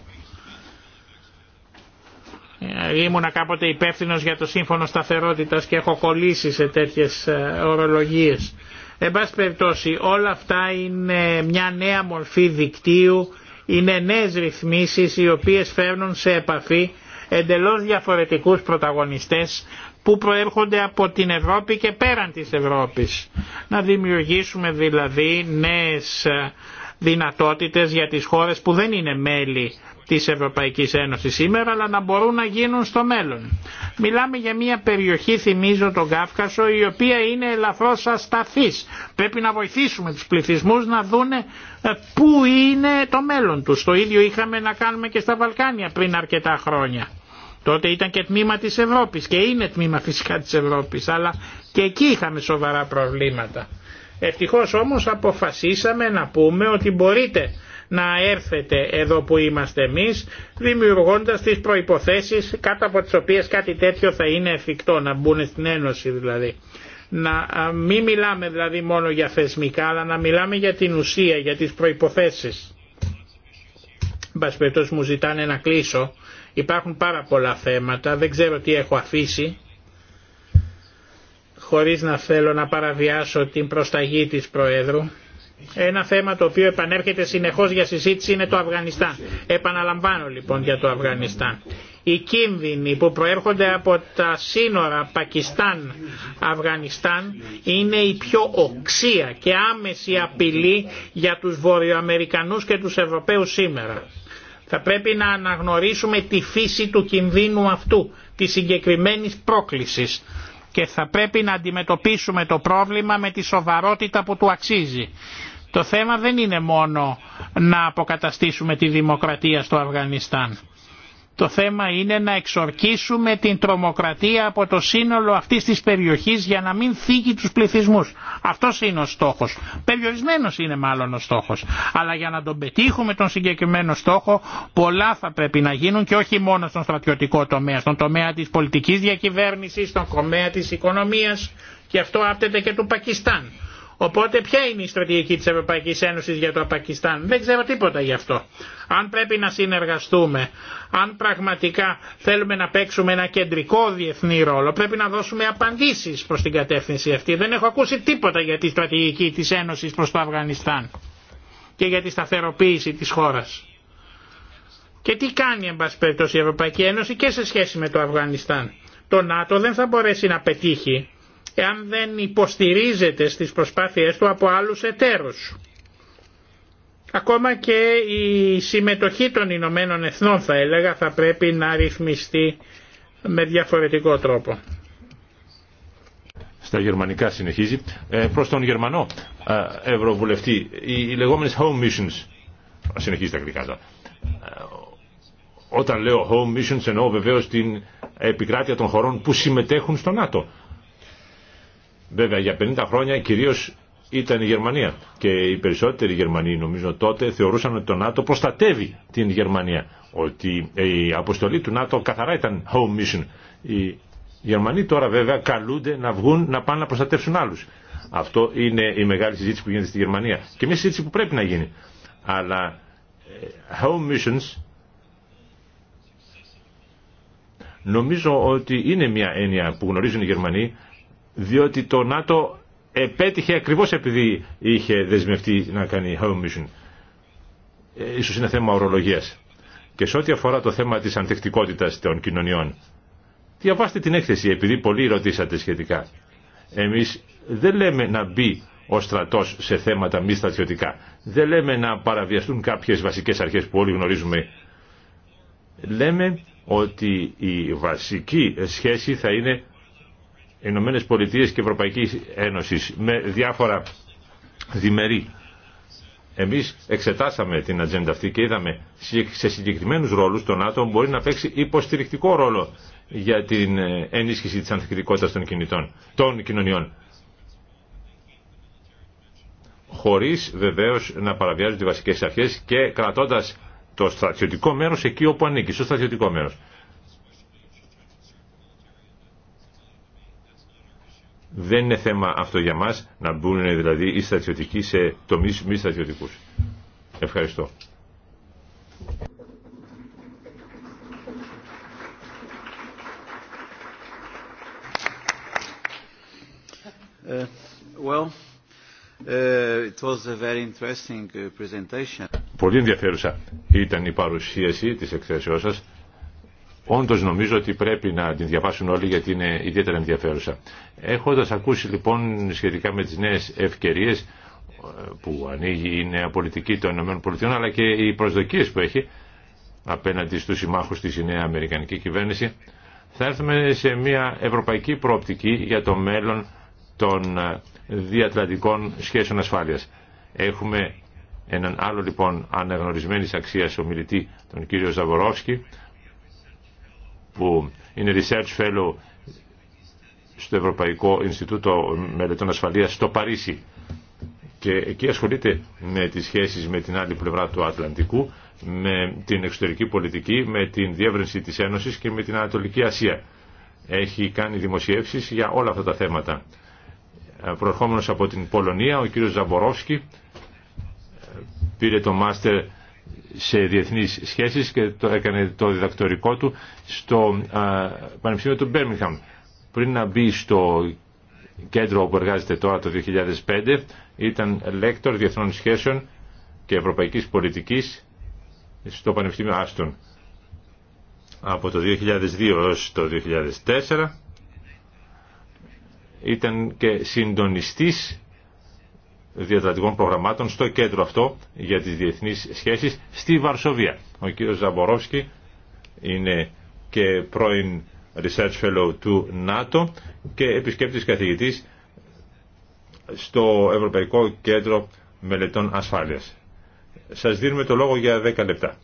Ε, ήμουνα κάποτε υπεύθυνο για το σύμφωνο σταθερότητας και έχω κολλήσει σε τέτοιες ε, ορολογίες. Εν πάση περιπτώσει, όλα αυτά είναι μια νέα μορφή δικτύου, είναι νέες ρυθμίσεις οι οποίες φέρνουν σε επαφή εντελώς διαφορετικούς πρωταγωνιστές που προέρχονται από την Ευρώπη και πέραν της Ευρώπης. Να δημιουργήσουμε δηλαδή νέες ε, δυνατότητες για τις χώρες που δεν είναι μέλη της Ευρωπαϊκής Ένωσης σήμερα αλλά να μπορούν να γίνουν στο μέλλον. Μιλάμε για μια περιοχή, θυμίζω τον Κάφκασο, η οποία είναι ελαφρώς ασταθής. Πρέπει να βοηθήσουμε τους πληθυσμούς να δούνε ε, πού είναι το μέλλον τους. Το ίδιο είχαμε να κάνουμε και στα Βαλκάνια πριν αρκετά χρόνια. Τότε ήταν και τμήμα της Ευρώπης και είναι τμήμα φυσικά της Ευρώπης, αλλά και εκεί είχαμε σοβαρά προβλήματα. Ευτυχώς όμως αποφασίσαμε να πούμε ότι μπορείτε να έρθετε εδώ που είμαστε εμείς, δημιουργώντας τις προϋποθέσεις κάτω από τις οποίες κάτι τέτοιο θα είναι εφικτό, να μπουν στην Ένωση δηλαδή. Να μην μιλάμε δηλαδή μόνο για θεσμικά, αλλά να μιλάμε για την ουσία, για τις προϋποθέσεις. Μπας μου ζητάνε να κλείσω Υπάρχουν πάρα πολλά θέματα, δεν ξέρω τι έχω αφήσει, χωρίς να θέλω να παραβιάσω την προσταγή της Προέδρου. Ένα θέμα το οποίο επανέρχεται συνεχώς για συζήτηση είναι το Αφγανιστάν. Επαναλαμβάνω λοιπόν για το Αφγανιστάν. Οι κίνδυνοι που προέρχονται από τα σύνορα Πακιστάν-Αφγανιστάν είναι η πιο οξία και άμεση απειλή για τους Βορειοαμερικανούς και τους Ευρωπαίους σήμερα. Θα πρέπει να αναγνωρίσουμε τη φύση του κινδύνου αυτού, τη συγκεκριμένη πρόκληση, και θα πρέπει να αντιμετωπίσουμε το πρόβλημα με τη σοβαρότητα που του αξίζει. Το θέμα δεν είναι μόνο να αποκαταστήσουμε τη δημοκρατία στο Αφγανιστάν. Το θέμα είναι να εξορκίσουμε την τρομοκρατία από το σύνολο αυτής της περιοχής για να μην θίγει τους πληθυσμούς. Αυτός είναι ο στόχος. Περιορισμένος είναι μάλλον ο στόχος. Αλλά για να τον πετύχουμε τον συγκεκριμένο στόχο πολλά θα πρέπει να γίνουν και όχι μόνο στον στρατιωτικό τομέα, στον τομέα της πολιτικής διακυβέρνησης, στον τομέα της οικονομίας και αυτό άπτεται και του Πακιστάν. Οπότε ποια είναι η στρατηγική της Ευρωπαϊκής Ένωσης για το Πακιστάν. Δεν ξέρω τίποτα γι' αυτό. Αν πρέπει να συνεργαστούμε, αν πραγματικά θέλουμε να παίξουμε ένα κεντρικό διεθνή ρόλο, πρέπει να δώσουμε απαντήσεις προς την κατεύθυνση αυτή. Δεν έχω ακούσει τίποτα για τη στρατηγική της Ένωσης προς το Αφγανιστάν και για τη σταθεροποίηση της χώρας. Και τι κάνει εν πάση περιπτώσει η Ευρωπαϊκή Ένωση και σε σχέση με το Αφγανιστάν. Το ΝΑΤΟ δεν θα μπορέσει να πετύχει εάν δεν υποστηρίζεται στις προσπάθειές του από άλλους εταίρους. Ακόμα και η συμμετοχή των Ηνωμένων Εθνών θα έλεγα θα πρέπει να ρυθμιστεί με διαφορετικό τρόπο. Στα γερμανικά συνεχίζει. Ε, προς τον Γερμανό ε, Ευρωβουλευτή, οι, οι λεγόμενες home missions, συνεχίζει τα αγγλικά ε, όταν λέω home missions εννοώ βεβαίως την επικράτεια των χωρών που συμμετέχουν στο ΝΑΤΟ. Βέβαια για 50 χρόνια κυρίως ήταν η Γερμανία και οι περισσότεροι Γερμανοί νομίζω τότε θεωρούσαν ότι το ΝΑΤΟ προστατεύει την Γερμανία. Ότι η αποστολή του ΝΑΤΟ καθαρά ήταν home mission. Οι Γερμανοί τώρα βέβαια καλούνται να βγουν να πάνε να προστατεύσουν άλλους. Αυτό είναι η μεγάλη συζήτηση που γίνεται στη Γερμανία και μια συζήτηση που πρέπει να γίνει. Αλλά ε, home missions νομίζω ότι είναι μια έννοια που γνωρίζουν οι Γερμανοί διότι το ΝΑΤΟ επέτυχε ακριβώς επειδή είχε δεσμευτεί να κάνει home mission. Ε, ίσως είναι θέμα ορολογίας. Και σε ό,τι αφορά το θέμα της ανθεκτικότητας των κοινωνιών, διαβάστε την έκθεση επειδή πολλοί ρωτήσατε σχετικά. Εμείς δεν λέμε να μπει ο στρατός σε θέματα μη στρατιωτικά. Δεν λέμε να παραβιαστούν κάποιες βασικές αρχές που όλοι γνωρίζουμε. Λέμε ότι η βασική σχέση θα είναι Ηνωμένε Πολιτείε και Ευρωπαϊκή Ένωση με διάφορα διμερεί. εμεί εξετάσαμε την ατζέντα αυτή και είδαμε σε συγκεκριμένου ρόλου το ΝΑΤΟ μπορεί να παίξει υποστηρικτικό ρόλο για την ε, ενίσχυση τη ανθεκτικότητα των, κινητών, των κοινωνιών. Χωρί βεβαίω να παραβιάζουν οι βασικέ αρχέ και κρατώντα το στρατιωτικό μέρο εκεί όπου ανήκει, στο στρατιωτικό μέρο. Δεν είναι θέμα αυτό για μας να μπουν δηλαδή οι στρατιωτικοί σε τομείς μη στρατιωτικούς. Ευχαριστώ. Ε, well, ε, it was a very interesting ε, Πολύ ενδιαφέρουσα ήταν η παρουσίαση της εκθέσεώς σας. Όντως νομίζω ότι πρέπει να την διαβάσουν όλοι γιατί είναι ιδιαίτερα ενδιαφέρουσα. Έχοντας ακούσει λοιπόν σχετικά με τις νέες ευκαιρίες που ανοίγει η νέα πολιτική των ΗΠΑ αλλά και οι προσδοκίες που έχει απέναντι στους συμμάχους της η νέα Αμερικανική κυβέρνηση θα έρθουμε σε μια ευρωπαϊκή προοπτική για το μέλλον των ε, διατλαντικών σχέσεων ασφάλειας. Έχουμε έναν άλλο λοιπόν αναγνωρισμένης αξίας ομιλητή τον κύριο Ζαβορόφσκι που είναι Research Fellow στο Ευρωπαϊκό Ινστιτούτο Μελετών Ασφαλείας στο Παρίσι και εκεί ασχολείται με τις σχέσεις με την άλλη πλευρά του Ατλαντικού, με την εξωτερική πολιτική, με την διεύρυνση της Ένωσης και με την Ανατολική Ασία. Έχει κάνει δημοσιεύσεις για όλα αυτά τα θέματα. Προερχόμενος από την Πολωνία, ο κύριος Ζαμπορόφσκι πήρε το μάστερ σε διεθνείς σχέσεις και το έκανε το διδακτορικό του στο Πανεπιστήμιο του Μπέρμιχαμ. Πριν να μπει στο κέντρο όπου εργάζεται τώρα το 2005 ήταν λέκτορ διεθνών σχέσεων και ευρωπαϊκής πολιτικής στο Πανεπιστήμιο Άστον. Από το 2002 έως το 2004 ήταν και συντονιστής διατρατικών προγραμμάτων στο κέντρο αυτό για τις διεθνείς σχέσεις στη Βαρσοβία. Ο κύριος Ζαμπορόφσκι είναι και πρώην Research Fellow του ΝΑΤΟ και επισκέπτης καθηγητής στο Ευρωπαϊκό Κέντρο Μελετών Ασφάλειας. Σας δίνουμε το λόγο για 10 λεπτά.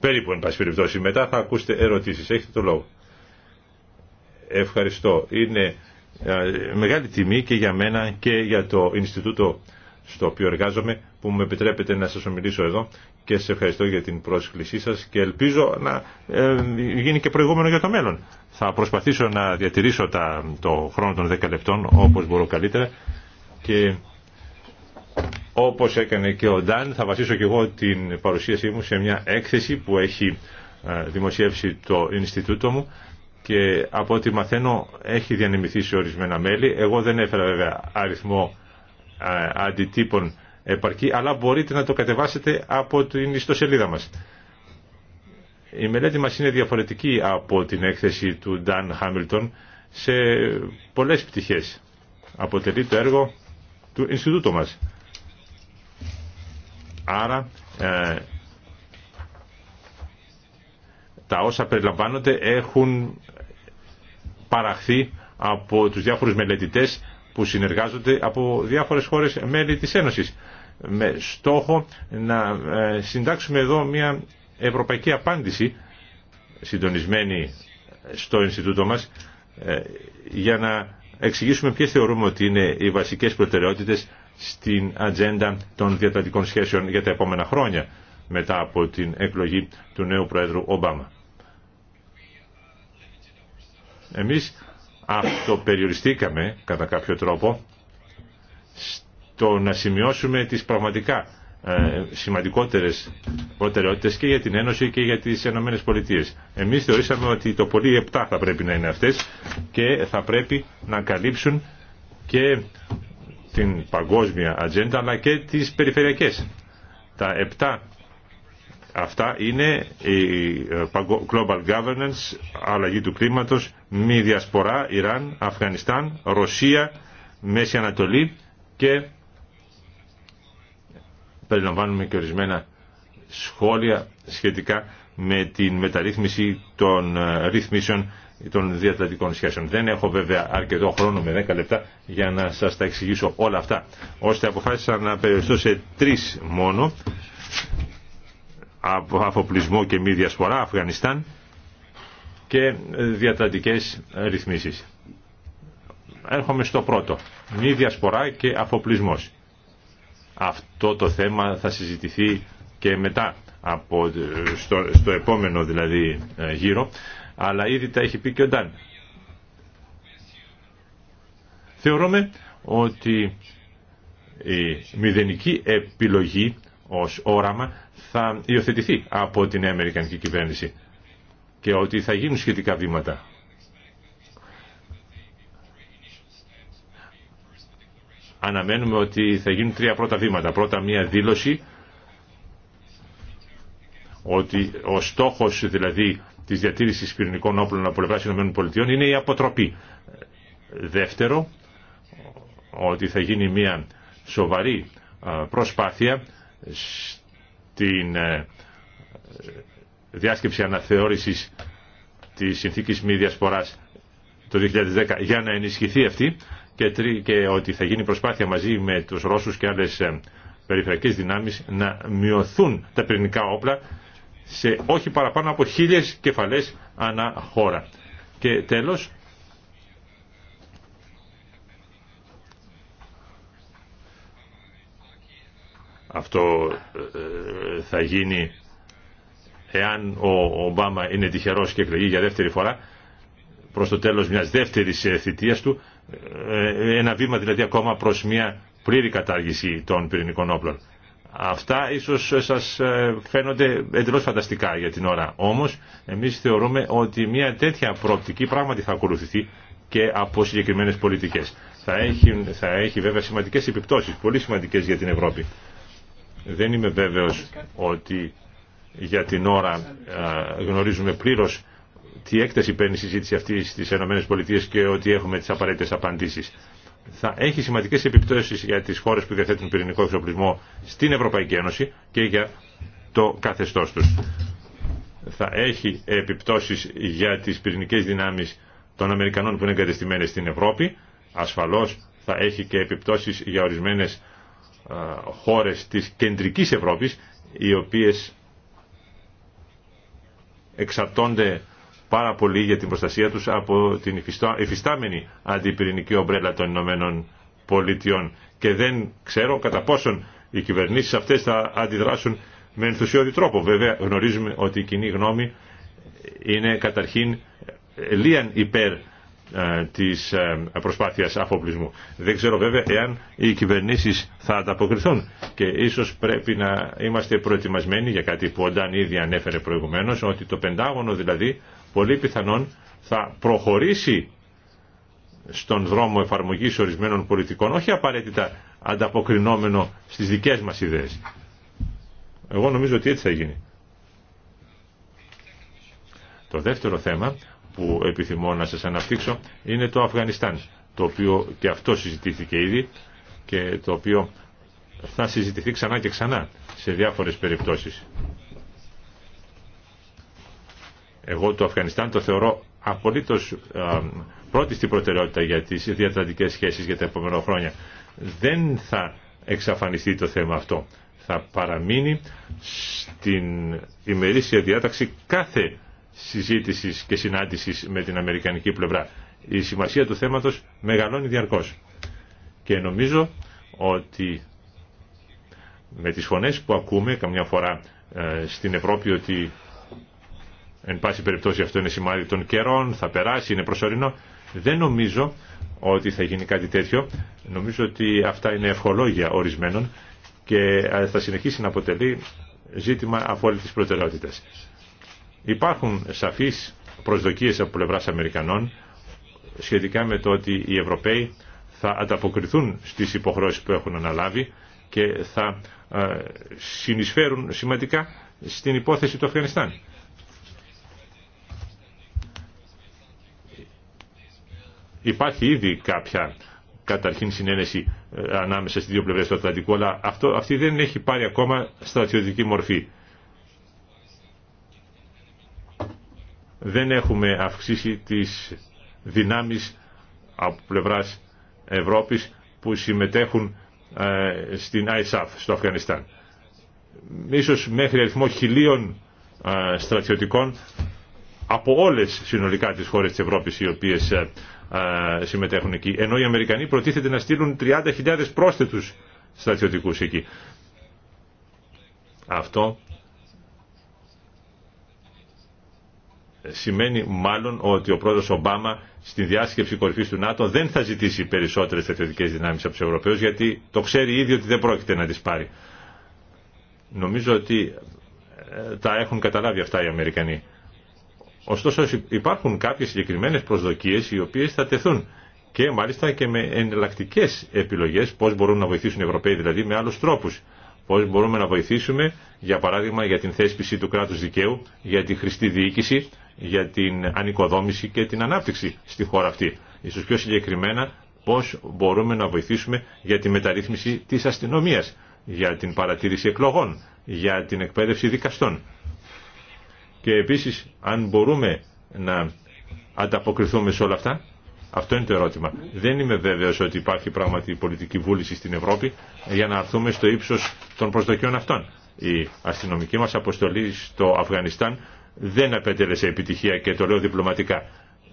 Περίπου, εν πάση περιπτώσει, μετά θα ακούσετε ερωτήσεις. Έχετε το λόγο. Ευχαριστώ. Είναι ε, μεγάλη τιμή και για μένα και για το Ινστιτούτο στο οποίο εργάζομαι που μου επιτρέπετε να σας ομιλήσω εδώ και σε ευχαριστώ για την πρόσκλησή σας και ελπίζω να ε, γίνει και προηγούμενο για το μέλλον. Θα προσπαθήσω να διατηρήσω τα, το χρόνο των 10 λεπτών όπως μπορώ καλύτερα και όπως έκανε και ο Ντάν θα βασίσω και εγώ την παρουσίασή μου σε μια έκθεση που έχει ε, δημοσιεύσει το Ινστιτούτο μου και από ό,τι μαθαίνω έχει διανεμηθεί σε ορισμένα μέλη. Εγώ δεν έφερα βέβαια αριθμό ε, αντιτύπων επαρκή, αλλά μπορείτε να το κατεβάσετε από την ιστοσελίδα μας. Η μελέτη μας είναι διαφορετική από την έκθεση του Νταν Χάμιλτον σε πολλές πτυχές. Αποτελεί το έργο του Ινστιτούτου μας. Άρα ε, τα όσα περιλαμβάνονται έχουν παραχθεί από τους διάφορους μελετητές που συνεργάζονται από διάφορες χώρες μέλη της Ένωσης με στόχο να ε, συντάξουμε εδώ μια ευρωπαϊκή απάντηση συντονισμένη στο Ινστιτούτο μας ε, για να εξηγήσουμε ποιες θεωρούμε ότι είναι οι βασικές προτεραιότητες στην ατζέντα των διατατικών σχέσεων για τα επόμενα χρόνια μετά από την εκλογή του νέου Πρόεδρου Ομπάμα. Εμείς αυτοπεριοριστήκαμε κατά κάποιο τρόπο στο να σημειώσουμε τις πραγματικά ε, σημαντικότερες προτεραιότητες και για την Ένωση και για τις Ενωμένες Πολιτείες. Εμείς θεωρήσαμε ότι το πολύ 7 θα πρέπει να είναι αυτές και θα πρέπει να καλύψουν και την παγκόσμια ατζέντα αλλά και τις περιφερειακές. Τα Αυτά είναι η ε, Global Governance, αλλαγή του κλίματος, μη διασπορά, Ιράν, Αφγανιστάν, Ρωσία, Μέση Ανατολή και περιλαμβάνουμε και ορισμένα σχόλια σχετικά με την μεταρρύθμιση των ε, ρυθμίσεων των διατλαντικών σχέσεων. Δεν έχω βέβαια αρκετό χρόνο με 10 λεπτά για να σας τα εξηγήσω όλα αυτά. Ώστε αποφάσισα να περιοριστώ σε τρεις μόνο από αφοπλισμό και μη διασπορά, Αφγανιστάν και διατατικές ρυθμίσεις. Έρχομαι στο πρώτο. Μη διασπορά και αφοπλισμός. Αυτό το θέμα θα συζητηθεί και μετά από, στο, επόμενο δηλαδή ε, γύρο αλλά ήδη τα έχει πει και ο Ντάν. Θεωρούμε ότι η μηδενική επιλογή ως όραμα θα υιοθετηθεί από την Αμερικανική κυβέρνηση και ότι θα γίνουν σχετικά βήματα. Αναμένουμε ότι θα γίνουν τρία πρώτα βήματα. Πρώτα μία δήλωση ότι ο στόχος δηλαδή της διατήρησης πυρηνικών όπλων από πλευράς ΗΠΑ είναι η αποτροπή. Δεύτερο, ότι θα γίνει μία σοβαρή προσπάθεια την ε, διάσκεψη αναθεώρησης της συνθήκης μη διασποράς το 2010 για να ενισχυθεί αυτή και, ότι θα γίνει προσπάθεια μαζί με τους Ρώσους και άλλες ε, περιφερειακές δυνάμεις να μειωθούν τα πυρηνικά όπλα σε όχι παραπάνω από χίλιες κεφαλές ανά χώρα. Και τέλος, Αυτό ε, ε, θα γίνει εάν ο Ομπάμα είναι τυχερός και εκλεγεί για δεύτερη φορά προς το τέλος μιας δεύτερης ε, θητείας του ένα βήμα δηλαδή ακόμα προς μια πλήρη κατάργηση των πυρηνικών όπλων. Αυτά ίσως σας φαίνονται εντελώς φανταστικά για την ώρα. Όμως εμείς θεωρούμε ότι μια τέτοια προοπτική πράγματι θα ακολουθηθεί και από συγκεκριμένες πολιτικές. Θα έχει, θα έχει βέβαια σημαντικές επιπτώσεις, πολύ σημαντικές για την Ευρώπη. Δεν είμαι βέβαιος ότι για την ώρα γνωρίζουμε πλήρως τι έκταση παίρνει η συζήτηση αυτή στις ΗΠΑ και ότι έχουμε τις απαραίτητες απαντήσεις. Θα έχει σημαντικές επιπτώσεις για τις χώρες που διαθέτουν πυρηνικό εξοπλισμό στην Ευρωπαϊκή Ένωση και για το καθεστώς τους. Θα έχει επιπτώσεις για τις πυρηνικές δυνάμεις των Αμερικανών που είναι εγκατεστημένες στην Ευρώπη. Ασφαλώς θα έχει και επιπτώσεις για ορισμένες ε, χώρες της κεντρικής Ευρώπης οι οποίες εξαρτώνται πάρα πολύ για την προστασία τους από την εφιστάμενη αντιπυρηνική ομπρέλα των Ηνωμένων Πολιτειών και δεν ξέρω κατά πόσον οι κυβερνήσεις αυτές θα αντιδράσουν με ενθουσιώδη τρόπο. Βέβαια γνωρίζουμε ότι η κοινή γνώμη είναι καταρχήν ε, λίαν υπέρ ε, της ε, προσπάθειας αφοπλισμού. Δεν ξέρω βέβαια εάν οι κυβερνήσεις θα ανταποκριθούν και ίσως πρέπει να είμαστε προετοιμασμένοι για κάτι που ο Ντάν ήδη ανέφερε προηγουμένως ότι το Πεντάγωνο δηλαδή πολύ πιθανόν θα προχωρήσει στον δρόμο εφαρμογής ορισμένων πολιτικών όχι απαραίτητα ανταποκρινόμενο στις δικές μας ιδέες. Εγώ νομίζω ότι έτσι θα γίνει. Το δεύτερο θέμα που επιθυμώ να σας αναπτύξω είναι το Αφγανιστάν, το οποίο και αυτό συζητήθηκε ήδη και το οποίο θα συζητηθεί ξανά και ξανά σε διάφορες περιπτώσεις. Εγώ το Αφγανιστάν το θεωρώ απολύτως πρώτη στην προτεραιότητα για τις διατρατικές σχέσεις για τα επόμενα χρόνια. Δεν θα εξαφανιστεί το θέμα αυτό. Θα παραμείνει στην ημερήσια διάταξη κάθε συζήτησης και συνάντησης με την Αμερικανική πλευρά. Η σημασία του θέματος μεγαλώνει διαρκώς. Και νομίζω ότι με τις φωνές που ακούμε καμιά φορά ε, στην Ευρώπη ότι εν πάση περιπτώσει αυτό είναι σημάδι των καιρών, θα περάσει, είναι προσωρινό, δεν νομίζω ότι θα γίνει κάτι τέτοιο. Νομίζω ότι αυτά είναι ευχολόγια ορισμένων και ε, θα συνεχίσει να αποτελεί ζήτημα απόλυτης προτεραιότητας. Υπάρχουν σαφείς προσδοκίες από πλευράς Αμερικανών σχετικά με το ότι οι Ευρωπαίοι θα ανταποκριθούν στις υποχρεώσεις που έχουν αναλάβει και θα ε, συνεισφέρουν σημαντικά στην υπόθεση του Αφγανιστάν. Υπάρχει ήδη κάποια καταρχήν συνένεση ε, ανάμεσα στις δύο πλευρές του Ατλαντικού, αλλά αυτό, αυτή δεν έχει πάρει ακόμα στρατιωτική μορφή. δεν έχουμε αυξήσει τις δυνάμεις από πλευράς Ευρώπης που συμμετέχουν ε, στην ISAF στο Αφγανιστάν. Ίσως μέχρι αριθμό χιλίων ε, στρατιωτικών από όλες συνολικά τις χώρες της Ευρώπης οι οποίες ε, συμμετέχουν εκεί. Ενώ οι Αμερικανοί προτίθεται να στείλουν 30.000 πρόσθετους στρατιωτικούς εκεί. Αυτό σημαίνει μάλλον ότι ο πρόεδρος Ομπάμα στην διάσκεψη κορυφής του ΝΑΤΟ δεν θα ζητήσει περισσότερες στρατιωτικές δυνάμεις από τους Ευρωπαίους γιατί το ξέρει ήδη ότι δεν πρόκειται να τις πάρει. Νομίζω ότι ε, τα έχουν καταλάβει αυτά οι Αμερικανοί. Ωστόσο υπάρχουν κάποιες συγκεκριμένες προσδοκίες οι οποίες θα τεθούν και μάλιστα και με εναλλακτικέ επιλογές πώς μπορούν να βοηθήσουν οι Ευρωπαίοι δηλαδή με άλλους τρόπους πώς μπορούμε να βοηθήσουμε, για παράδειγμα, για την θέσπιση του κράτους δικαίου, για τη χρηστή διοίκηση, για την ανοικοδόμηση και την ανάπτυξη στη χώρα αυτή. Ίσως πιο συγκεκριμένα πώς μπορούμε να βοηθήσουμε για τη μεταρρύθμιση της αστυνομίας, για την παρατήρηση εκλογών, για την εκπαίδευση δικαστών. Και επίσης αν μπορούμε να ανταποκριθούμε σε όλα αυτά, αυτό είναι το ερώτημα. Δεν είμαι βέβαιος ότι υπάρχει πράγματι πολιτική βούληση στην Ευρώπη για να αρθούμε στο ύψος των προσδοκιών αυτών. Η αστυνομική μας αποστολή στο Αφγανιστάν δεν απέτελεσε επιτυχία και το λέω διπλωματικά.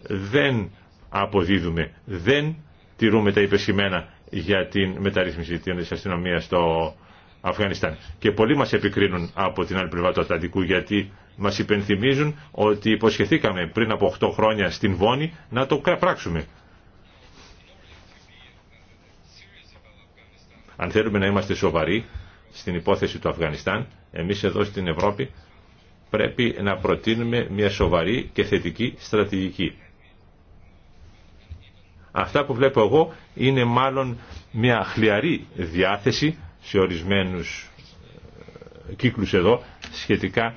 Δεν αποδίδουμε, δεν τηρούμε τα υπεσχημένα για την μεταρρύθμιση της αστυνομίας στο Αφγανιστάν. Και πολλοί μας επικρίνουν από την άλλη πλευρά του γιατί μας υπενθυμίζουν ότι υποσχεθήκαμε πριν από 8 χρόνια στην Βόνη να το πράξουμε. Αν θέλουμε να είμαστε σοβαροί στην υπόθεση του Αφγανιστάν, εμείς εδώ στην Ευρώπη πρέπει να προτείνουμε μια σοβαρή και θετική στρατηγική. Αυτά που βλέπω εγώ είναι μάλλον μια χλιαρή διάθεση σε ορισμένους ε, κύκλους εδώ σχετικά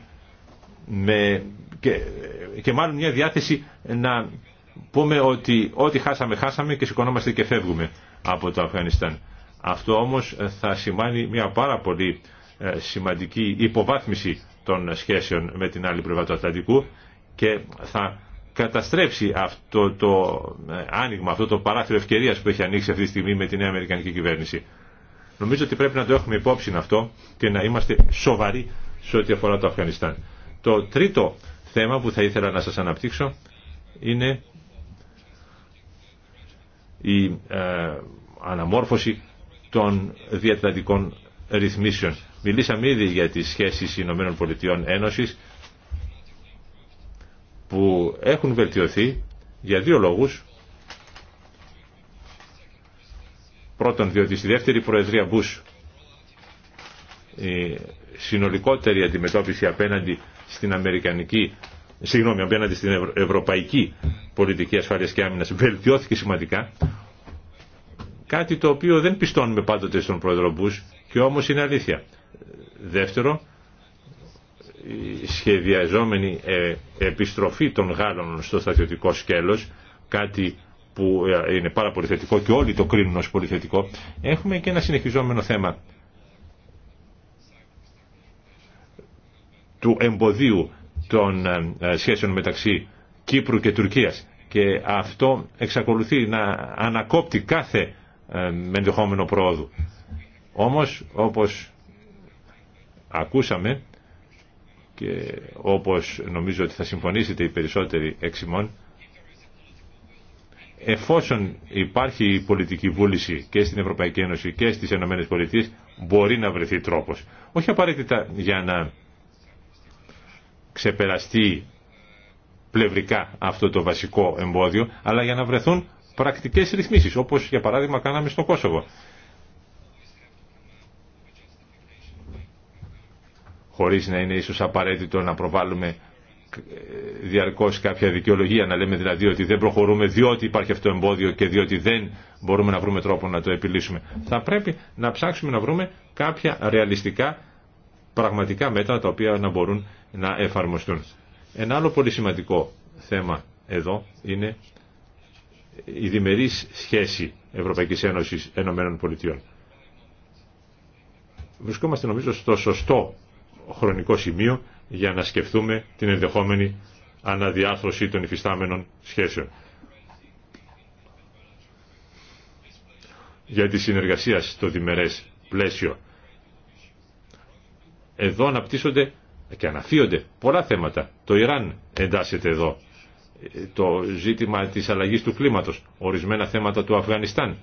με και, και μάλλον μια διάθεση να πούμε ότι ό,τι χάσαμε χάσαμε και σηκωνόμαστε και φεύγουμε από το Αφγανιστάν. Αυτό όμως θα σημάνει μια πάρα πολύ ε, σημαντική υποβάθμιση των σχέσεων με την άλλη πλευρά του Ατλαντικού και θα καταστρέψει αυτό το ε, άνοιγμα, αυτό το παράθυρο ευκαιρίας που έχει ανοίξει αυτή τη στιγμή με την νέα Αμερικανική κυβέρνηση. Νομίζω ότι πρέπει να το έχουμε υπόψη αυτό και να είμαστε σοβαροί σε ό,τι αφορά το Αφγανιστάν. Το τρίτο θέμα που θα ήθελα να σας αναπτύξω είναι η ε, αναμόρφωση των διατλαντικών ρυθμίσεων. Μιλήσαμε ήδη για τις σχέσεις Ηνωμένων Πολιτειών Ένωσης που έχουν βελτιωθεί για δύο λόγους. Πρώτον, διότι στη δεύτερη Προεδρία Μπούς η συνολικότερη αντιμετώπιση απέναντι στην Αμερικανική συγγνώμη, απέναντι στην ευρωπαϊκή πολιτική ασφάλεια και άμυνας βελτιώθηκε σημαντικά. Κάτι το οποίο δεν πιστώνουμε πάντοτε στον πρόεδρο Μπούς και όμως είναι αλήθεια. Δεύτερο, η σχεδιαζόμενη ε, επιστροφή των Γάλλων στο στρατιωτικό σκέλος, κάτι που ε, είναι πάρα πολύ θετικό και όλοι το κρίνουν ως πολύ θετικό, έχουμε και ένα συνεχιζόμενο θέμα του εμποδίου των ε, σχέσεων μεταξύ Κύπρου και Τουρκίας και αυτό εξακολουθεί να ανακόπτει κάθε ενδεχόμενο πρόοδου. Όμως, όπως Ακούσαμε και όπως νομίζω ότι θα συμφωνήσετε οι περισσότεροι εξημών εφόσον υπάρχει πολιτική βούληση και στην Ευρωπαϊκή Ένωση και στις ΕΠ Πολιτείες μπορεί να βρεθεί τρόπος. Όχι απαραίτητα για να ξεπεραστεί πλευρικά αυτό το βασικό εμπόδιο αλλά για να βρεθούν πρακτικές ρυθμίσεις όπως για παράδειγμα κάναμε στο Κόσοβο. χωρίς να είναι ίσως απαραίτητο να προβάλλουμε ε, διαρκώς κάποια δικαιολογία, να λέμε δηλαδή ότι δεν προχωρούμε διότι υπάρχει αυτό το εμπόδιο και διότι δεν μπορούμε να βρούμε τρόπο να το επιλύσουμε. Θα πρέπει να ψάξουμε να βρούμε κάποια ρεαλιστικά πραγματικά μέτρα τα οποία να μπορούν να εφαρμοστούν. Ένα άλλο πολύ σημαντικό θέμα εδώ είναι η διμερής σχέση Ευρωπαϊκής Ένωσης Ενωμένων Πολιτειών. Βρισκόμαστε νομίζω στο σωστό χρονικό σημείο για να σκεφτούμε την ενδεχόμενη αναδιάρθρωση των υφιστάμενων σχέσεων. Για τη συνεργασία στο διμερές πλαίσιο. Εδώ αναπτύσσονται και αναφύονται πολλά θέματα. Το Ιράν εντάσσεται εδώ. Το ζήτημα της αλλαγής του κλίματος. Ορισμένα θέματα του Αφγανιστάν.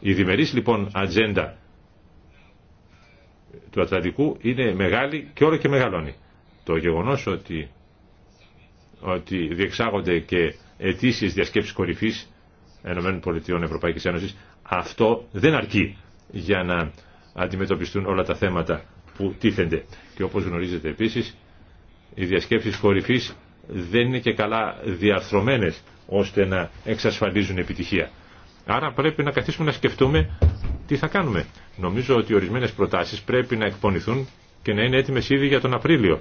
Η διμερής λοιπόν ατζέντα του Ατλαντικού είναι μεγάλη και όλο και μεγαλώνει. Το γεγονός ότι, ότι διεξάγονται και αιτήσεις διασκέψεις κορυφής ΗΠΑ Ευρωπαϊκής Ένωσης, αυτό δεν αρκεί για να αντιμετωπιστούν όλα τα θέματα που τίθενται. Και όπως γνωρίζετε επίσης, οι διασκέψεις κορυφής δεν είναι και καλά διαρθρωμένες ώστε να εξασφαλίζουν επιτυχία. Άρα πρέπει να καθίσουμε να σκεφτούμε τι θα κάνουμε. Νομίζω ότι ορισμένες προτάσεις πρέπει να εκπονηθούν και να είναι έτοιμες ήδη για τον Απρίλιο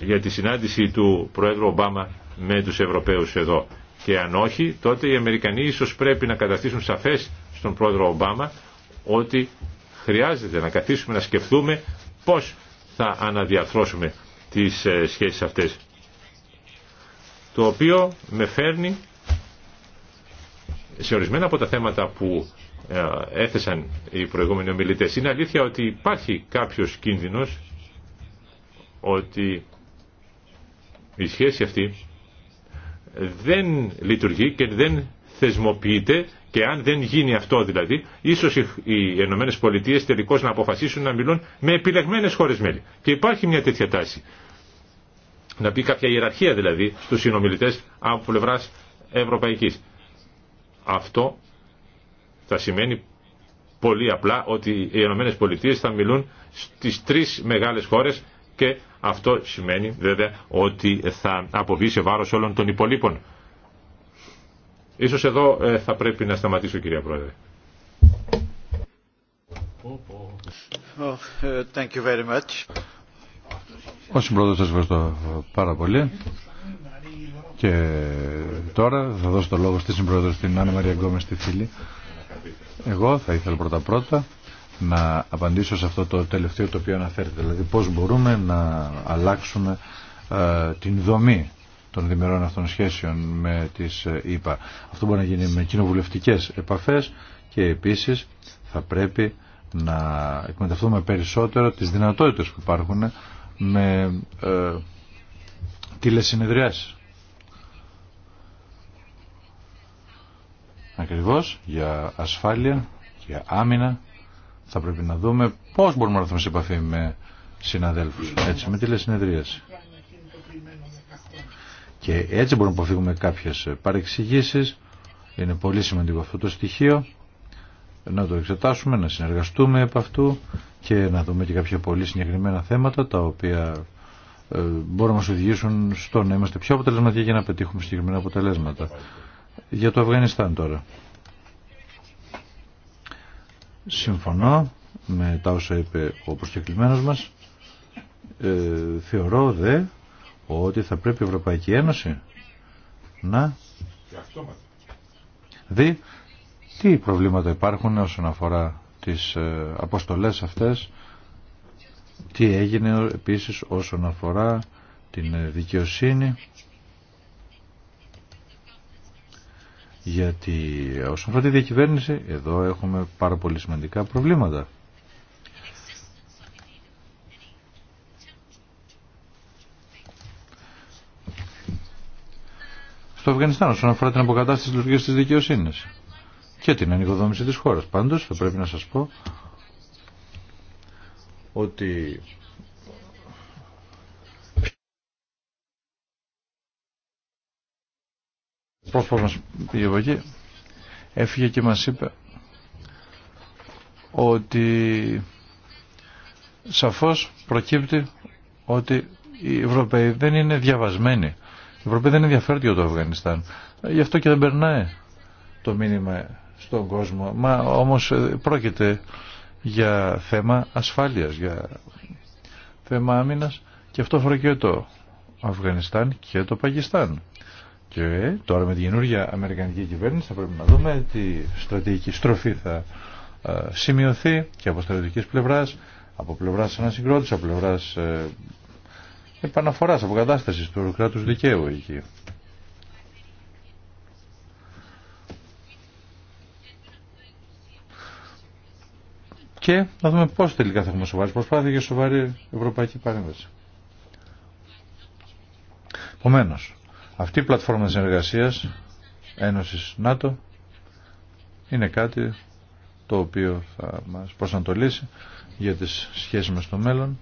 για τη συνάντηση του Πρόεδρου Ομπάμα με τους Ευρωπαίους εδώ. Και αν όχι, τότε οι Αμερικανοί ίσως πρέπει να καταστήσουν σαφές στον Πρόεδρο Ομπάμα ότι χρειάζεται να καθίσουμε να σκεφτούμε πώς θα αναδιαρθρώσουμε τις ε, σχέσεις αυτές. Το οποίο με φέρνει σε ορισμένα από τα θέματα που ε, έθεσαν οι προηγούμενοι ομιλητές είναι αλήθεια ότι υπάρχει κάποιος κίνδυνος ότι η σχέση αυτή δεν λειτουργεί και δεν θεσμοποιείται και αν δεν γίνει αυτό δηλαδή, ίσως οι Ηνωμένε Πολιτείε τελικώς να αποφασίσουν να μιλούν με επιλεγμένες χώρες μέλη. Και υπάρχει μια τέτοια τάση. Να πει κάποια ιεραρχία δηλαδή στους συνομιλητές από πλευρά Ευρωπαϊκής. Αυτό θα σημαίνει πολύ απλά ότι οι Ηνωμένες Πολιτείες θα μιλούν στις τρεις μεγάλες χώρες και αυτό σημαίνει βέβαια ότι θα αποβεί σε βάρος όλων των υπολείπων. Ίσως εδώ ε, θα πρέπει να σταματήσω κυρία Πρόεδρε. Oh, uh, thank you very much. σας ευχαριστώ πάρα πολύ. Και τώρα θα δώσω το λόγο στη συμπρόεδρο στην Άννα Μαρία Γκόμες στη φίλη. Εγώ θα ήθελα πρώτα πρώτα να απαντήσω σε αυτό το τελευταίο το οποίο αναφέρεται. Δηλαδή πώς μπορούμε να αλλάξουμε ε, την δομή των διμερών αυτών σχέσεων με τις ε, ΗΠΑ. Αυτό μπορεί να γίνει με κοινοβουλευτικές επαφές και επίσης θα πρέπει να εκμεταλλευτούμε περισσότερο τις δυνατότητες που υπάρχουν με ε, τηλεσυνεδριάσεις. ακριβώς για ασφάλεια, για άμυνα. Θα πρέπει να δούμε πώς μπορούμε να έρθουμε σε επαφή με συναδέλφους, έτσι, με τηλεσυνεδρίαση. Και έτσι μπορούμε να αποφύγουμε κάποιες παρεξηγήσεις. Είναι πολύ σημαντικό αυτό το στοιχείο. Να το εξετάσουμε, να συνεργαστούμε επ' αυτού και να δούμε και κάποια πολύ συγκεκριμένα θέματα τα οποία ε, μπορούν να μας οδηγήσουν στο να είμαστε πιο αποτελεσματικοί για να πετύχουμε συγκεκριμένα αποτελέσματα. Για το Αφγανιστάν τώρα. Συμφωνώ με τα όσα είπε ο προσκεκλημένος μας. Ε, θεωρώ δε ότι θα πρέπει η Ευρωπαϊκή Ένωση να δει τι προβλήματα υπάρχουν όσον αφορά τις ε, αποστολές αυτές, τι έγινε επίσης όσον αφορά την ε, δικαιοσύνη γιατί όσον αφορά τη διακυβέρνηση εδώ έχουμε πάρα πολύ σημαντικά προβλήματα. Στο Αφγανιστάν όσον αφορά την αποκατάσταση της λειτουργίας της δικαιοσύνης και την ανοικοδόμηση της χώρας. Πάντως θα πρέπει να σας πω ότι πρόσφατα μας πήγε έφυγε και μας είπε ότι σαφώς προκύπτει ότι οι Ευρωπαίοι δεν είναι διαβασμένοι. Οι Ευρωπαίοι δεν ενδιαφέρονται για το Αφγανιστάν. Γι' αυτό και δεν περνάει το μήνυμα στον κόσμο. Μα όμως ε, πρόκειται για θέμα ασφάλειας, για θέμα άμυνας και αυτό αφορά και το Αφγανιστάν και το Πακιστάν. Και τώρα με τη καινούργια Αμερικανική κυβέρνηση θα πρέπει να δούμε τι στρατηγική στροφή θα ε, σημειωθεί και από στρατηγική πλευράς, από πλευρά ανασυγκρότηση, από πλευράς ε, επαναφοράς, αποκατάστασης του κράτου δικαίου εκεί. Και να δούμε πώς τελικά θα έχουμε σοβαρή προσπάθεια και σοβαρή ευρωπαϊκή παρέμβαση. Επομένως, αυτή η πλατφόρμα συνεργασίας Ένωσης ΝΑΤΟ είναι κάτι το οποίο θα μας προσανατολίσει για τις σχέσεις μας στο μέλλον.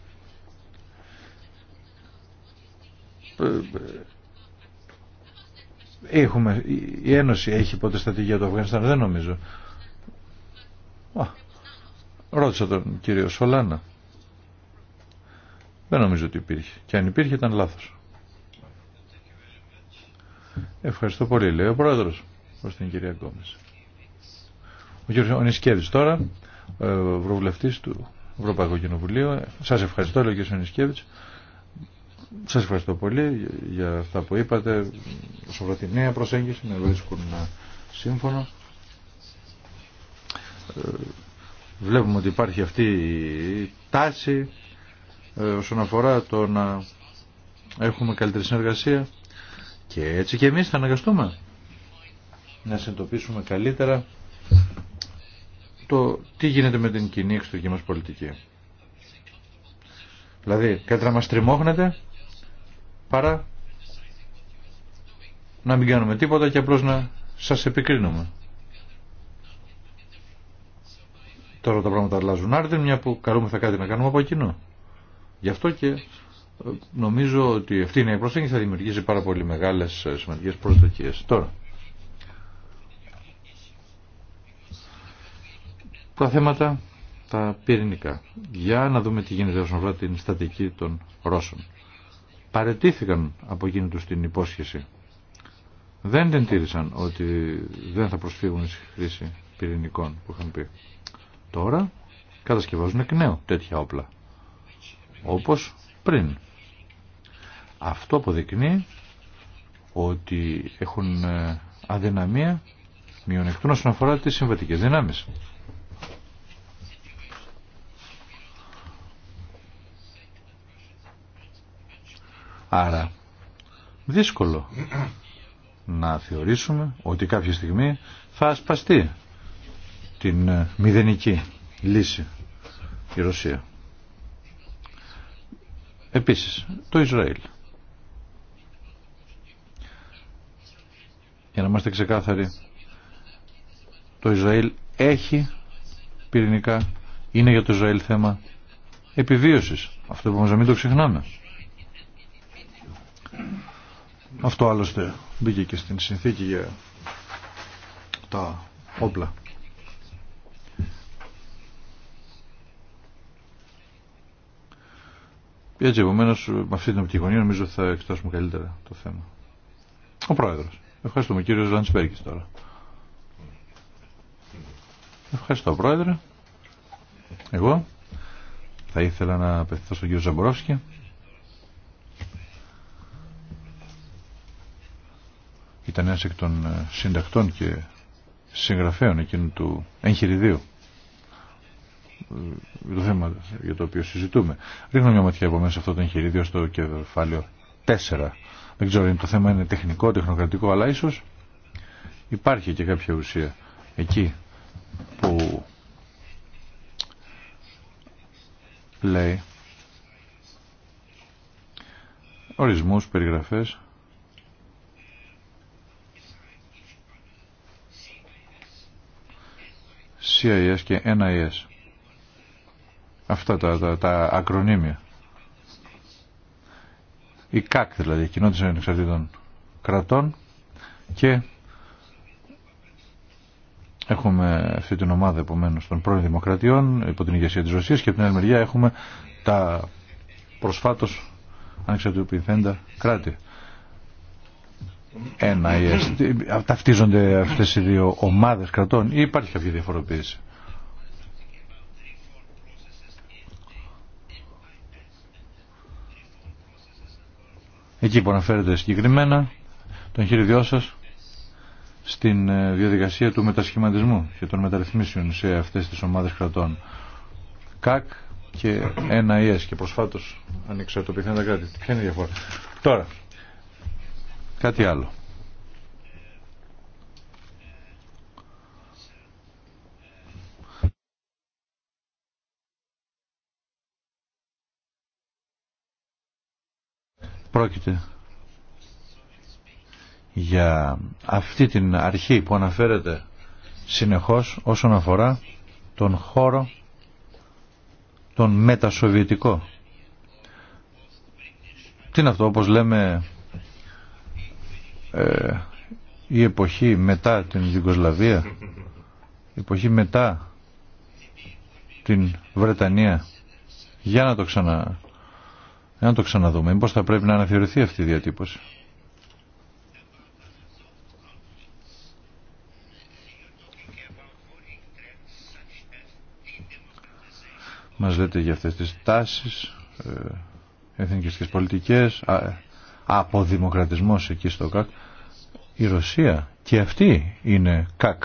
Έχουμε, η Ένωση έχει ποτέ στρατηγία του Αφγανιστάν, δεν νομίζω. Α, ρώτησα τον κύριο Σολάνα. Δεν νομίζω ότι υπήρχε. Και αν υπήρχε ήταν λάθος. Ευχαριστώ πολύ, λέει ο πρόεδρο προς την κυρία Γκόμες. Ο κύριο Ονισκέδης τώρα, ε, ευρωβουλευτής του Ευρωπαϊκού Κοινοβουλίου. Σας ευχαριστώ, λέει ο κύριο Ονισκέδης. Σας ευχαριστώ πολύ για αυτά που είπατε. Σε αυτή τη νέα προσέγγιση με βρίσκουν σύμφωνο. Ε, βλέπουμε ότι υπάρχει αυτή η τάση ε, όσον αφορά το να έχουμε καλύτερη συνεργασία και έτσι και εμείς θα αναγκαστούμε να συνειδητοποιήσουμε καλύτερα το τι γίνεται με την κοινή εξωτερική μας πολιτική. Δηλαδή, κάτι να μας τριμώχνεται παρά να μην κάνουμε τίποτα και απλώς να σας επικρίνουμε. Τώρα τα πράγματα αλλάζουν άρτη, μια που καλούμε θα κάτι να κάνουμε από κοινό. Γι' αυτό και νομίζω ότι αυτή είναι η προσέγγιση θα δημιουργήσει πάρα πολύ μεγάλες ε, σημαντικές προσδοκίες. Τώρα, τα θέματα τα πυρηνικά. Για να δούμε τι γίνεται όσον αφορά την στατική των Ρώσων. Παρετήθηκαν από εκείνη τους την υπόσχεση. Δεν την τήρησαν ότι δεν θα προσφύγουν στη χρήση πυρηνικών που είχαν πει. Τώρα κατασκευάζουν εκ νέου τέτοια όπλα. Όπως πριν. Αυτό αποδεικνύει ότι έχουν ε, αδυναμία μειονεκτούν όσον αφορά τις συμβατικές δυνάμεις. Άρα, δύσκολο να θεωρήσουμε ότι κάποια στιγμή θα ασπαστεί την ε, μηδενική λύση η Ρωσία. Επίσης, το Ισραήλ. για να είμαστε ξεκάθαροι το Ισραήλ έχει πυρηνικά είναι για το Ισραήλ θέμα επιβίωσης αυτό που μας να μην το ξεχνάμε αυτό άλλωστε μπήκε και στην συνθήκη για τα όπλα Έτσι, επομένω, με αυτή την οπτική γωνία νομίζω θα εξετάσουμε καλύτερα το θέμα. Ο Πρόεδρος. Ευχαριστούμε κύριο Λαντσπέργκης τώρα. Ευχαριστώ πρόεδρε. Εγώ θα ήθελα να απευθυνθώ στον κύριο Ζαμπορόφσκι. Ήταν ένας εκ των ε, συντακτών και συγγραφέων εκείνου του εγχειριδίου ε, το θέμα για το οποίο συζητούμε. Ρίχνω μια ματιά μέσα σε αυτό το εγχειρίδιο στο κεφάλαιο 4 δεν ξέρω αν το θέμα είναι τεχνικό, τεχνοκρατικό, αλλά ίσως υπάρχει και κάποια ουσία εκεί που λέει ορισμούς, περιγραφές CIS και NIS αυτά τα, τα, τα ακρονίμια η ΚΑΚ δηλαδή, η Κοινότητα Ανεξαρτήτων Κρατών και έχουμε αυτή την ομάδα επομένως των πρώην δημοκρατιών υπό την ηγεσία της Ρωσίας και από την άλλη μεριά έχουμε τα προσφάτως ανεξαρτητοποιηθέντα κράτη. Ένα, ταυτίζονται αυτές οι δύο ομάδες κρατών ή υπάρχει κάποια διαφοροποίηση. Εκεί που αναφέρεται συγκεκριμένα τον χειριδιό σα στην ε, διαδικασία του μετασχηματισμού και των μεταρρυθμίσεων σε αυτές τις ομάδες κρατών. ΚΑΚ και ΕΝΑΙΕΣ και προσφάτως ανεξαρτοποιηθέντα κράτη. Ποια είναι η διαφορά. Τώρα, κάτι άλλο. Πρόκειται για αυτή την αρχή που αναφέρεται συνεχώς όσον αφορά τον χώρο τον μετασοβιετικό. Τι είναι αυτό όπως λέμε ε, η εποχή μετά την Ιγκοσλαβία η εποχή μετά την Βρετανία. Για να το ξανα Εάν το ξαναδούμε, μήπως θα πρέπει να αναθεωρηθεί αυτή η διατύπωση. Μας λέτε για αυτές τις τάσεις, ε, εθνικιστικές πολιτικές, ε, αποδημοκρατισμός εκεί στο ΚΑΚ. Η Ρωσία και αυτή είναι ΚΑΚ.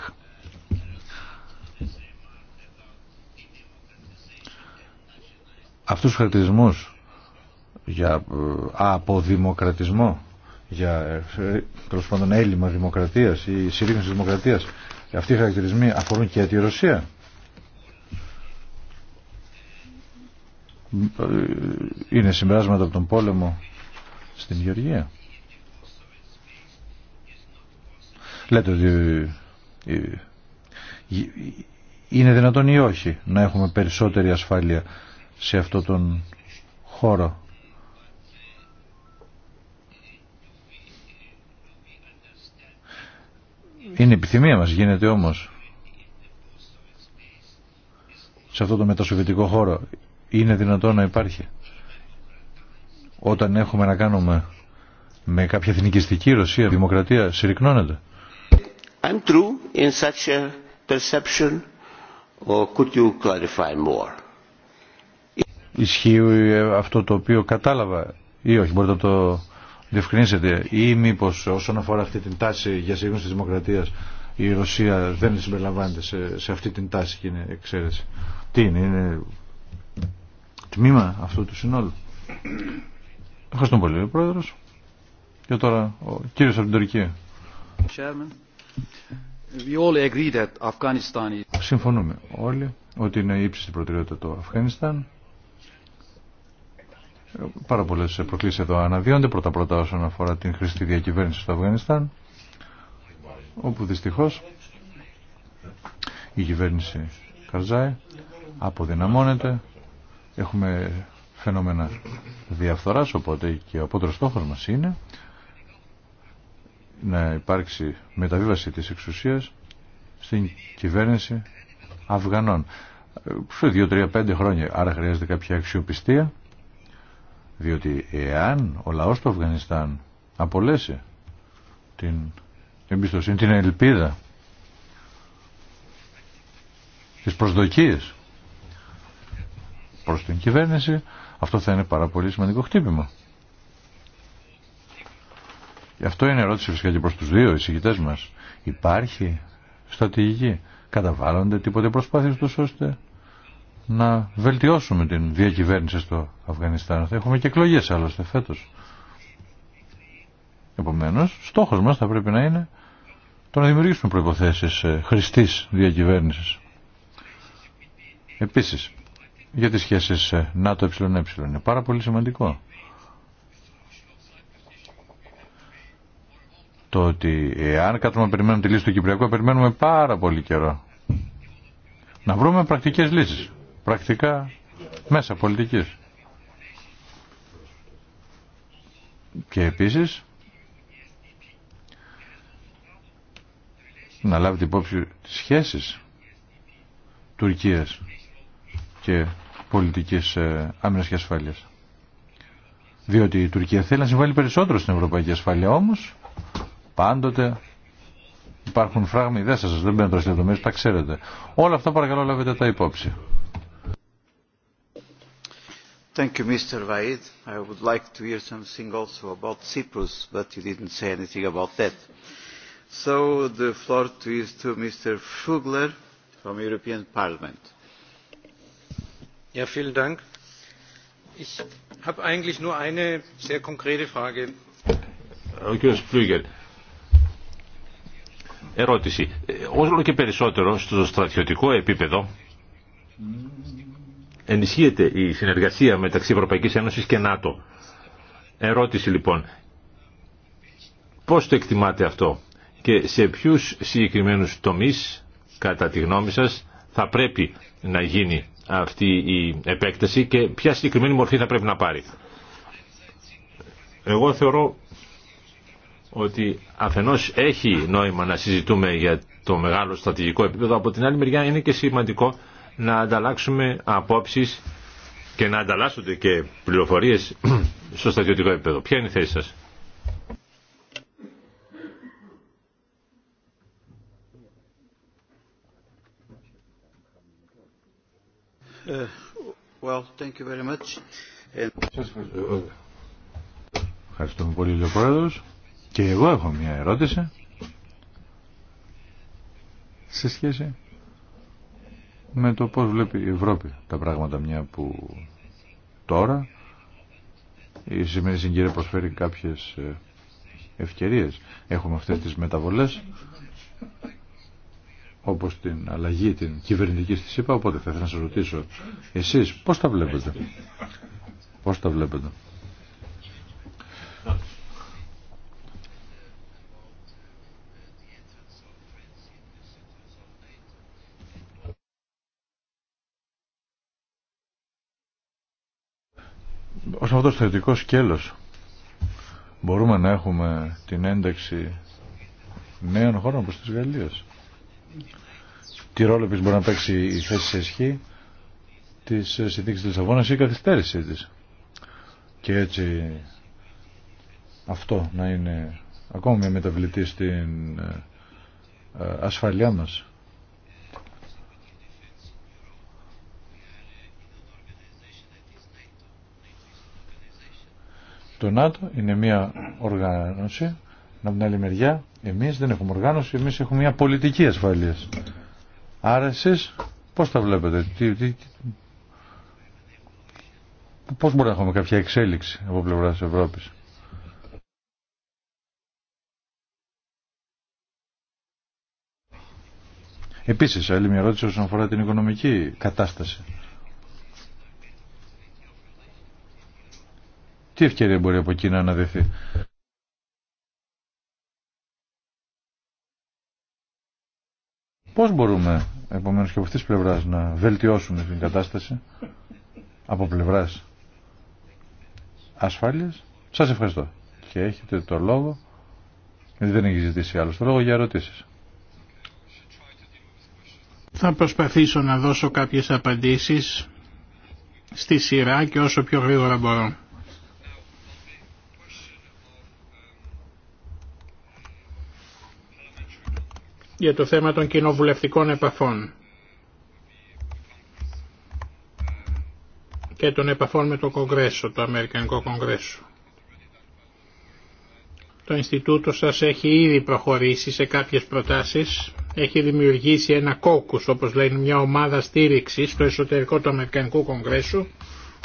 Αυτούς τους χαρακτηρισμούς για ε, αποδημοκρατισμό, για ε, ε, τέλος πάντων έλλειμμα δημοκρατίας ή συρρήγνωση δημοκρατίας. Αυτοί οι χαρακτηρισμοί αφορούν και τη Ρωσία. Είναι συμπεράσματα από τον πόλεμο στην Γεωργία. Λέτε ότι είναι δυνατόν ή όχι να έχουμε περισσότερη ασφάλεια σε αυτό τον χώρο Είναι επιθυμία μας, γίνεται όμως σε αυτό το μετασοβιτικό χώρο. Είναι δυνατόν να υπάρχει όταν έχουμε να κάνουμε με κάποια εθνικιστική Ρωσία, δημοκρατία, συρρυκνώνεται. I'm true in such a perception or could you clarify more? Ισχύει αυτό το οποίο κατάλαβα ή όχι, μπορείτε να το διευκρινίσετε ή μήπω όσον αφορά αυτή την τάση για σύγκρουση της δημοκρατίας η μηπω οσον αφορα αυτη την ταση για συγχρονη της δημοκρατιας η ρωσια δεν συμπεριλαμβάνεται σε, σε αυτή την τάση και είναι εξαίρεση. Τι είναι, είναι τμήμα αυτού του συνόλου. Ευχαριστούμε πολύ, ο Πρόεδρος. Και τώρα ο κύριος από την Τουρκία. Συμφωνούμε όλοι ότι είναι η ύψιστη προτεραιότητα το Αφγανιστάν πάρα πολλές προκλήσεις εδώ αναδύονται πρώτα πρώτα όσον αφορά την χρηστή διακυβέρνηση στο Αφγανιστάν όπου δυστυχώς η κυβέρνηση Καρζάη αποδυναμώνεται έχουμε φαινόμενα διαφθοράς οπότε και ο πόντρος στόχος μας είναι να υπάρξει μεταβίβαση της εξουσίας στην κυβέρνηση Αφγανών σε δύο, 3 χρόνια άρα χρειάζεται κάποια αξιοπιστία διότι εάν ο λαός του Αφγανιστάν απολέσει την εμπιστοσύνη, την ελπίδα, τις προσδοκίες προς την κυβέρνηση, αυτό θα είναι πάρα πολύ σημαντικό χτύπημα. Γι' αυτό είναι ερώτηση φυσικά και προς τους δύο εισηγητές μας. Υπάρχει στρατηγική. Καταβάλλονται τίποτε προσπάθειες τους ώστε να βελτιώσουμε την διακυβέρνηση στο Αφγανιστάν. Θα έχουμε και εκλογέ άλλωστε φέτο. Επομένω, στόχο μα θα πρέπει να είναι το να δημιουργήσουμε προποθέσει ε, χρηστή διακυβέρνηση. Επίση, για τις σχέσεις ε, ΝΑΤΟ-ΕΕ είναι πάρα πολύ σημαντικό. Το ότι εάν κάτσουμε να περιμένουμε τη λύση του Κυπριακού, περιμένουμε πάρα πολύ καιρό. Να βρούμε πρακτικές λύσεις πρακτικά μέσα πολιτικής. Και επίσης να λάβετε υπόψη τις σχέσεις Τουρκίας και πολιτικής ε, άμυνας και ασφάλειας. Διότι η Τουρκία θέλει να συμβάλλει περισσότερο στην ευρωπαϊκή ασφάλεια, όμως πάντοτε υπάρχουν φράγμοι, δεν σας δεν μπαίνω τώρα στις τα ξέρετε. Όλα αυτά παρακαλώ λάβετε τα υπόψη. Thank you, Mr. Vaid. I would like to hear something also about Cyprus, but you didn't say anything about that. So the floor is to Mr. Fugler from European Parliament. Ja, vielen Dank. Ich habe eigentlich nur eine sehr konkrete Frage. Ο κ. Φλούγκερ, ερώτηση. Όλο και περισσότερο στο στρατιωτικό επίπεδο ενισχύεται η συνεργασία μεταξύ Ευρωπαϊκής Ένωσης και ΝΑΤΟ. Ερώτηση λοιπόν, πώς το εκτιμάτε αυτό και σε ποιους συγκεκριμένους τομείς, κατά τη γνώμη σας, θα πρέπει να γίνει αυτή η επέκταση και ποια συγκεκριμένη μορφή θα πρέπει να πάρει. Εγώ θεωρώ ότι αφενός έχει νόημα να συζητούμε για το μεγάλο στρατηγικό επίπεδο, από την άλλη μεριά είναι και σημαντικό να ανταλλάξουμε απόψεις και να ανταλλάσσονται και πληροφορίες στο στατιωτικό επίπεδο. Ποια είναι η θέση σας. Ε, well, thank ε, Ευχαριστούμε πολύ Λεωπρόεδρος. Και εγώ έχω μια ερώτηση σε σχέση με το πώς βλέπει η Ευρώπη τα πράγματα μια που τώρα η σημερινή συγκυρία προσφέρει κάποιες ε, ευκαιρίες. Έχουμε αυτές τις μεταβολές όπως την αλλαγή την κυβερνητική στις είπα οπότε θα ήθελα να σας ρωτήσω εσείς πώς τα βλέπετε πώς τα βλέπετε ως αυτό το θετικό σκέλος μπορούμε να έχουμε την ένταξη νέων χώρων προς τις Γαλλίες. Τι ρόλο επίσης μπορεί να παίξει η θέση σε ισχύ της συνθήκης της Λισαβόνας ή η καθυστέρησή της. Και έτσι αυτό να είναι ακόμα μια μεταβλητή στην ε, ασφαλειά μας Το ΝΑΤΟ είναι μια οργάνωση, από την άλλη μεριά εμείς δεν έχουμε οργάνωση, εμείς έχουμε μια πολιτική ασφαλείας. Άρα εσείς πώς τα βλέπετε, τι, τι, πώς μπορούμε να έχουμε κάποια εξέλιξη από πλευρά της Ευρώπης. Επίσης, άλλη μια ερώτηση όσον αφορά την οικονομική κατάσταση. Τι ευκαιρία μπορεί από εκεί να αναδεθεί. Πώς μπορούμε, επομένως και από αυτής της πλευράς, να βελτιώσουμε την κατάσταση από πλευράς ασφάλειας. Σας ευχαριστώ. Και έχετε το λόγο, γιατί δεν έχει ζητήσει άλλο το λόγο για ερωτήσεις. Θα προσπαθήσω να δώσω κάποιες απαντήσεις στη σειρά και όσο πιο γρήγορα μπορώ. για το θέμα των κοινοβουλευτικών επαφών και των επαφών με το Κογκρέσο, το Αμερικανικό Κογκρέσο. Το Ινστιτούτο σας έχει ήδη προχωρήσει σε κάποιες προτάσεις, έχει δημιουργήσει ένα κόκκους, όπως λένε μια ομάδα στήριξης στο εσωτερικό του Αμερικανικού Κογκρέσου,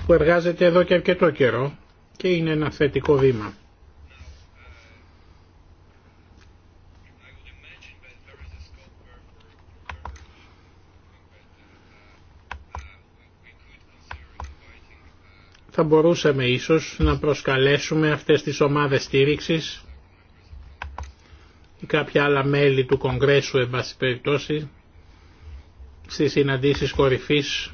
που εργάζεται εδώ και αρκετό καιρό και είναι ένα θετικό βήμα. θα μπορούσαμε ίσως να προσκαλέσουμε αυτές τις ομάδες στήριξης ή κάποια άλλα μέλη του Κογκρέσου, εν περιπτώσει, στις συναντήσεις κορυφής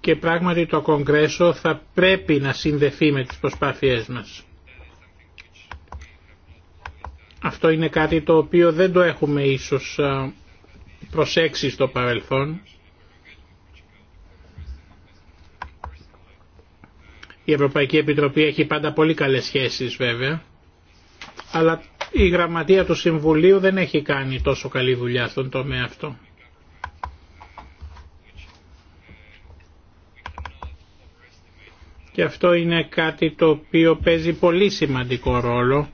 και πράγματι το Κογκρέσο θα πρέπει να συνδεθεί με τις προσπάθειές μας. Αυτό είναι κάτι το οποίο δεν το έχουμε ίσως προσέξει στο παρελθόν. Η Ευρωπαϊκή Επιτροπή έχει πάντα πολύ καλές σχέσεις βέβαια, αλλά η γραμματεία του Συμβουλίου δεν έχει κάνει τόσο καλή δουλειά στον τομέα αυτό. Και αυτό είναι κάτι το οποίο παίζει πολύ σημαντικό ρόλο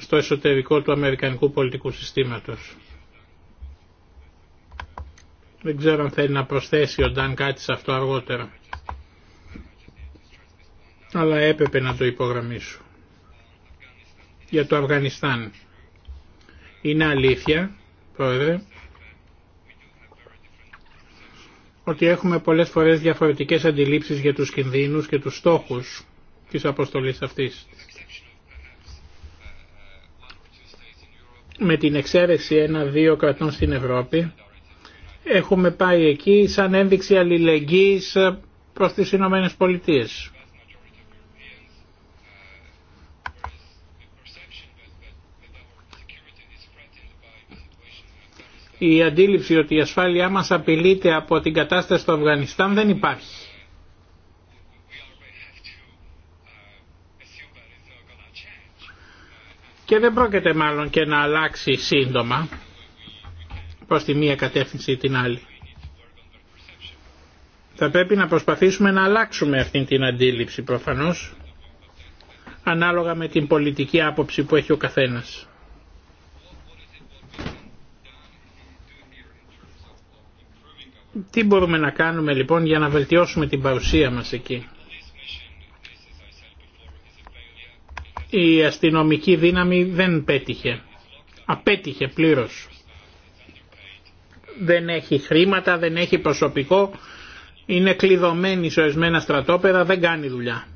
στο εσωτερικό του Αμερικανικού πολιτικού συστήματος. Δεν ξέρω αν θέλει να προσθέσει ο Νταν κάτι σε αυτό αργότερα. Αλλά έπρεπε να το υπογραμμίσω. Για το Αφγανιστάν. Είναι αλήθεια, πρόεδρε, ότι έχουμε πολλές φορές διαφορετικές αντιλήψεις για τους κινδύνους και τους στόχους της αποστολής αυτής, με την εξαίρεση ένα-δύο κρατών στην Ευρώπη, έχουμε πάει εκεί σαν ένδειξη αλληλεγγύης ε, προς τις Ηνωμένε Πολιτείες. Η αντίληψη ότι η ασφάλειά μας απειλείται από την κατάσταση στο Αφγανιστάν δεν υπάρχει. και δεν πρόκειται μάλλον και να αλλάξει σύντομα προς τη μία κατεύθυνση ή την άλλη. Θα πρέπει να προσπαθήσουμε να αλλάξουμε αυτή την αντίληψη προφανώς ανάλογα με την πολιτική άποψη που έχει ο καθένας. Τι μπορούμε να κάνουμε λοιπόν για να βελτιώσουμε την παρουσία μας εκεί. η αστυνομική δύναμη δεν πέτυχε. Απέτυχε πλήρως. Δεν έχει χρήματα, δεν έχει προσωπικό, είναι κλειδωμένη σε ορισμένα στρατόπεδα, δεν κάνει δουλειά.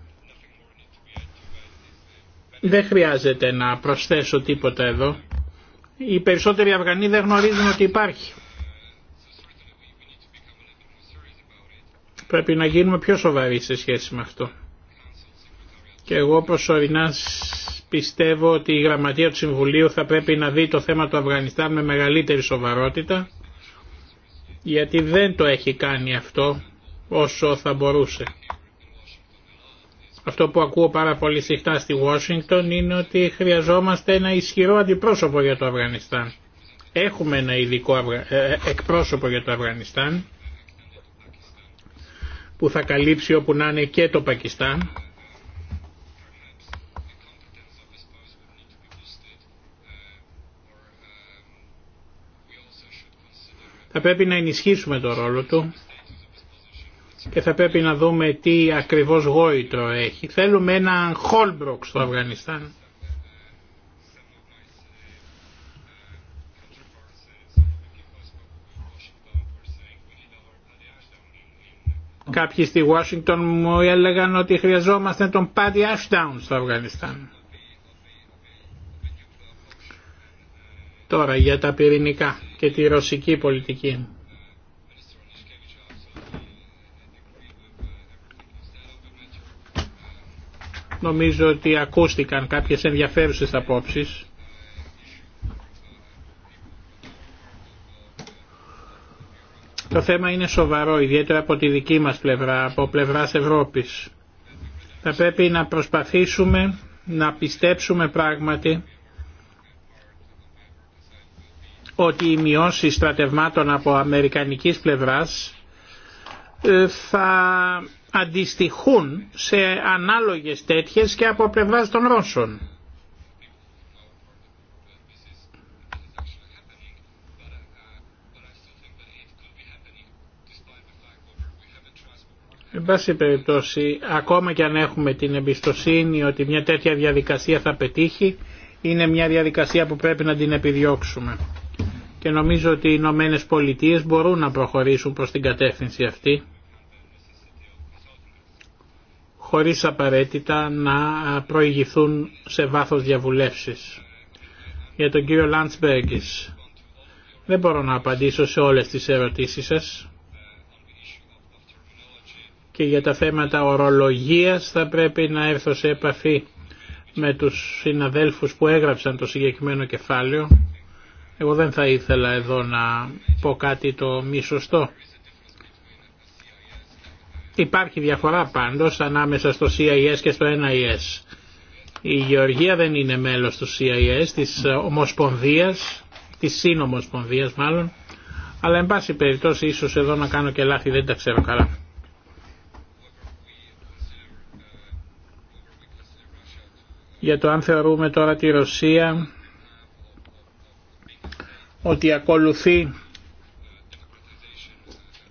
Δεν χρειάζεται να προσθέσω τίποτα εδώ. Οι περισσότεροι Αυγανοί δεν γνωρίζουν ότι υπάρχει. Πρέπει να γίνουμε πιο σοβαροί σε σχέση με αυτό και εγώ προσωρινά πιστεύω ότι η Γραμματεία του Συμβουλίου θα πρέπει να δει το θέμα του Αφγανιστάν με μεγαλύτερη σοβαρότητα γιατί δεν το έχει κάνει αυτό όσο θα μπορούσε. Αυτό που ακούω πάρα πολύ συχνά στη Washington είναι ότι χρειαζόμαστε ένα ισχυρό αντιπρόσωπο για το Αφγανιστάν. Έχουμε ένα ειδικό ε, ε, εκπρόσωπο για το Αφγανιστάν που θα καλύψει όπου να είναι και το Πακιστάν Θα πρέπει να ενισχύσουμε το ρόλο του και θα πρέπει να δούμε τι ακριβώς γόητρο έχει. Θέλουμε ένα Χόλμπροκ στο Αφγανιστάν. Κάποιοι στη Ουάσιγκτον μου έλεγαν ότι χρειαζόμαστε τον Πάτι Ashdown στο Αφγανιστάν. Τώρα για τα πυρηνικά και τη ρωσική πολιτική. Νομίζω ότι ακούστηκαν κάποιες ενδιαφέρουσες απόψεις. Το θέμα είναι σοβαρό, ιδιαίτερα από τη δική μας πλευρά, από πλευράς Ευρώπης. Θα πρέπει να προσπαθήσουμε να πιστέψουμε πράγματι ότι οι μειώσει στρατευμάτων από αμερικανικής πλευράς ε, θα αντιστοιχούν σε ανάλογες τέτοιες και από πλευράς των Ρώσων. Εν πάση περιπτώσει, ακόμα και αν έχουμε την εμπιστοσύνη ότι μια τέτοια διαδικασία θα πετύχει, είναι μια διαδικασία που πρέπει να την επιδιώξουμε και νομίζω ότι οι Ηνωμένε Πολιτείε μπορούν να προχωρήσουν προς την κατεύθυνση αυτή χωρίς απαραίτητα να προηγηθούν σε βάθος διαβουλεύσεις. Για τον κύριο Λαντσμπέργκης, δεν μπορώ να απαντήσω σε όλες τις ερωτήσεις σας και για τα θέματα ορολογίας θα πρέπει να έρθω σε επαφή με τους συναδέλφους που έγραψαν το συγκεκριμένο κεφάλαιο εγώ δεν θα ήθελα εδώ να πω κάτι το μη σωστό. Υπάρχει διαφορά πάντως ανάμεσα στο CIS και στο NIS. Η Γεωργία δεν είναι μέλος του CIS, της Ομοσπονδίας, της Συνομοσπονδίας μάλλον, αλλά εν πάση περιπτώσει ίσως εδώ να κάνω και λάθη, δεν τα ξέρω καλά. Για το αν θεωρούμε τώρα τη Ρωσία ότι ακολουθεί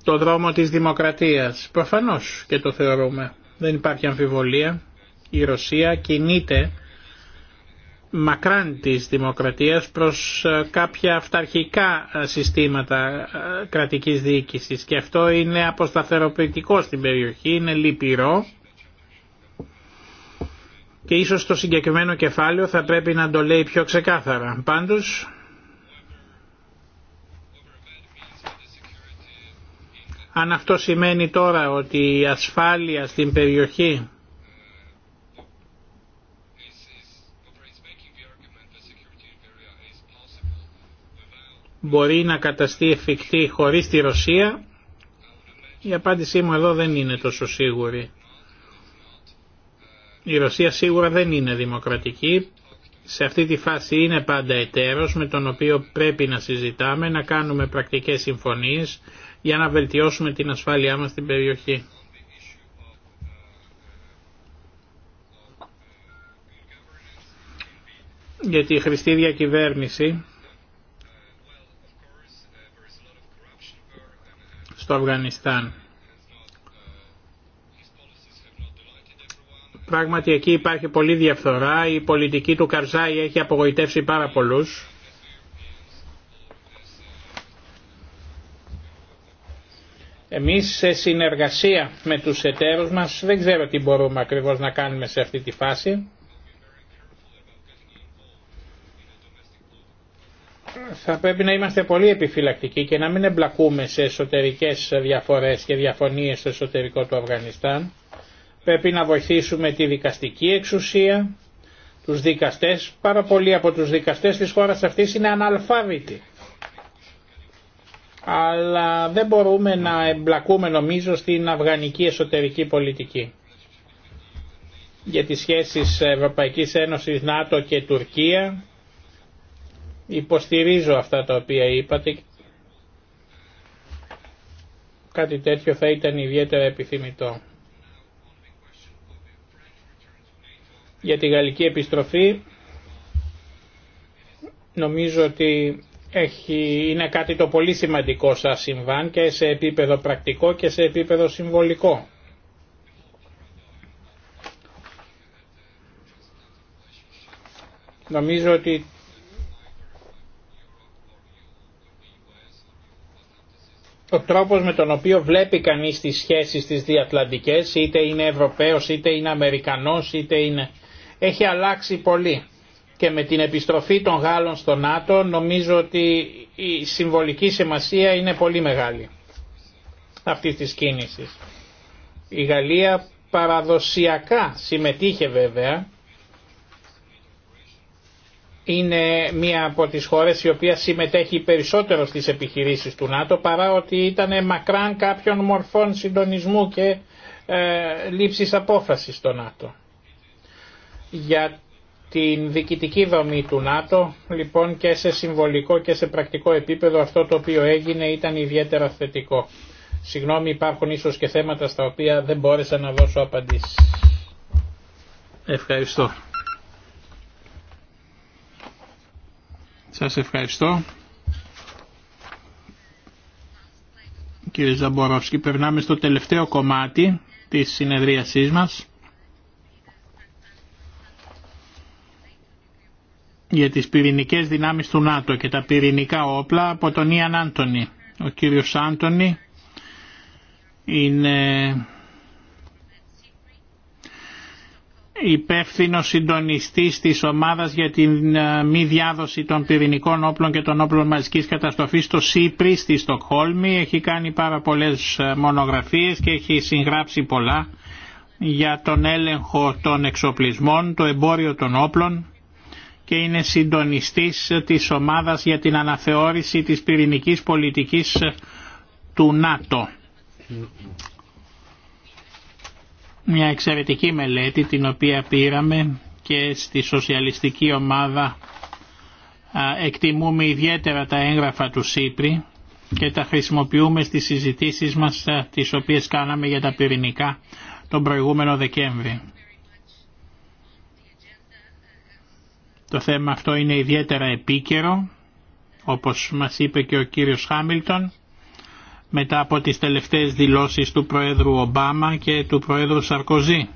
το δρόμο της δημοκρατίας. Προφανώς και το θεωρούμε. Δεν υπάρχει αμφιβολία. Η Ρωσία κινείται μακράν της δημοκρατίας προς ε, κάποια αυταρχικά ε, συστήματα ε, κρατικής διοίκησης και αυτό είναι αποσταθεροποιητικό στην περιοχή, είναι λυπηρό και ίσως το συγκεκριμένο κεφάλαιο θα πρέπει να το λέει πιο ξεκάθαρα. Πάντως Αν αυτό σημαίνει τώρα ότι η ασφάλεια στην περιοχή μπορεί να καταστεί εφικτή χωρίς τη Ρωσία, η απάντησή μου εδώ δεν είναι τόσο σίγουρη. Η Ρωσία σίγουρα δεν είναι δημοκρατική. Σε αυτή τη φάση είναι πάντα εταίρος με τον οποίο πρέπει να συζητάμε, να κάνουμε πρακτικές συμφωνίες, για να βελτιώσουμε την ασφάλειά μας στην περιοχή. Γιατί η χρηστή διακυβέρνηση στο Αφγανιστάν. Πράγματι εκεί υπάρχει πολλή διαφθορά, η πολιτική του Καρζάη έχει απογοητεύσει πάρα πολλούς. Εμείς σε συνεργασία με τους εταίρους μας δεν ξέρω τι μπορούμε ακριβώς να κάνουμε σε αυτή τη φάση. Θα πρέπει να είμαστε πολύ επιφυλακτικοί και να μην εμπλακούμε σε εσωτερικές διαφορές και διαφωνίες στο εσωτερικό του Αφγανιστάν. Πρέπει να βοηθήσουμε τη δικαστική εξουσία, τους δικαστές. Πάρα πολλοί από τους δικαστές της χώρας αυτής είναι αναλφάβητοι αλλά δεν μπορούμε να εμπλακούμε νομίζω στην αυγανική εσωτερική πολιτική. Για τις σχέσεις Ευρωπαϊκής Ένωσης, ΝΑΤΟ και Τουρκία υποστηρίζω αυτά τα οποία είπατε. Κάτι τέτοιο θα ήταν ιδιαίτερα επιθυμητό. Για τη γαλλική επιστροφή νομίζω ότι είναι κάτι το πολύ σημαντικό σας συμβάν και σε επίπεδο πρακτικό και σε επίπεδο συμβολικό. Νομίζω ότι ο τρόπος με τον οποίο βλέπει κανείς τις σχέσεις της διατλαντικές, είτε είναι Ευρωπαίος, είτε είναι Αμερικανός, είτε είναι... έχει αλλάξει πολύ και με την επιστροφή των Γάλλων στο ΝΑΤΟ νομίζω ότι η συμβολική σημασία είναι πολύ μεγάλη αυτή της κίνησης. Η Γαλλία παραδοσιακά συμμετείχε βέβαια είναι μία από τις χώρες η οποία συμμετέχει περισσότερο στις επιχειρήσεις του ΝΑΤΟ παρά ότι ήταν μακράν κάποιων μορφών συντονισμού και ε, λήψης απόφασης στο ΝΑΤΟ. Για την διοικητική δομή του ΝΑΤΟ, λοιπόν και σε συμβολικό και σε πρακτικό επίπεδο αυτό το οποίο έγινε ήταν ιδιαίτερα θετικό. Συγγνώμη υπάρχουν ίσως και θέματα στα οποία δεν μπόρεσα να δώσω απαντήσεις. Ευχαριστώ. Σας ευχαριστώ. Κύριε Ζαμπορόφσκι, περνάμε στο τελευταίο κομμάτι της συνεδρίασής μας. για τις πυρηνικές δυνάμεις του ΝΑΤΟ και τα πυρηνικά όπλα από τον Ιαν Άντωνη. Ο κύριος Άντωνη είναι υπεύθυνο συντονιστή τη ομάδα για την ε, μη διάδοση των πυρηνικών όπλων και των όπλων μαζική καταστροφή στο ΣΥΠΡΙ στη Στοκχόλμη. Έχει κάνει πάρα πολλέ ε, μονογραφίε και έχει συγγράψει πολλά για τον έλεγχο των εξοπλισμών, το εμπόριο των όπλων και είναι συντονιστής της ομάδας για την αναθεώρηση της πυρηνικής πολιτικής του ΝΑΤΟ. Μια εξαιρετική μελέτη την οποία πήραμε και στη σοσιαλιστική ομάδα εκτιμούμε ιδιαίτερα τα έγγραφα του Σύπρη και τα χρησιμοποιούμε στις συζητήσεις μας τις οποίες κάναμε για τα πυρηνικά τον προηγούμενο Δεκέμβρη. Το θέμα αυτό είναι ιδιαίτερα επίκαιρο, όπως μας είπε και ο κύριος Χάμιλτον, μετά από τις τελευταίες δηλώσεις του Προέδρου Ομπάμα και του Προέδρου Σαρκοζή.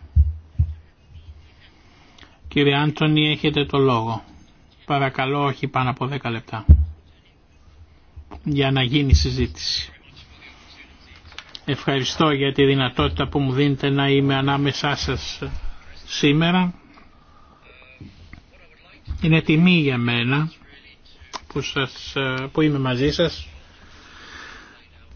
Κύριε Άντωνη, έχετε το λόγο. Παρακαλώ, όχι πάνω από 10 λεπτά, για να γίνει συζήτηση. Ευχαριστώ για τη δυνατότητα που μου δίνετε να είμαι ανάμεσά σας σήμερα. Είναι τιμή για μένα που, σας, ε, που είμαι μαζί σας.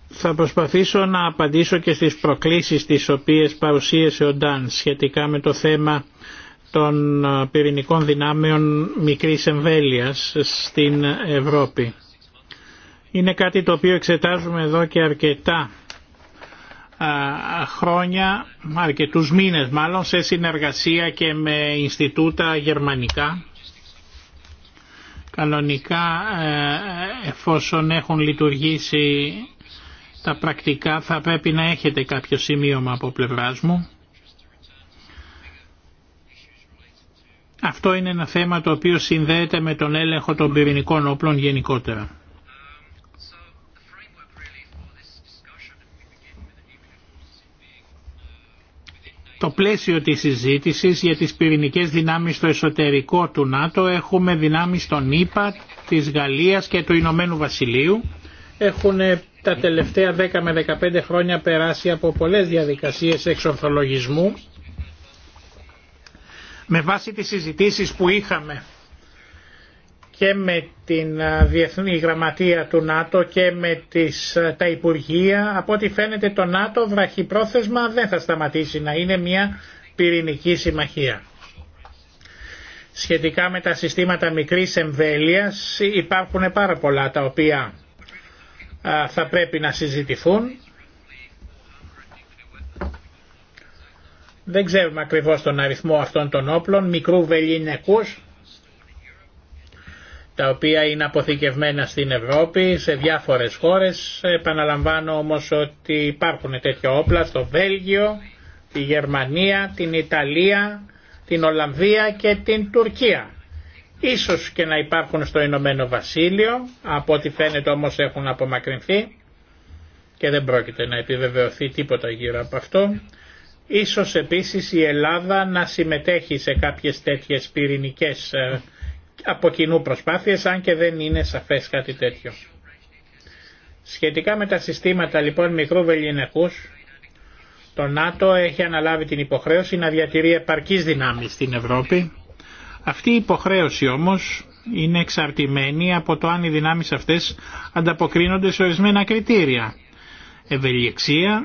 Θα προσπαθήσω να απαντήσω και στις προκλήσεις τις οποίες παρουσίασε ο Ντάν σχετικά με το θέμα των ε, πυρηνικών δυνάμεων μικρής εμβέλειας στην Ευρώπη. Είναι κάτι το οποίο εξετάζουμε εδώ και αρκετά ε, χρόνια, αρκετούς μήνες μάλλον, σε συνεργασία και με Ινστιτούτα Γερμανικά Κανονικά ε, εφόσον έχουν λειτουργήσει τα πρακτικά θα πρέπει να έχετε κάποιο σημείωμα από πλευράς μου. Αυτό είναι ένα θέμα το οποίο συνδέεται με τον έλεγχο των πυρηνικών όπλων γενικότερα. το πλαίσιο της συζήτησης για τις πυρηνικές δυνάμεις στο εσωτερικό του ΝΑΤΟ έχουμε δυνάμεις των ΗΠΑ, της Γαλλίας και του Ηνωμένου Βασιλείου. Έχουν τα τελευταία 10 με 15 χρόνια περάσει από πολλές διαδικασίες εξορθολογισμού με βάση τις συζητήσεις που είχαμε και με την Διεθνή Γραμματεία του ΝΑΤΟ και με τις, τα Υπουργεία. Από ό,τι φαίνεται το ΝΑΤΟ βραχυπρόθεσμα δεν θα σταματήσει να είναι μια πυρηνική συμμαχία. Σχετικά με τα συστήματα μικρής εμβέλειας υπάρχουν πάρα πολλά τα οποία θα πρέπει να συζητηθούν. Δεν ξέρουμε ακριβώς τον αριθμό αυτών των όπλων, μικρού βεληνικούς, τα οποία είναι αποθηκευμένα στην Ευρώπη, σε διάφορες χώρες. Επαναλαμβάνω όμως ότι υπάρχουν τέτοια όπλα στο Βέλγιο, τη Γερμανία, την Ιταλία, την Ολλανδία και την Τουρκία. Ίσως και να υπάρχουν στο Ηνωμένο Βασίλειο, από ό,τι φαίνεται όμως έχουν απομακρυνθεί και δεν πρόκειται να επιβεβαιωθεί τίποτα γύρω από αυτό. Ίσως επίσης η Ελλάδα να συμμετέχει σε κάποιες τέτοιες πυρηνικές ε, από κοινού προσπάθειες αν και δεν είναι σαφές κάτι τέτοιο. Σχετικά με τα συστήματα λοιπόν μικρού βεληνικούς, το ΝΑΤΟ έχει αναλάβει την υποχρέωση να διατηρεί επαρκείς δυνάμεις στην Ευρώπη. Αυτή η υποχρέωση όμως είναι εξαρτημένη από το αν οι δυνάμεις αυτές ανταποκρίνονται σε ορισμένα κριτήρια. Ευελιξία,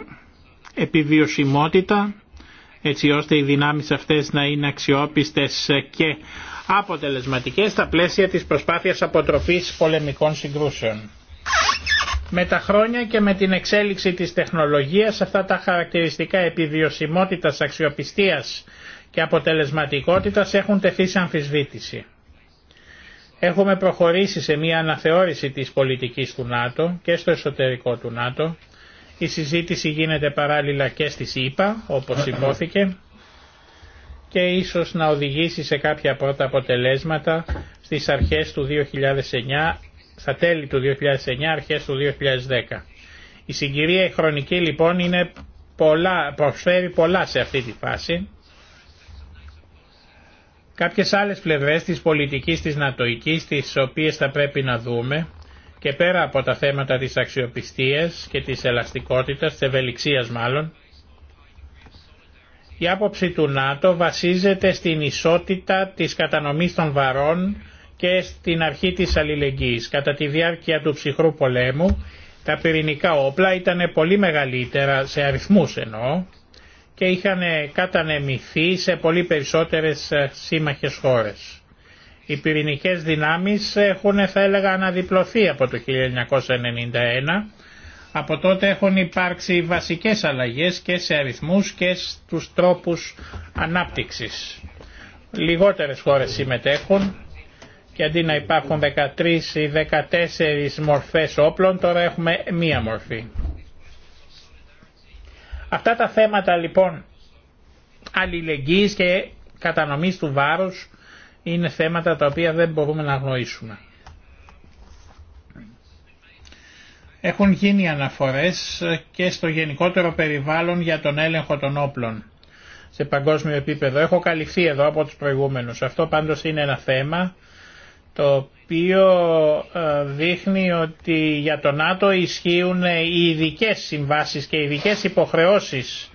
επιβιωσιμότητα, έτσι ώστε οι δυνάμεις αυτές να είναι αξιόπιστες και αποτελεσματικές στα πλαίσια της προσπάθειας αποτροφής πολεμικών συγκρούσεων. Με τα χρόνια και με την εξέλιξη της τεχνολογίας αυτά τα χαρακτηριστικά επιβιωσιμότητας, αξιοπιστίας και αποτελεσματικότητας έχουν τεθεί σε αμφισβήτηση. Έχουμε προχωρήσει σε μια αναθεώρηση της πολιτικής του ΝΑΤΟ και στο εσωτερικό του ΝΑΤΟ. Η συζήτηση γίνεται παράλληλα και στη ΗΠΑ, όπως υπόθηκε, και ίσως να οδηγήσει σε κάποια πρώτα αποτελέσματα στις αρχές του 2009, στα τέλη του 2009, αρχές του 2010. Η συγκυρία η χρονική λοιπόν είναι πολλά, προσφέρει πολλά σε αυτή τη φάση. Κάποιες άλλες πλευρές της πολιτικής της νατοικής, τις οποίες θα πρέπει να δούμε, και πέρα από τα θέματα της αξιοπιστίας και της ελαστικότητας, της ευελιξίας μάλλον, η άποψη του ΝΑΤΟ βασίζεται στην ισότητα της κατανομής των βαρών και στην αρχή της αλληλεγγύης. Κατά τη διάρκεια του ψυχρού πολέμου τα πυρηνικά όπλα ήταν πολύ μεγαλύτερα σε αριθμούς εννοώ και είχαν κατανεμηθεί σε πολύ περισσότερες ε, σύμμαχες χώρες. Οι πυρηνικές δυνάμεις έχουν θα έλεγα αναδιπλωθεί από το 1991 από τότε έχουν υπάρξει βασικές αλλαγές και σε αριθμούς και στους τρόπους ανάπτυξης. Λιγότερες χώρες συμμετέχουν και αντί να υπάρχουν 13 ή 14 μορφές όπλων τώρα έχουμε μία μορφή. Αυτά τα θέματα λοιπόν αλληλεγγύης και κατανομής του βάρους είναι θέματα τα οποία δεν μπορούμε να γνωρίσουμε. Έχουν γίνει αναφορές και στο γενικότερο περιβάλλον για τον έλεγχο των όπλων σε παγκόσμιο επίπεδο. Έχω καλυφθεί εδώ από τους προηγούμενους. Αυτό πάντως είναι ένα θέμα το οποίο ε, δείχνει ότι για το ΝΑΤΟ ισχύουν οι ειδικέ συμβάσεις και οι ειδικέ υποχρεώσεις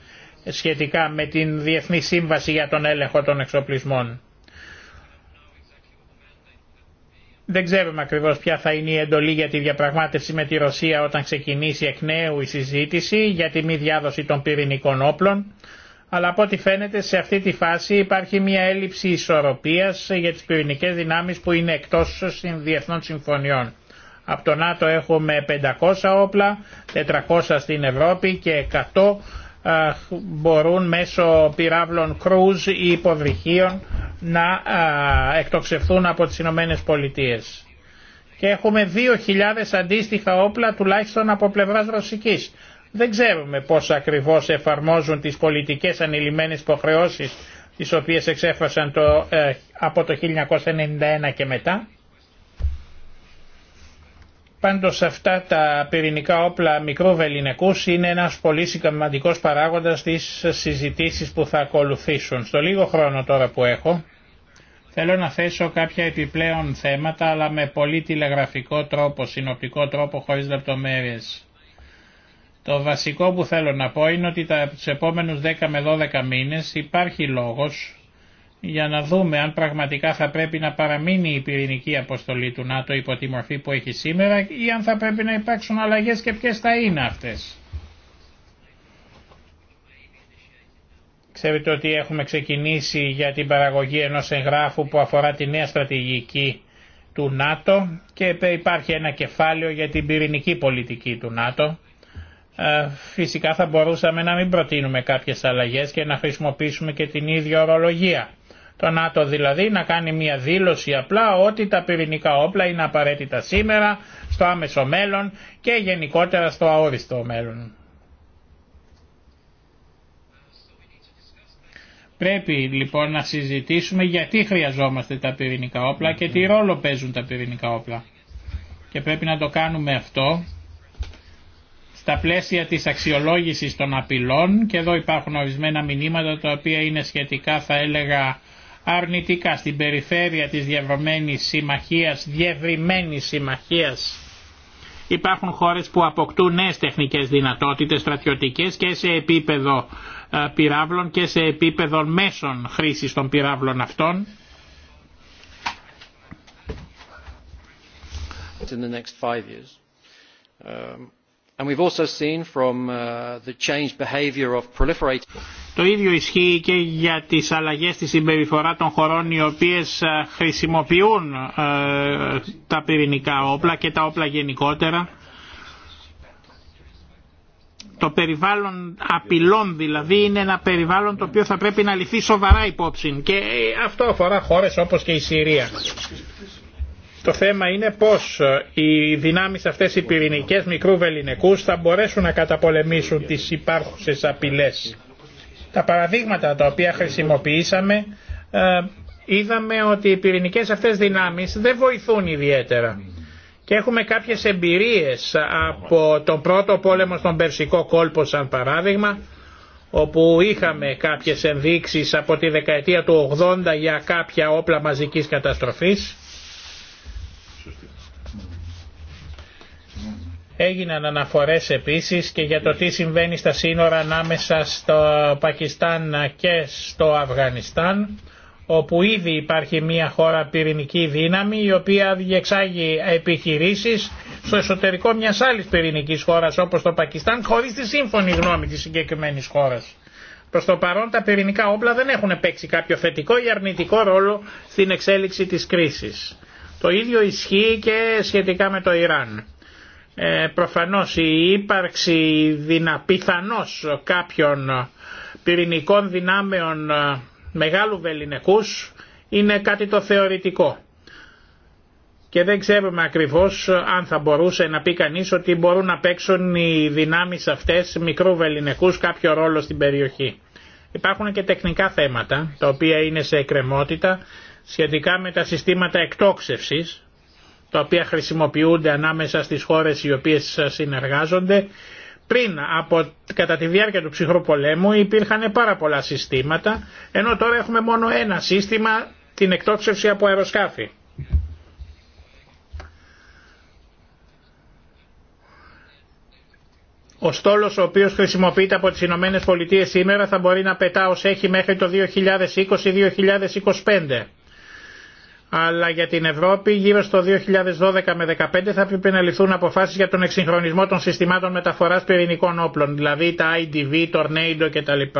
σχετικά με την Διεθνή Σύμβαση για τον Έλεγχο των Εξοπλισμών. Δεν ξέρουμε ακριβώς ποια θα είναι η εντολή για τη διαπραγμάτευση με τη Ρωσία όταν ξεκινήσει εκ νέου η συζήτηση για τη μη διάδοση των πυρηνικών όπλων, αλλά από ό,τι φαίνεται σε αυτή τη φάση υπάρχει μια έλλειψη ισορροπίας για τις πυρηνικές δυνάμεις που είναι εκτός διεθνών συμφωνιών. Από το ΝΑΤΟ έχουμε 500 όπλα, 400 στην Ευρώπη και 100 ε, μπορούν μέσω πυράβλων κρούζ ή υποβρυχίων να ε, εκτοξευθούν από τις Ηνωμένε Πολιτείε. Και έχουμε 2.000 αντίστοιχα όπλα τουλάχιστον από πλευράς ρωσικής. Δεν ξέρουμε πώς ακριβώς εφαρμόζουν τις πολιτικές ανηλυμένες υποχρεώσεις τις οποίες εξέφρασαν το, ε, από το 1991 και μετά Πάντως αυτά τα πυρηνικά όπλα μικρού βεληνικούς είναι ένας πολύ σημαντικός παράγοντας στις συζητήσεις που θα ακολουθήσουν. Στο λίγο χρόνο τώρα που έχω θέλω να θέσω κάποια επιπλέον θέματα αλλά με πολύ τηλεγραφικό τρόπο, συνοπτικό τρόπο χωρίς λεπτομέρειες. Το βασικό που θέλω να πω είναι ότι τα, τους επόμενους 10 με 12 μήνες υπάρχει λόγος για να δούμε αν πραγματικά θα πρέπει να παραμείνει η πυρηνική αποστολή του ΝΑΤΟ υπό τη μορφή που έχει σήμερα ή αν θα πρέπει να υπάρξουν αλλαγές και ποιες θα είναι αυτές. Ξέρετε ότι έχουμε ξεκινήσει για την παραγωγή ενός εγγράφου που αφορά τη νέα στρατηγική του ΝΑΤΟ και υπάρχει ένα κεφάλαιο για την πυρηνική πολιτική του ΝΑΤΟ. Ε, φυσικά θα μπορούσαμε να μην προτείνουμε κάποιες αλλαγές και να χρησιμοποιήσουμε και την ίδια ορολογία. Το ΝΑΤΟ δηλαδή να κάνει μια δήλωση απλά ότι τα πυρηνικά όπλα είναι απαραίτητα σήμερα, στο άμεσο μέλλον και γενικότερα στο αόριστο μέλλον. Πρέπει λοιπόν να συζητήσουμε γιατί χρειαζόμαστε τα πυρηνικά όπλα και τι ρόλο παίζουν τα πυρηνικά όπλα. Και πρέπει να το κάνουμε αυτό στα πλαίσια της αξιολόγησης των απειλών και εδώ υπάρχουν ορισμένα μηνύματα τα οποία είναι σχετικά θα έλεγα αρνητικά στην περιφέρεια της διαβρωμένης συμμαχίας, διευρυμένης συμμαχίας. Υπάρχουν χώρες που αποκτούν νέες τεχνικές δυνατότητες στρατιωτικές και σε επίπεδο ε, πυράβλων και σε επίπεδο μέσων χρήσης των πυράβλων αυτών. Το ίδιο ισχύει και για τις αλλαγές στη συμπεριφορά των χωρών οι οποίες ε, χρησιμοποιούν ε, τα πυρηνικά όπλα και τα όπλα γενικότερα. Το περιβάλλον απειλών δηλαδή είναι ένα περιβάλλον το οποίο θα πρέπει να ληφθεί σοβαρά υπόψη και ε, αυτό αφορά χώρες όπως και η Συρία. Το θέμα είναι πώς οι δυνάμεις αυτές οι πυρηνικές μικρού βεληνικούς θα μπορέσουν να καταπολεμήσουν τις υπάρχουσες απειλές τα παραδείγματα τα οποία χρησιμοποιήσαμε ε, είδαμε ότι οι πυρηνικές αυτές δυνάμεις δεν βοηθούν ιδιαίτερα. Και έχουμε κάποιες εμπειρίες από τον πρώτο πόλεμο στον Περσικό κόλπο σαν παράδειγμα όπου είχαμε κάποιες ενδείξεις από τη δεκαετία του 80 για κάποια όπλα μαζικής καταστροφής Έγιναν αναφορές επίσης και για το τι συμβαίνει στα σύνορα ανάμεσα στο Πακιστάν και στο Αφγανιστάν όπου ήδη υπάρχει μια χώρα πυρηνική δύναμη η οποία διεξάγει επιχειρήσεις στο εσωτερικό μιας άλλης πυρηνικής χώρας όπως το Πακιστάν χωρίς τη σύμφωνη γνώμη της συγκεκριμένης χώρας. Προς το παρόν τα πυρηνικά όπλα δεν έχουν παίξει κάποιο θετικό ή αρνητικό ρόλο στην εξέλιξη της κρίσης. Το ίδιο ισχύει και σχετικά με το Ιράν. Ε, προφανώς η ύπαρξη δυναπίθανος κάποιων πυρηνικών δυνάμεων ε, μεγάλου βεληνεκούς είναι κάτι το θεωρητικό. Και δεν ξέρουμε ακριβώς ε, αν θα μπορούσε να πει κανείς ότι μπορούν να παίξουν οι δυνάμεις αυτές μικρού βεληνεκούς κάποιο ρόλο στην περιοχή. Υπάρχουν και τεχνικά θέματα τα οποία είναι σε εκκρεμότητα σχετικά με τα συστήματα εκτόξευσης τα οποία χρησιμοποιούνται ανάμεσα στις χώρες οι οποίες συνεργάζονται. Πριν, από, κατά τη διάρκεια του πολέμου υπήρχαν πάρα πολλά συστήματα, ενώ τώρα έχουμε μόνο ένα σύστημα, την εκτόξευση από αεροσκάφη. Ο στόλος ο οποίος χρησιμοποιείται από τις Ηνωμένες Πολιτείες σήμερα θα μπορεί να πετά ως έχει μέχρι το 2020-2025 αλλά για την Ευρώπη γύρω στο 2012 με 2015 θα πρέπει να ληφθούν αποφάσεις για τον εξυγχρονισμό των συστημάτων μεταφοράς πυρηνικών όπλων, δηλαδή τα IDV, Tornado κτλ.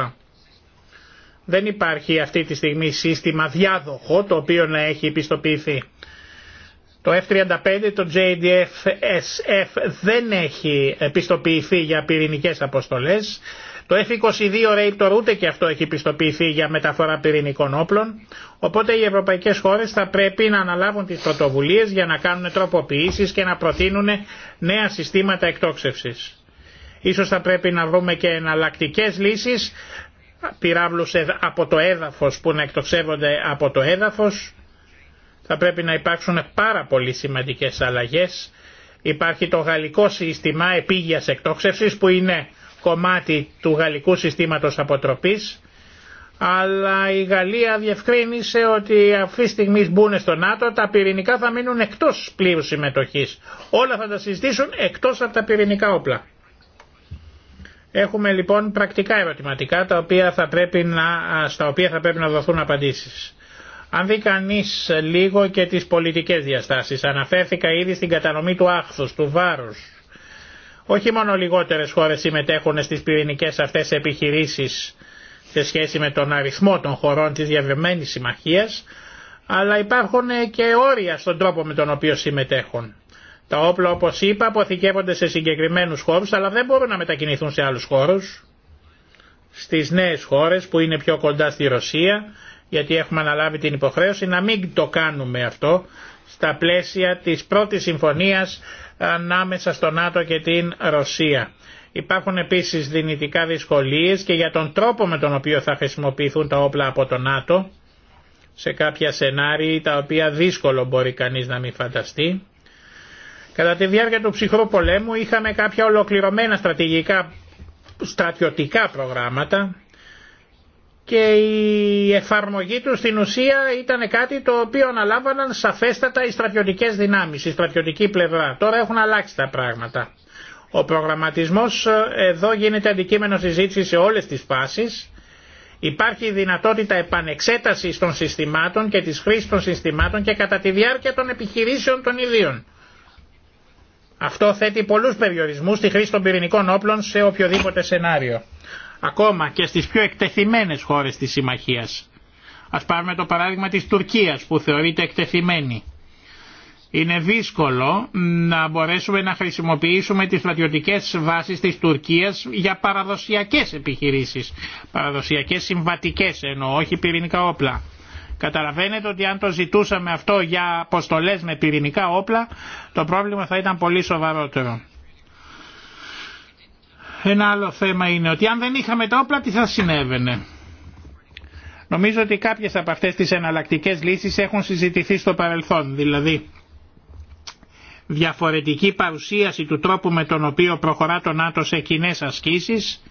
Δεν υπάρχει αυτή τη στιγμή σύστημα διάδοχο το οποίο να έχει επιστοποιηθεί. Το F-35, το JDF-SF δεν έχει επιστοποιηθεί για πυρηνικές αποστολές το F-22 Raptor ούτε και αυτό έχει πιστοποιηθεί για μεταφορά πυρηνικών όπλων, οπότε οι ευρωπαϊκές χώρες θα πρέπει να αναλάβουν τις πρωτοβουλίες για να κάνουν τροποποιήσεις και να προτείνουν νέα συστήματα εκτόξευσης. Ίσως θα πρέπει να βρούμε και εναλλακτικέ λύσεις, πυράβλους από το έδαφος που να εκτοξεύονται από το έδαφος. Θα πρέπει να υπάρξουν πάρα πολύ σημαντικές αλλαγές. Υπάρχει το γαλλικό σύστημα επίγειας εκτόξευσης που είναι κομμάτι του γαλλικού συστήματος αποτροπής αλλά η Γαλλία διευκρίνησε ότι αυτή τη στιγμή μπουν στο ΝΑΤΟ τα πυρηνικά θα μείνουν εκτός πλήρους συμμετοχής. Όλα θα τα συζητήσουν εκτός από τα πυρηνικά όπλα. Έχουμε λοιπόν πρακτικά ερωτηματικά τα οποία θα πρέπει να, στα οποία θα πρέπει να δοθούν απαντήσεις. Αν δει κανεί λίγο και τις πολιτικές διαστάσεις, αναφέρθηκα ήδη στην κατανομή του άχθους, του βάρους, όχι μόνο λιγότερες χώρες συμμετέχουν στις πυρηνικές αυτές επιχειρήσεις σε σχέση με τον αριθμό των χωρών της διαβεμένης συμμαχίας, αλλά υπάρχουν και όρια στον τρόπο με τον οποίο συμμετέχουν. Τα όπλα όπως είπα αποθηκεύονται σε συγκεκριμένους χώρους αλλά δεν μπορούν να μετακινηθούν σε άλλους χώρους. Στις νέες χώρες που είναι πιο κοντά στη Ρωσία γιατί έχουμε αναλάβει την υποχρέωση να μην το κάνουμε αυτό στα πλαίσια της πρώτης συμφωνίας ανάμεσα στο ΝΑΤΟ και την Ρωσία. Υπάρχουν επίσης δυνητικά δυσκολίες και για τον τρόπο με τον οποίο θα χρησιμοποιηθούν τα όπλα από το ΝΑΤΟ σε κάποια σενάρια τα οποία δύσκολο μπορεί κανείς να μην φανταστεί. Κατά τη διάρκεια του ψυχρού πολέμου είχαμε κάποια ολοκληρωμένα στρατηγικά στρατιωτικά προγράμματα και η εφαρμογή του στην ουσία ήταν κάτι το οποίο αναλάβαναν σαφέστατα οι στρατιωτικές δυνάμεις, η στρατιωτική πλευρά. Τώρα έχουν αλλάξει τα πράγματα. Ο προγραμματισμός ε, εδώ γίνεται αντικείμενο συζήτηση σε όλες τις φάσεις. Υπάρχει δυνατότητα επανεξέτασης των συστημάτων και της χρήσης των συστημάτων και κατά τη διάρκεια των επιχειρήσεων των ιδίων. Αυτό θέτει πολλούς περιορισμούς στη χρήση των πυρηνικών όπλων σε οποιοδήποτε σενάριο ακόμα και στις πιο εκτεθειμένες χώρες της Συμμαχίας. Ας πάρουμε το παράδειγμα της Τουρκίας που θεωρείται εκτεθειμένη. Είναι δύσκολο να μπορέσουμε να χρησιμοποιήσουμε τις στρατιωτικές βάσεις της Τουρκίας για παραδοσιακές επιχειρήσεις, παραδοσιακές συμβατικές εννοώ, όχι πυρηνικά όπλα. Καταλαβαίνετε ότι αν το ζητούσαμε αυτό για αποστολές με πυρηνικά όπλα, το πρόβλημα θα ήταν πολύ σοβαρότερο. Ένα άλλο θέμα είναι ότι αν δεν είχαμε τα όπλα τι θα συνέβαινε. Νομίζω ότι κάποιες από αυτές τις εναλλακτικές λύσεις έχουν συζητηθεί στο παρελθόν, δηλαδή διαφορετική παρουσίαση του τρόπου με τον οποίο προχωρά το ΝΑΤΟ σε κοινέ ασκήσεις,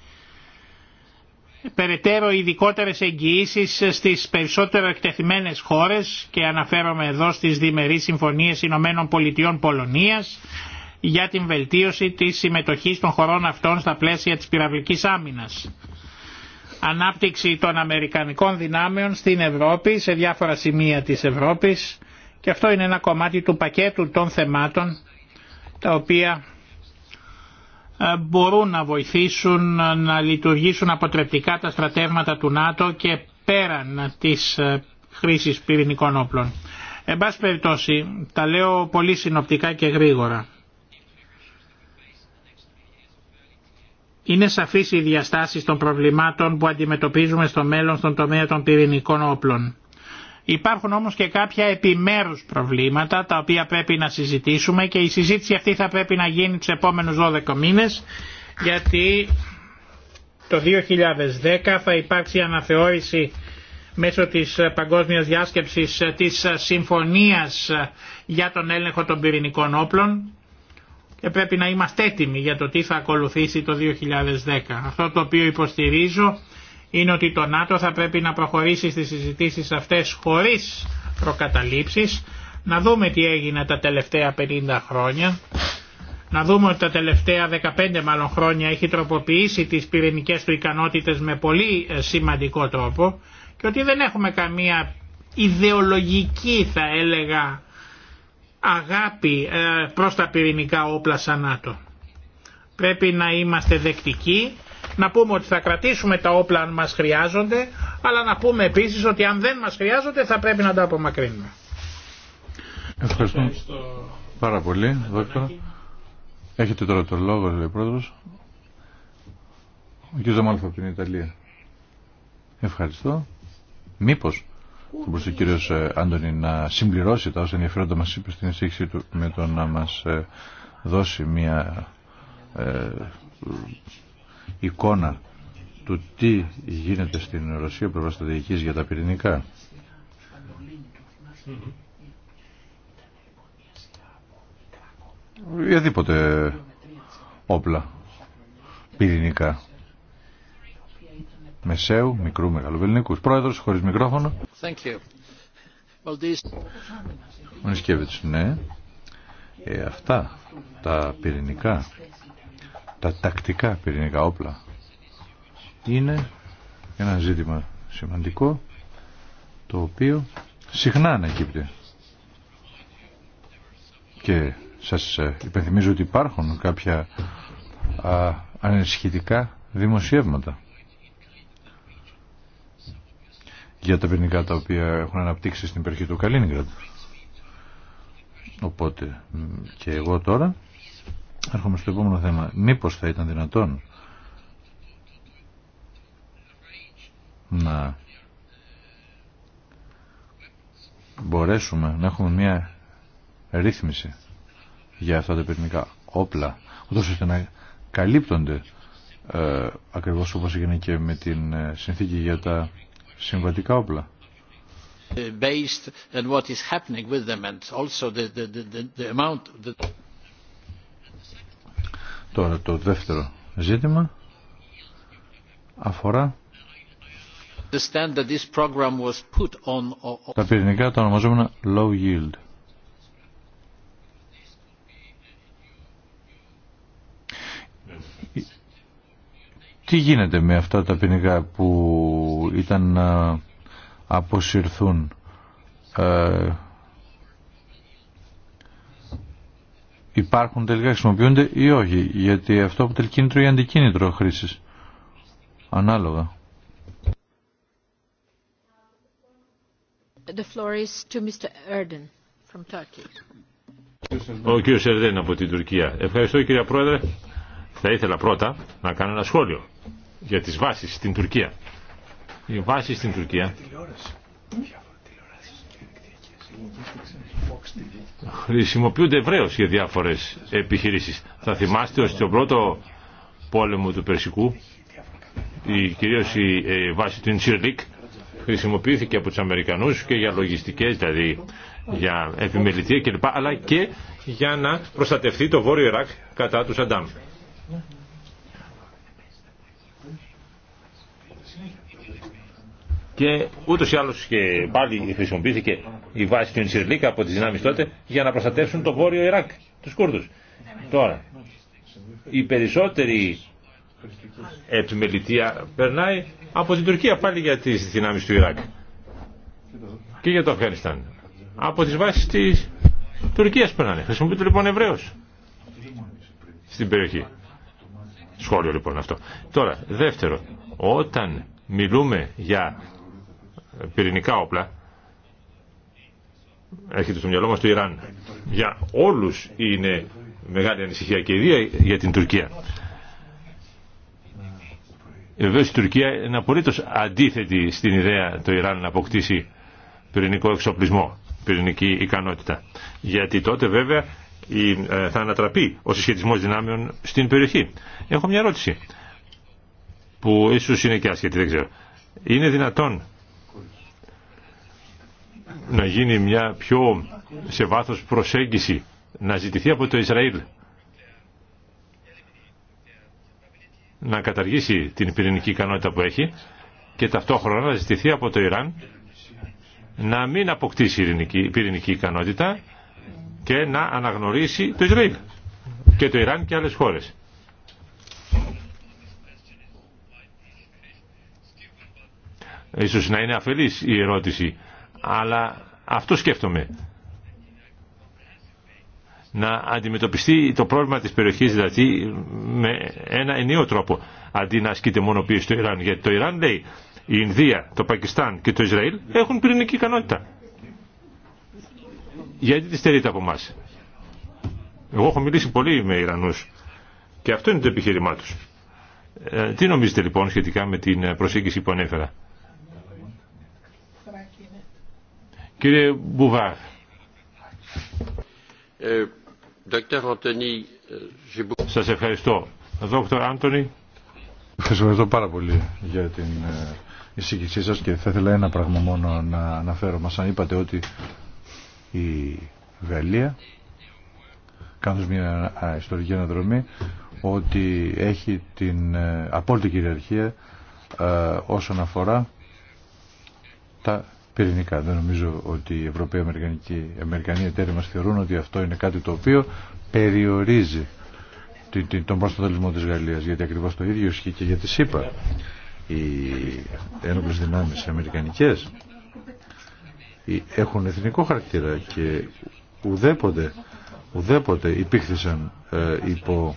περαιτέρω ειδικότερε εγγυήσει στις περισσότερο εκτεθειμένες χώρες και αναφέρομαι εδώ στις διμερείς συμφωνίες Ηνωμένων Πολωνίας, για την βελτίωση της συμμετοχής των χωρών αυτών στα πλαίσια της πυραυλικής άμυνας. Ανάπτυξη των Αμερικανικών δυνάμεων στην Ευρώπη, σε διάφορα σημεία της Ευρώπης και αυτό είναι ένα κομμάτι του πακέτου των θεμάτων τα οποία ε, μπορούν να βοηθήσουν να λειτουργήσουν αποτρεπτικά τα στρατεύματα του ΝΑΤΟ και πέραν της ε, χρήσης πυρηνικών όπλων. Εν πάση περιπτώσει, τα λέω πολύ συνοπτικά και γρήγορα. Είναι σαφής η διαστάσεις των προβλημάτων που αντιμετωπίζουμε στο μέλλον στον τομέα των πυρηνικών όπλων. Υπάρχουν όμως και κάποια επιμέρους προβλήματα τα οποία πρέπει να συζητήσουμε και η συζήτηση αυτή θα πρέπει να γίνει τους επόμενους 12 μήνες γιατί το 2010 θα υπάρξει αναθεώρηση μέσω της παγκόσμιας διάσκεψης της συμφωνίας για τον έλεγχο των πυρηνικών όπλων και πρέπει να είμαστε έτοιμοι για το τι θα ακολουθήσει το 2010. Αυτό το οποίο υποστηρίζω είναι ότι το ΝΑΤΟ θα πρέπει να προχωρήσει στις συζητήσεις αυτές χωρίς προκαταλήψεις, να δούμε τι έγινε τα τελευταία 50 χρόνια, να δούμε ότι τα τελευταία 15 μάλλον χρόνια έχει τροποποιήσει τις πυρηνικές του ικανότητες με πολύ ε, σημαντικό τρόπο και ότι δεν έχουμε καμία ιδεολογική θα έλεγα αγάπη ε, προς τα πυρηνικά όπλα σαν ΝΑΤΟ. Πρέπει να είμαστε δεκτικοί, να πούμε ότι θα κρατήσουμε τα όπλα αν μας χρειάζονται, αλλά να πούμε επίσης ότι αν δεν μας χρειάζονται θα πρέπει να τα απομακρύνουμε. Ευχαριστώ, πάρα πολύ, δόκτωρα. Έχετε τώρα το λόγο, λέει ο πρόεδρος. Ο κ. Ζαμάλφα από την Ιταλία. Ευχαριστώ. Μήπως θα μπορούσε ο κύριο ε, Άντωνη να συμπληρώσει τα όσα ενδιαφέροντα μα είπε στην εισήγησή του με το να μα ε, δώσει μια ε, εικόνα του τι γίνεται στην Ρωσία προ στρατηγικής για τα πυρηνικά. Οποιαδήποτε όπλα πυρηνικά μεσαίου, μικρού, μεγάλου βεληνικού. Πρόεδρο, χωρί μικρόφωνο. ναι. Ε, αυτά τα πυρηνικά, τα τακτικά πυρηνικά όπλα είναι ένα ζήτημα σημαντικό το οποίο συχνά ανακύπτει. Και σας ε, υπενθυμίζω ότι υπάρχουν κάποια α, δημοσιεύματα για τα πυρηνικά τα οποία έχουν αναπτύξει στην περιοχή του Καλίνιγκραντ. Οπότε και εγώ τώρα έρχομαι στο επόμενο θέμα. Μήπως θα ήταν δυνατόν να μπορέσουμε να έχουμε μια ρύθμιση για αυτά τα πυρηνικά όπλα, ούτως ώστε να καλύπτονται ε, ακριβώς όπως έγινε και με την ε, συνθήκη για τα συμβατικά όπλα. Based on what is happening with them and also the, the, the, the amount... The... Τώρα το δεύτερο ζήτημα αφορά that this program was put on... τα πυρηνικά τα ονομαζόμενα low yield. τι γίνεται με αυτά τα ποινικά που ήταν να αποσυρθούν ε, υπάρχουν τελικά χρησιμοποιούνται ή όχι γιατί αυτό αποτελεί κίνητρο ή αντικίνητρο χρήσης ανάλογα The floor is to Mr. from Turkey. Ο κύριος Ερδέν από την Τουρκία. Ευχαριστώ κύριε Πρόεδρε. Θα ήθελα πρώτα να κάνω ένα σχόλιο για τις βάσεις στην Τουρκία. Οι βάσεις στην Τουρκία χρησιμοποιούνται ευρέω για διάφορες επιχείρησει. Θα θυμάστε ότι στον πρώτο πόλεμο του Περσικού η, κυρίως η ε, βάση του Ιντσιρλίκ χρησιμοποιήθηκε από τους Αμερικανούς και για λογιστικές, δηλαδή για επιμελητία κλπ. αλλά και για να προστατευτεί το Βόρειο Ιράκ κατά του Σαντάμ. και ούτω ή άλλω και πάλι χρησιμοποιήθηκε η βάση του Ινσυρλίκα από τι δυνάμει τότε για να προστατεύσουν το βόρειο Ιράκ, του Κούρδου. Τώρα, η περισσότερη επιμελητία περνάει από την Τουρκία πάλι για τι δυνάμει του Ιράκ και για το Αφγανιστάν. Από τι βάσει τη Τουρκία περνάνε. Χρησιμοποιείται λοιπόν Εβραίο στην περιοχή. Σχόλιο λοιπόν αυτό. Τώρα, δεύτερο, όταν μιλούμε για πυρηνικά όπλα, έρχεται στο μυαλό μας το Ιράν. Για όλους είναι μεγάλη ανησυχία και ιδία για την Τουρκία. Βεβαίω η Τουρκία είναι απολύτως αντίθετη στην ιδέα το Ιράν να αποκτήσει πυρηνικό εξοπλισμό, πυρηνική ικανότητα. Γιατί τότε βέβαια ε, θα ανατραπεί ο συσχετισμός δυνάμεων στην περιοχή. Έχω μια ερώτηση που ίσως είναι και άσχετη, δεν ξέρω. Είναι δυνατόν να γίνει μια πιο σε βάθος προσέγγιση, να ζητηθεί από το Ισραήλ να καταργήσει την πυρηνική ικανότητα που έχει και ταυτόχρονα να ζητηθεί από το Ιράν να μην αποκτήσει η πυρηνική ικανότητα και να αναγνωρίσει το Ισραήλ και το Ιράν και άλλες χώρες. Ίσως να είναι αφελής η ερώτηση αλλά αυτό σκέφτομαι. Να αντιμετωπιστεί το πρόβλημα της περιοχής δηλαδή με ένα ενίο τρόπο, αντί να ασκείται μόνο στο Ιράν. Γιατί το Ιράν λέει, η Ινδία, το Πακιστάν και το Ισραήλ έχουν πυρηνική ικανότητα. Γιατί τη στερείται από εμά. Εγώ έχω μιλήσει πολύ με Ιρανούς και αυτό είναι το επιχείρημά τους. Ε, τι νομίζετε λοιπόν σχετικά με την προσέγγιση που ανέφερα. Κύριε Μπουβάρ. Ε, ε, σας ευχαριστώ. Δόκτωρ Άντωνη. Ευχαριστώ πάρα πολύ για την ε, εισήγησή σας και θα ήθελα ένα πράγμα μόνο να αναφέρω. Μας αν είπατε ότι η Γαλλία κάνοντας μια ιστορική αναδρομή ότι έχει την απόλυτη κυριαρχία όσον αφορά τα πυρηνικά. Δεν νομίζω ότι οι Ευρωπαίοι Αμερικανικοί, Αμερικανοί εταίροι μας θεωρούν ότι αυτό είναι κάτι το οποίο περιορίζει τον προστατελισμό της Γαλλίας γιατί ακριβώς το ίδιο ισχύει και για τη ΣΥΠΑ οι ένοπλες δυνάμεις αμερικανικές έχουν εθνικό χαρακτήρα και ουδέποτε, ουδέποτε ε, υπό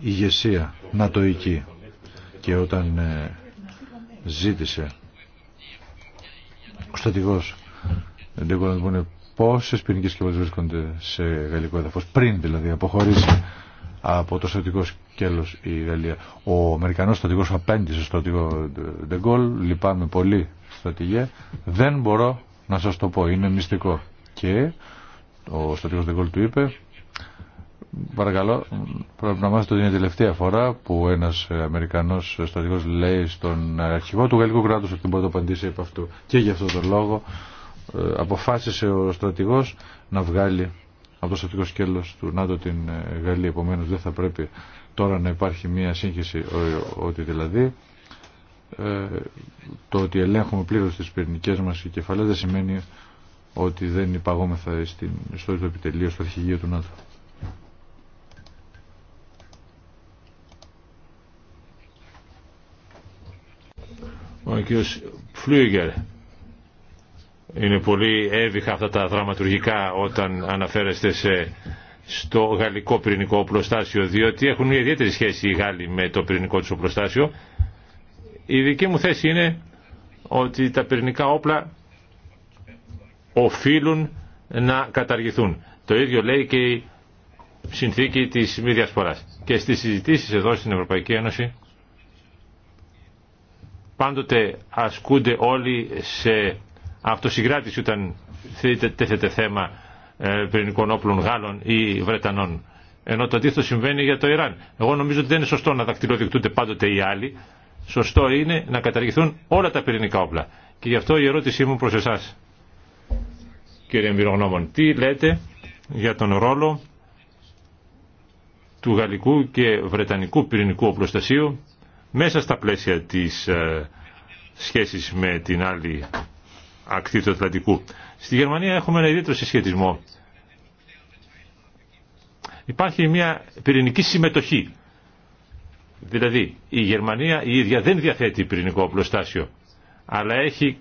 ηγεσία νατοική και όταν ε, ζήτησε ο στρατηγό να λοιπόν, πούνε πόσε ποινικέ σκευές βρίσκονται σε γαλλικό έδαφο, πριν δηλαδή αποχωρήσει από το στρατηγικό σκέλο η Γαλλία. Ο Αμερικανό στρατηγό απέντησε στο στρατηγό Ντεγκόλ, λυπάμαι πολύ στρατηγέ, δεν μπορώ να σα το πω, είναι μυστικό. Και ο στρατηγό Ντεγκόλ του είπε, παρακαλώ, πρέπει να μάθετε ότι είναι η τελευταία φορά που ένα Αμερικανό στρατηγό λέει στον αρχηγό του Γαλλικού κράτου ότι μπορεί να απαντήσει από αυτού. Και για αυτόν τον λόγο ε, αποφάσισε ο στρατηγό να βγάλει από το στρατηγικό σκέλος του ΝΑΤΟ την ε, Γαλλία. επομένω, δεν θα πρέπει τώρα να υπάρχει μια σύγχυση ότι δηλαδή ε, το ότι ελέγχουμε πλήρω τις πυρηνικέ μας κεφαλέ δεν σημαίνει ότι δεν υπαγόμεθα στο επιτελείο, στο αρχηγείο του ΝΑΤΟ. Ο κ. Φλούγερ είναι πολύ έβυχα αυτά τα δραματουργικά όταν αναφέρεστε σε, στο γαλλικό πυρηνικό οπλοστάσιο διότι έχουν μια ιδιαίτερη σχέση οι Γάλλοι με το πυρηνικό του οπλοστάσιο η δική μου θέση είναι ότι τα πυρηνικά όπλα οφείλουν να καταργηθούν. Το ίδιο λέει και η συνθήκη της μη διασποράς. Και στις συζητήσεις εδώ στην Ευρωπαϊκή Ένωση πάντοτε ασκούνται όλοι σε αυτοσυγκράτηση όταν τέθεται θέμα ε, πυρηνικών όπλων Γάλλων ή Βρετανών. Ενώ το αντίθετο συμβαίνει για το Ιράν. Εγώ νομίζω ότι δεν είναι σωστό να δακτυλοδεικτούνται πάντοτε οι άλλοι. Σωστό είναι να καταργηθούν όλα τα πυρηνικά όπλα. Και γι' αυτό η ερώτησή μου προς εσάς, κύριε Εμπειρογνώμων, τι λέτε για τον ρόλο του γαλλικού και βρετανικού πυρηνικού οπλοστασίου μέσα στα πλαίσια της ε, σχέσης με την άλλη ακτή του Ατλαντικού. Στη Γερμανία έχουμε ένα ιδιαίτερο συσχετισμό. Υπάρχει μια πυρηνική συμμετοχή. Δηλαδή η Γερμανία η ίδια δεν διαθέτει πυρηνικό οπλοστάσιο αλλά έχει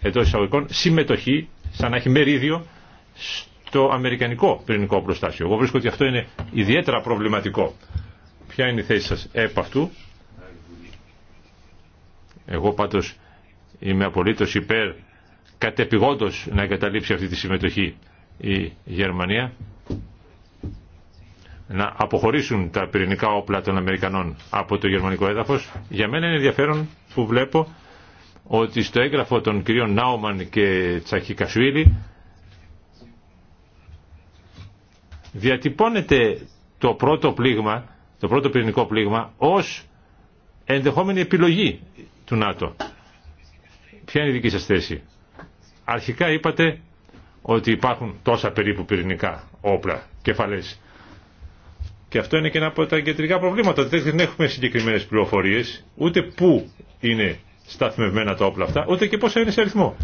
εντό εισαγωγικών συμμετοχή σαν να έχει μερίδιο στο αμερικανικό πυρηνικό οπλοστάσιο. Εγώ βρίσκω ότι αυτό είναι ιδιαίτερα προβληματικό. Ποια είναι η θέση σας επ' αυτού. Εγώ πάντως είμαι απολύτως υπέρ κατεπηγόντως να εγκαταλείψει αυτή τη συμμετοχή η Γερμανία να αποχωρήσουν τα πυρηνικά όπλα των Αμερικανών από το γερμανικό έδαφος. Για μένα είναι ενδιαφέρον που βλέπω ότι στο έγγραφο των κυρίων Νάουμαν και Τσαχικασουίλη διατυπώνεται το πρώτο πλήγμα, το πρώτο πυρηνικό πλήγμα ως ενδεχόμενη επιλογή του ΝΑΤΟ. Ποια είναι η δική σας θέση. Αρχικά είπατε ότι υπάρχουν τόσα περίπου πυρηνικά όπλα, κεφαλές. Και αυτό είναι και ένα από τα κεντρικά προβλήματα. Δεν έχουμε συγκεκριμένες πληροφορίες, ούτε πού είναι σταθμευμένα τα όπλα αυτά, ούτε και πόσα είναι σε αριθμό.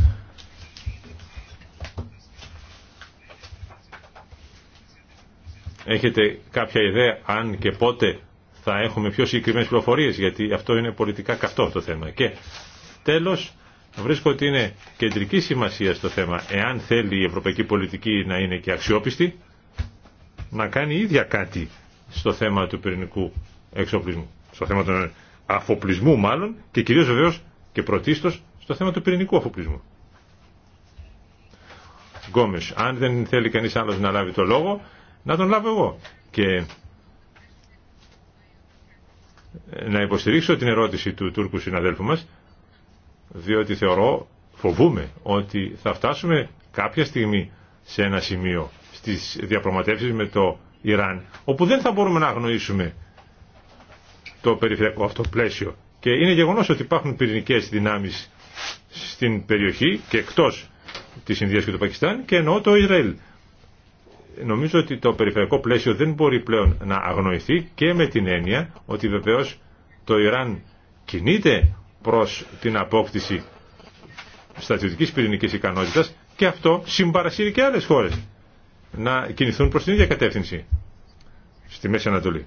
Έχετε κάποια ιδέα αν και πότε θα έχουμε πιο συγκεκριμένες πληροφορίες γιατί αυτό είναι πολιτικά καυτό το θέμα. Και τέλος βρίσκω ότι είναι κεντρική σημασία στο θέμα εάν θέλει η ευρωπαϊκή πολιτική να είναι και αξιόπιστη να κάνει ίδια κάτι στο θέμα του πυρηνικού εξοπλισμού, στο θέμα του αφοπλισμού μάλλον και κυρίως βεβαίως και πρωτίστως στο θέμα του πυρηνικού αφοπλισμού. Γκόμες, αν δεν θέλει κανείς άλλος να λάβει το λόγο, να τον λάβω εγώ. Και να υποστηρίξω την ερώτηση του Τούρκου συναδέλφου μας, διότι θεωρώ, φοβούμε, ότι θα φτάσουμε κάποια στιγμή σε ένα σημείο στις διαπραγματεύσεις με το Ιράν, όπου δεν θα μπορούμε να αγνοήσουμε το περιφερειακό αυτό πλαίσιο. Και είναι γεγονός ότι υπάρχουν πυρηνικές δυνάμεις στην περιοχή και εκτός της Ινδίας και του Πακιστάν και εννοώ το Ισραήλ νομίζω ότι το περιφερειακό πλαίσιο δεν μπορεί πλέον να αγνοηθεί και με την έννοια ότι βεβαίως το Ιράν κινείται προς την απόκτηση στρατιωτικής πυρηνικής ικανότητας και αυτό συμπαρασύρει και άλλες χώρες να κινηθούν προς την ίδια κατεύθυνση στη Μέση Ανατολή.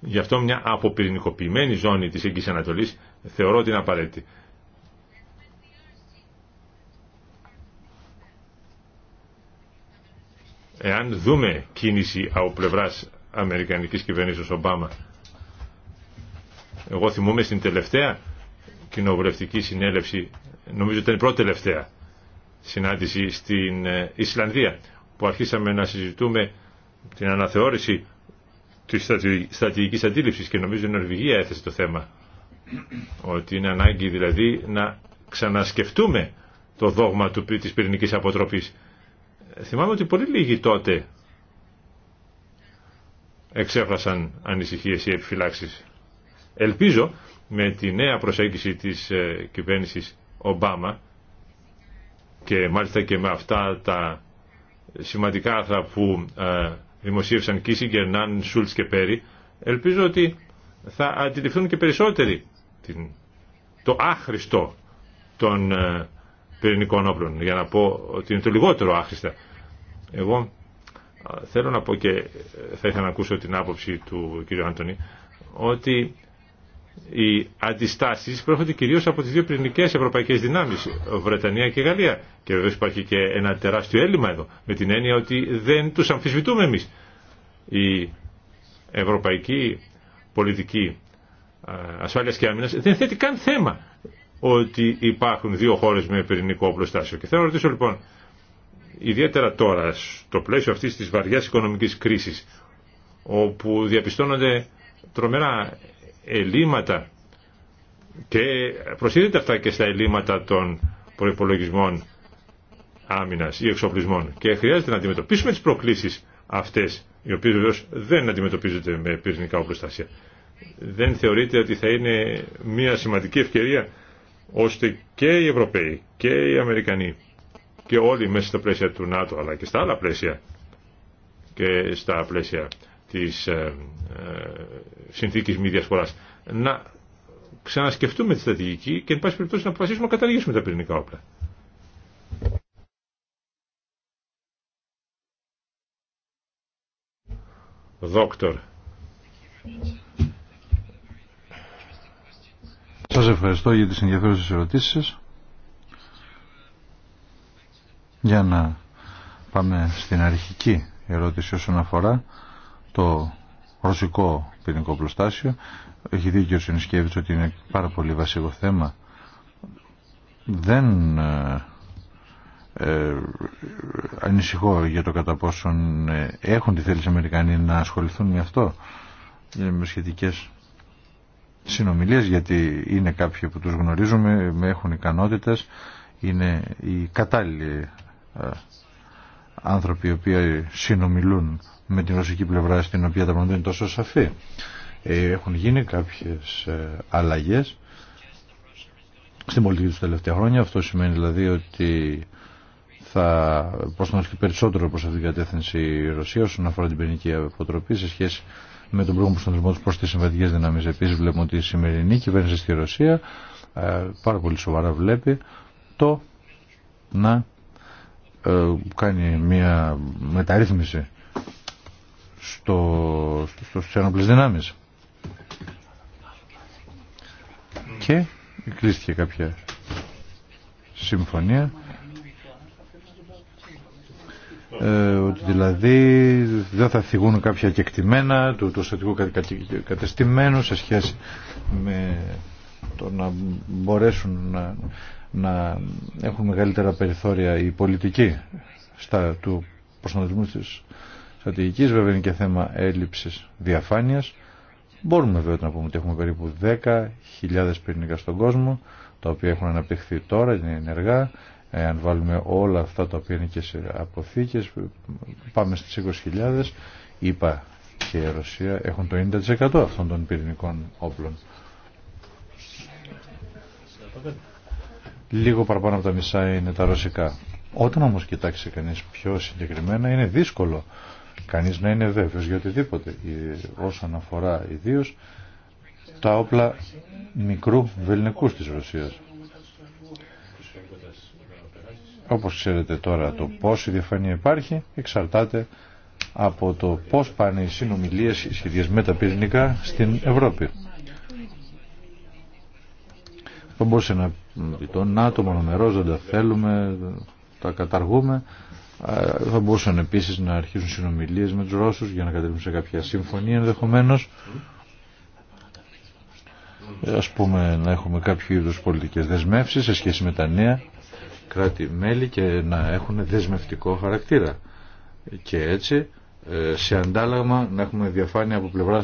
Γι' αυτό μια αποπυρηνικοποιημένη ζώνη της Εγγύης Ανατολής θεωρώ ότι είναι απαραίτητη. Εάν δούμε κίνηση από πλευράς Αμερικανικής κυβέρνησης Ομπάμα, εγώ θυμούμαι στην τελευταία κοινοβουλευτική συνέλευση, νομίζω ήταν η πρώτη τελευταία συνάντηση στην ε, Ισλανδία, που αρχίσαμε να συζητούμε την αναθεώρηση της στρατηγικής αντίληψης και νομίζω η Νορβηγία έθεσε το θέμα ότι είναι ανάγκη δηλαδή να ξανασκεφτούμε το δόγμα του, της πυρηνικής αποτροπής Θυμάμαι ότι πολύ λίγοι τότε εξέφρασαν ανησυχίες ή επιφυλάξεις. Ελπίζω με τη νέα προσέγγιση της ε, κυβέρνησης Ομπάμα και μάλιστα και με αυτά τα σημαντικά άρθρα που ε, δημοσίευσαν Κίσιγκερ, Νάν, Σούλτς και Πέρι, ελπίζω ότι θα αντιληφθούν και περισσότεροι το άχρηστο των ε, πυρηνικών όπλων, για να πω ότι είναι το λιγότερο άχρηστα. Εγώ θέλω να πω και ε, θα ήθελα να ακούσω την άποψη του κ. Άντωνη ότι οι αντιστάσεις προέρχονται κυρίως από τις δύο πυρηνικέ ευρωπαϊκές δυνάμεις, Βρετανία και Γαλλία. Και εδώ υπάρχει και ένα τεράστιο έλλειμμα εδώ, με την έννοια ότι δεν τους αμφισβητούμε εμείς. Η ευρωπαϊκή πολιτική ασφάλειας και άμυνας δεν θέτει καν θέμα ότι υπάρχουν δύο χώρε με πυρηνικό οπλοστάσιο. Και θέλω να ρωτήσω λοιπόν, Ιδιαίτερα τώρα, στο πλαίσιο αυτής της βαριάς οικονομικής κρίσης, όπου διαπιστώνονται τρομερά ελλείμματα και προσθέτεται αυτά και στα ελλείμματα των προϋπολογισμών άμυνας ή εξοπλισμών και χρειάζεται να αντιμετωπίσουμε τις προκλήσεις αυτές οι οποίες βεβαίω δεν αντιμετωπίζονται με πυρηνικά οπλοστάσια. Δεν θεωρείτε ότι θα είναι μια σημαντική ευκαιρία ώστε και οι Ευρωπαίοι και οι Αμερικανοί και όλοι μέσα στα πλαίσια του ΝΑΤΟ αλλά και στα άλλα πλαίσια και στα πλαίσια της ε, ε, συνθήκης μη διασποράς να ξανασκεφτούμε τη στρατηγική και εν πάση περιπτώσει να αποφασίσουμε να καταργήσουμε τα πυρηνικά όπλα. Δόκτωρ. Σας ευχαριστώ για τις ενδιαφέρουσες ερωτήσεις σας. Για να πάμε στην αρχική ερώτηση όσον αφορά το ρωσικό ποινικό προστάσιο. Έχει δίκιο ο Συνισκεύης ότι είναι πάρα πολύ βασικό θέμα. Δεν ε, ε, ανησυχώ για το κατά πόσον ε, έχουν τη θέληση Αμερικανοί να ασχοληθούν με αυτό με σχετικές συνομιλίες γιατί είναι κάποιοι που τους γνωρίζουμε, με έχουν ικανότητες είναι οι κατάλληλοι ε, άνθρωποι οι οποίοι συνομιλούν με την ρωσική πλευρά στην οποία τα πράγματα είναι τόσο σαφή. Ε, έχουν γίνει κάποιες ε, αλλαγές στην πολιτική του τελευταία χρόνια. Αυτό σημαίνει δηλαδή ότι θα προσθέσει περισσότερο προς αυτήν την κατεύθυνση η Ρωσία όσον αφορά την ποινική αποτροπή σε σχέση με τον πρώτο προσθέσμα του προ τι συμβατικέ δυνάμει. Επίση, βλέπουμε ότι η σημερινή κυβέρνηση στη Ρωσία πάρα πολύ σοβαρά βλέπει το να ε, κάνει μια μεταρρύθμιση στο, στο, στους ενόπλες Και κλείστηκε κάποια συμφωνία ε, ότι δηλαδή δεν θα θυγούν κάποια κεκτημένα του, του κα, κατεστημένου σε σχέση με το να μπορέσουν να να έχουν μεγαλύτερα περιθώρια η πολιτική στα, του προσανατολισμού της στρατηγικής. Βέβαια είναι και θέμα έλλειψης διαφάνειας. Μπορούμε βέβαια να πούμε ότι έχουμε περίπου 10.000 πυρηνικά στον κόσμο, τα οποία έχουν αναπτυχθεί τώρα, είναι ενεργά. αν βάλουμε όλα αυτά τα οποία είναι και σε αποθήκες, πάμε στις 20.000. Είπα και η Ρωσία έχουν το 90% αυτών των πυρηνικών όπλων λίγο παραπάνω από τα μισά είναι τα ρωσικά. Όταν όμως κοιτάξει κανείς πιο συγκεκριμένα είναι δύσκολο κανείς να είναι βέβαιος για οτιδήποτε όσον αφορά ιδίω τα όπλα μικρού βελνικούς της Ρωσίας. Όπως ξέρετε τώρα το πόση διαφάνεια υπάρχει εξαρτάται από το πώς πάνε οι συνομιλίες οι με τα πυρηνικά στην Ευρώπη τον ΝΑΤΟ τα θέλουμε, τα καταργούμε. Θα μπορούσαν επίση να αρχίσουν συνομιλίε με του Ρώσου για να κατεβούν σε κάποια συμφωνία ενδεχομένω. Ε, Α πούμε να έχουμε κάποιο είδου πολιτικέ δεσμεύσει σε σχέση με τα νέα κράτη-μέλη και να έχουν δεσμευτικό χαρακτήρα. Και έτσι ε, σε αντάλλαγμα να έχουμε διαφάνεια από πλευρά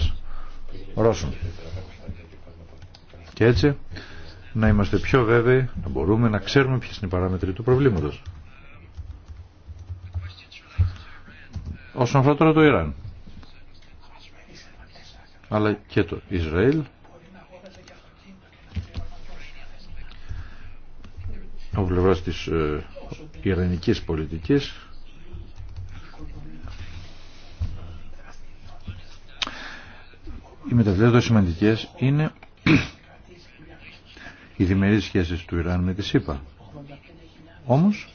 Ρώσων. Και έτσι να είμαστε πιο βέβαιοι, να μπορούμε να ξέρουμε ποιες είναι οι παράμετροι του προβλήματος. Όσον αφορά τώρα το Ιράν, αλλά και το Ισραήλ, ο πλευράς της ε, Ιρανικής πολιτικής, οι μεταβλητές σημαντικές είναι οι διμερείς σχέσεις του Ιράν με τη ΣΥΠΑ. Όμως,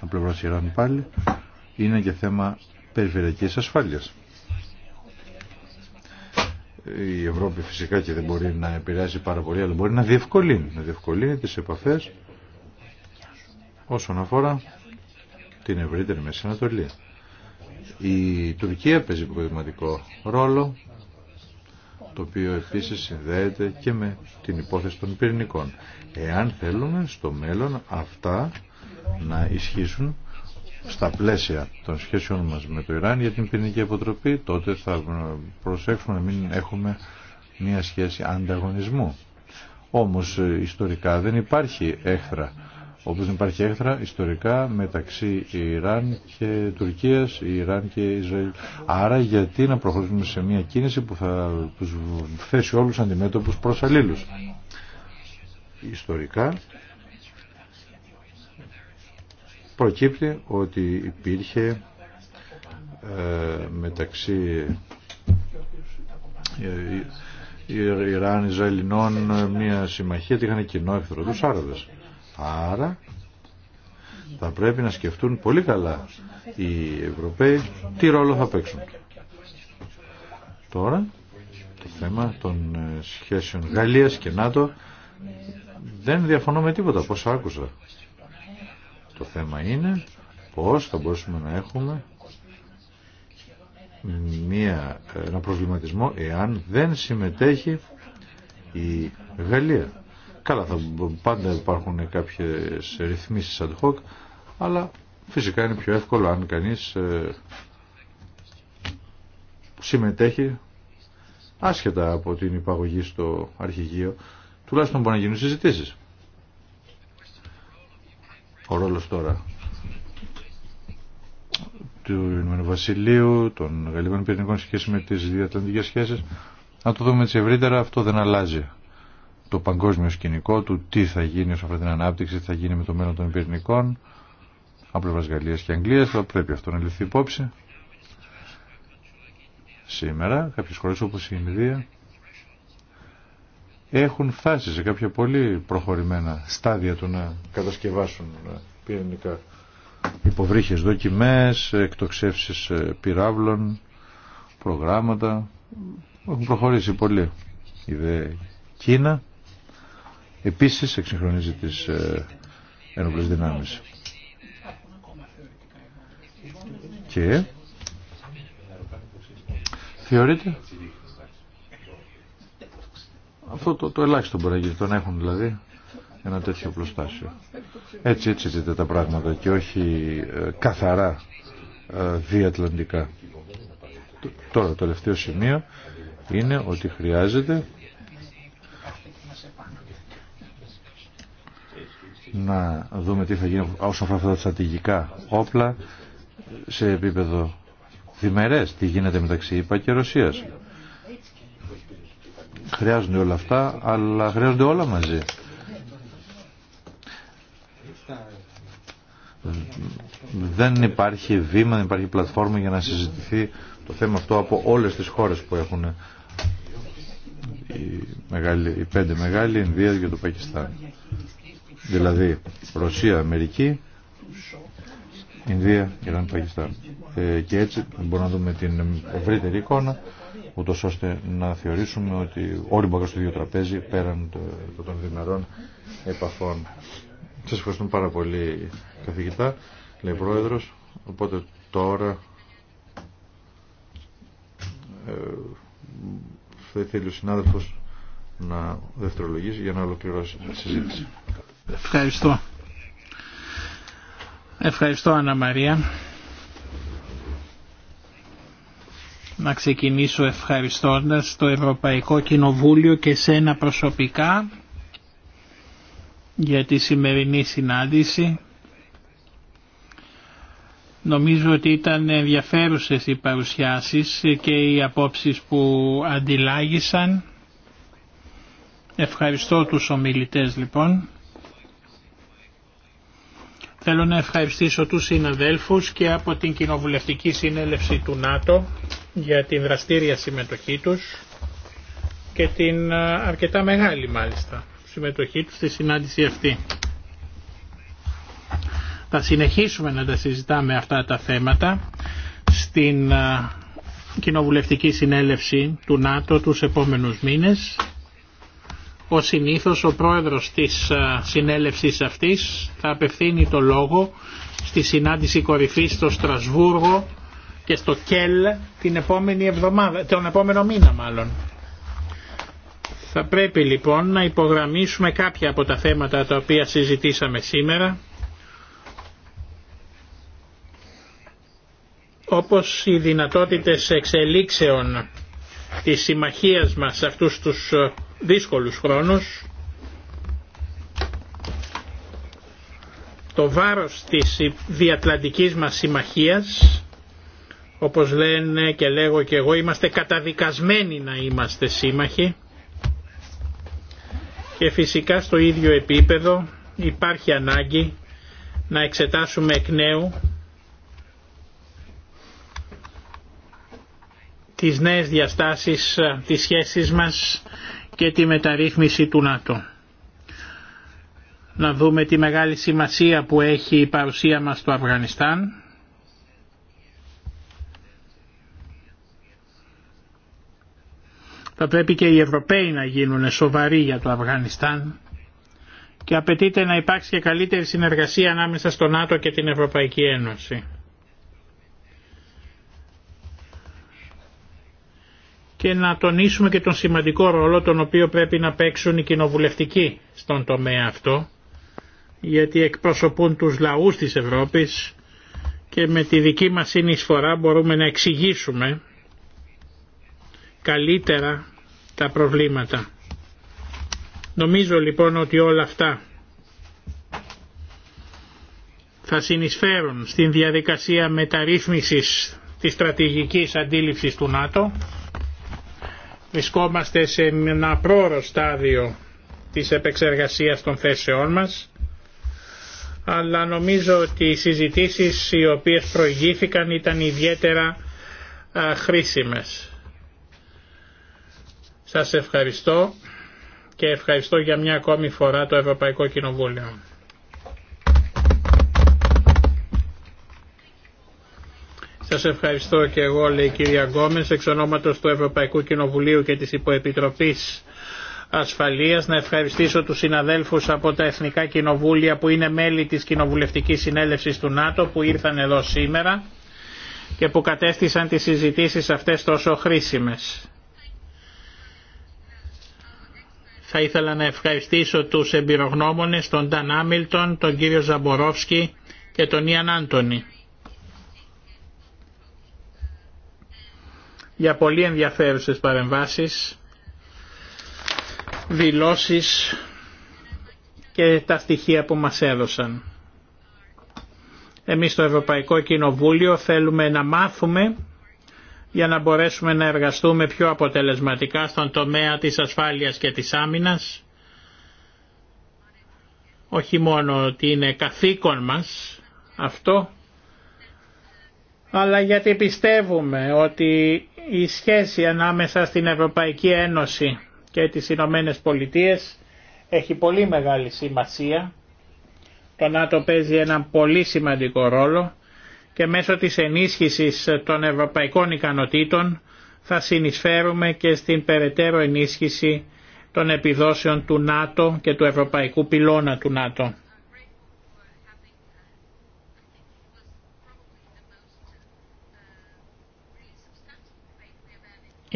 από πλευρά Ιράν πάλι, είναι και θέμα περιφερειακής ασφάλειας. Η Ευρώπη φυσικά και δεν μπορεί να επηρεάσει πάρα πολύ, αλλά μπορεί να διευκολύνει, να διευκολύνει τις επαφές όσον αφορά την ευρύτερη Μέση Ανατολή. Η Τουρκία παίζει υποδηματικό ρόλο το οποίο επίσης συνδέεται και με την υπόθεση των πυρηνικών. Εάν θέλουμε στο μέλλον αυτά να ισχύσουν στα πλαίσια των σχέσεων μας με το Ιράν για την πυρηνική αποτροπή, τότε θα προσέξουμε να μην έχουμε μια σχέση ανταγωνισμού. Όμως ε, ιστορικά δεν υπάρχει έχθρα όπως υπάρχει έχθρα ιστορικά μεταξύ Ιράν και Τουρκίας, Ιράν και Ισραήλ. Άρα γιατί να προχωρήσουμε σε μια κίνηση που θα τους θέσει όλους αντιμέτωπους προς αλλήλους. Ιστορικά προκύπτει ότι υπήρχε ε, μεταξύ ε, Ιράν, Ισραηλινών ε, μια συμμαχία, είχαν κοινό εχθρό τους Άραβες. Άρα θα πρέπει να σκεφτούν πολύ καλά οι Ευρωπαίοι τι ρόλο θα παίξουν. Τώρα το θέμα των ε, σχέσεων Γαλλίας και ΝΑΤΟ δεν διαφωνώ με τίποτα πώς άκουσα. Το θέμα είναι πώς θα μπορούσαμε να έχουμε μία, ε, ένα προβληματισμό εάν δεν συμμετέχει η Γαλλία. Καλά, θα, πάντα υπάρχουν κάποιες ρυθμίσεις ad hoc, αλλά φυσικά είναι πιο εύκολο αν κανείς ε, συμμετέχει άσχετα από την υπαγωγή στο αρχηγείο, τουλάχιστον μπορεί να γίνουν συζητήσεις. Ο ρόλος τώρα του Ηνωμένου Βασιλείου, των Γαλλικών Πυρηνικών σχέσεων με τις διατλαντικές σχέσεις, να το δούμε έτσι ευρύτερα, αυτό δεν αλλάζει το παγκόσμιο σκηνικό του, τι θα γίνει όσον αφορά την ανάπτυξη, τι θα γίνει με το μέλλον των πυρηνικών από πλευρά Γαλλία και Αγγλία, θα πρέπει αυτό να ληφθεί υπόψη. Σήμερα κάποιε χώρε όπω η Ινδία έχουν φτάσει σε κάποια πολύ προχωρημένα στάδια του να κατασκευάσουν ε, πυρηνικά υποβρύχες δοκιμές, εκτοξεύσεις ε, πυράβλων, προγράμματα. Έχουν προχωρήσει πολύ. Η δε Κίνα Επίσης εξυγχρονίζει τις ε, ενόπλες δυνάμεις. Και θεωρείται αυτό το, το ελάχιστο μπορεί να γίνει, το να έχουν δηλαδή ένα τέτοιο πλωστάσιο. Έτσι, έτσι δείτε τα πράγματα και όχι ε, καθαρά ε, διατλαντικά. Τώρα, το τελευταίο σημείο είναι ότι χρειάζεται να δούμε τι θα γίνει όσον αφορά αυτά τα στρατηγικά όπλα σε επίπεδο διμερές, τι γίνεται μεταξύ ΙΠΑ και Ρωσίας. Χρειάζονται όλα αυτά, αλλά χρειάζονται όλα μαζί. Δεν υπάρχει βήμα, δεν υπάρχει πλατφόρμα για να συζητηθεί το θέμα αυτό από όλες τις χώρες που έχουν οι, μεγάλοι, οι πέντε μεγάλοι, η Ινδία και το Πακιστάν δηλαδή Ρωσία, Αμερική, Ινδία, Ιράν, Πακιστάν. Ε, και έτσι μπορούμε να δούμε την ευρύτερη εικόνα, ούτω ώστε να θεωρήσουμε ότι όλοι μπορούν στο ίδιο τραπέζι πέραν των διμερών επαφών. Σα ευχαριστούμε πάρα πολύ, καθηγητά, λέει πρόεδρο. Οπότε τώρα ε, θα ήθελε ο συνάδελφος να δευτερολογήσει για να ολοκληρώσει τη συζήτηση. Ευχαριστώ. Ευχαριστώ Άννα Μαρία. Να ξεκινήσω ευχαριστώντας το Ευρωπαϊκό Κοινοβούλιο και σένα προσωπικά για τη σημερινή συνάντηση. Νομίζω ότι ήταν ενδιαφέρουσες οι παρουσιάσεις και οι απόψεις που αντιλάγησαν. Ευχαριστώ τους ομιλητές λοιπόν. Θέλω να ευχαριστήσω τους συναδέλφους και από την Κοινοβουλευτική Συνέλευση του ΝΑΤΟ για την δραστήρια συμμετοχή τους και την αρκετά μεγάλη μάλιστα συμμετοχή τους στη συνάντηση αυτή. Θα συνεχίσουμε να τα συζητάμε αυτά τα θέματα στην Κοινοβουλευτική Συνέλευση του ΝΑΤΟ τους επόμενους μήνες ο συνήθως ο πρόεδρος της ε, συνέλευσης αυτής θα απευθύνει το λόγο στη συνάντηση κορυφής στο Στρασβούργο και στο ΚΕΛ την επόμενη εβδομάδα, τον επόμενο μήνα μάλλον. Θα πρέπει λοιπόν να υπογραμμίσουμε κάποια από τα θέματα τα οποία συζητήσαμε σήμερα όπως οι δυνατότητες εξελίξεων της συμμαχίας μας σε αυτούς τους ε, δύσκολους χρόνους. Το βάρος της διατλαντικής μας συμμαχίας, όπως λένε και λέγω και εγώ, είμαστε καταδικασμένοι να είμαστε σύμμαχοι και φυσικά στο ίδιο επίπεδο υπάρχει ανάγκη να εξετάσουμε εκ νέου τις νέες διαστάσεις της σχέσης μας και τη μεταρρύθμιση του ΝΑΤΟ. Να δούμε τη μεγάλη σημασία που έχει η παρουσία μας στο Αφγανιστάν. Θα πρέπει και οι Ευρωπαίοι να γίνουν σοβαροί για το Αφγανιστάν και απαιτείται να υπάρξει και καλύτερη συνεργασία ανάμεσα στο ΝΑΤΟ και την Ευρωπαϊκή Ένωση. και να τονίσουμε και τον σημαντικό ρόλο τον οποίο πρέπει να παίξουν οι κοινοβουλευτικοί στον τομέα αυτό γιατί εκπροσωπούν τους λαούς της Ευρώπης και με τη δική μας συνεισφορά μπορούμε να εξηγήσουμε καλύτερα τα προβλήματα. Νομίζω λοιπόν ότι όλα αυτά θα συνεισφέρουν στην διαδικασία μεταρρύθμισης της στρατηγικής αντίληψης του ΝΑΤΟ Βρισκόμαστε σε ένα πρόωρο στάδιο της επεξεργασίας των θέσεών μας αλλά νομίζω ότι οι συζητήσεις οι οποίες προηγήθηκαν ήταν ιδιαίτερα χρήσιμες. Σας ευχαριστώ και ευχαριστώ για μια ακόμη φορά το Ευρωπαϊκό Κοινοβούλιο. Σας ευχαριστώ και εγώ, λέει η κυρία Γκόμες, εξ ονόματος του Ευρωπαϊκού Κοινοβουλίου και της Υποεπιτροπής Ασφαλείας, να ευχαριστήσω τους συναδέλφους από τα Εθνικά Κοινοβούλια που είναι μέλη της Κοινοβουλευτικής Συνέλευσης του ΝΑΤΟ που ήρθαν εδώ σήμερα και που κατέστησαν τις συζητήσεις αυτές τόσο χρήσιμες. Θα ήθελα να ευχαριστήσω τους εμπειρογνώμονες, τον Ταν Άμιλτον, τον κύριο Ζαμπορόφσκι και τον Ιαν Άντωνη. για πολύ ενδιαφέρουσες παρεμβάσεις, δηλώσεις και τα στοιχεία που μας έδωσαν. Εμείς στο Ευρωπαϊκό Κοινοβούλιο θέλουμε να μάθουμε για να μπορέσουμε να εργαστούμε πιο αποτελεσματικά στον τομέα της ασφάλειας και της άμυνας. Όχι μόνο ότι είναι καθήκον μας αυτό, αλλά γιατί πιστεύουμε ότι η σχέση ανάμεσα στην Ευρωπαϊκή Ένωση και τις Ηνωμένε Πολιτείες έχει πολύ μεγάλη σημασία. Το ΝΑΤΟ παίζει ένα πολύ σημαντικό ρόλο και μέσω της ενίσχυσης των ευρωπαϊκών ικανοτήτων θα συνεισφέρουμε και στην περαιτέρω ενίσχυση των επιδόσεων του ΝΑΤΟ και του ευρωπαϊκού πυλώνα του ΝΑΤΟ.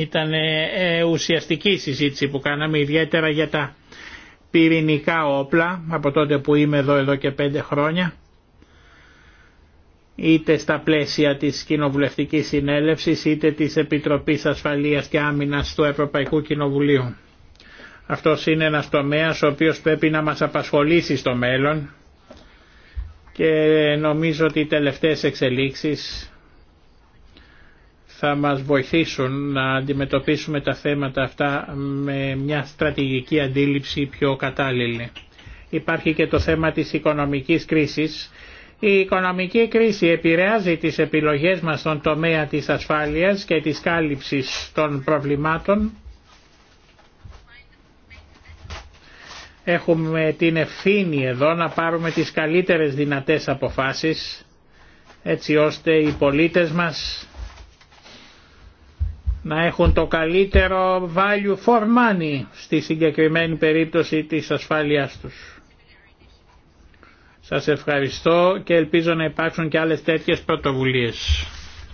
Ήταν ε, ουσιαστική συζήτηση που κάναμε ιδιαίτερα για τα πυρηνικά όπλα από τότε που είμαι εδώ εδώ και πέντε χρόνια είτε στα πλαίσια της Κοινοβουλευτικής Συνέλευσης είτε της Επιτροπής Ασφαλείας και Άμυνας του Ευρωπαϊκού Κοινοβουλίου. Αυτός είναι ένας τομέας ο οποίος πρέπει να μας απασχολήσει στο μέλλον και νομίζω ότι οι τελευταίες εξελίξεις θα μας βοηθήσουν να αντιμετωπίσουμε τα θέματα αυτά με μια στρατηγική αντίληψη πιο κατάλληλη. Υπάρχει και το θέμα της οικονομικής κρίσης. Η οικονομική κρίση επηρεάζει τις επιλογές μας στον τομέα της ασφάλειας και της κάλυψης των προβλημάτων. Έχουμε την ευθύνη εδώ να πάρουμε τις καλύτερες δυνατές αποφάσεις έτσι ώστε οι πολίτες μας να έχουν το καλύτερο value for money στη συγκεκριμένη περίπτωση της ασφάλειάς τους. Σας ευχαριστώ και ελπίζω να υπάρξουν και άλλες τέτοιες πρωτοβουλίες.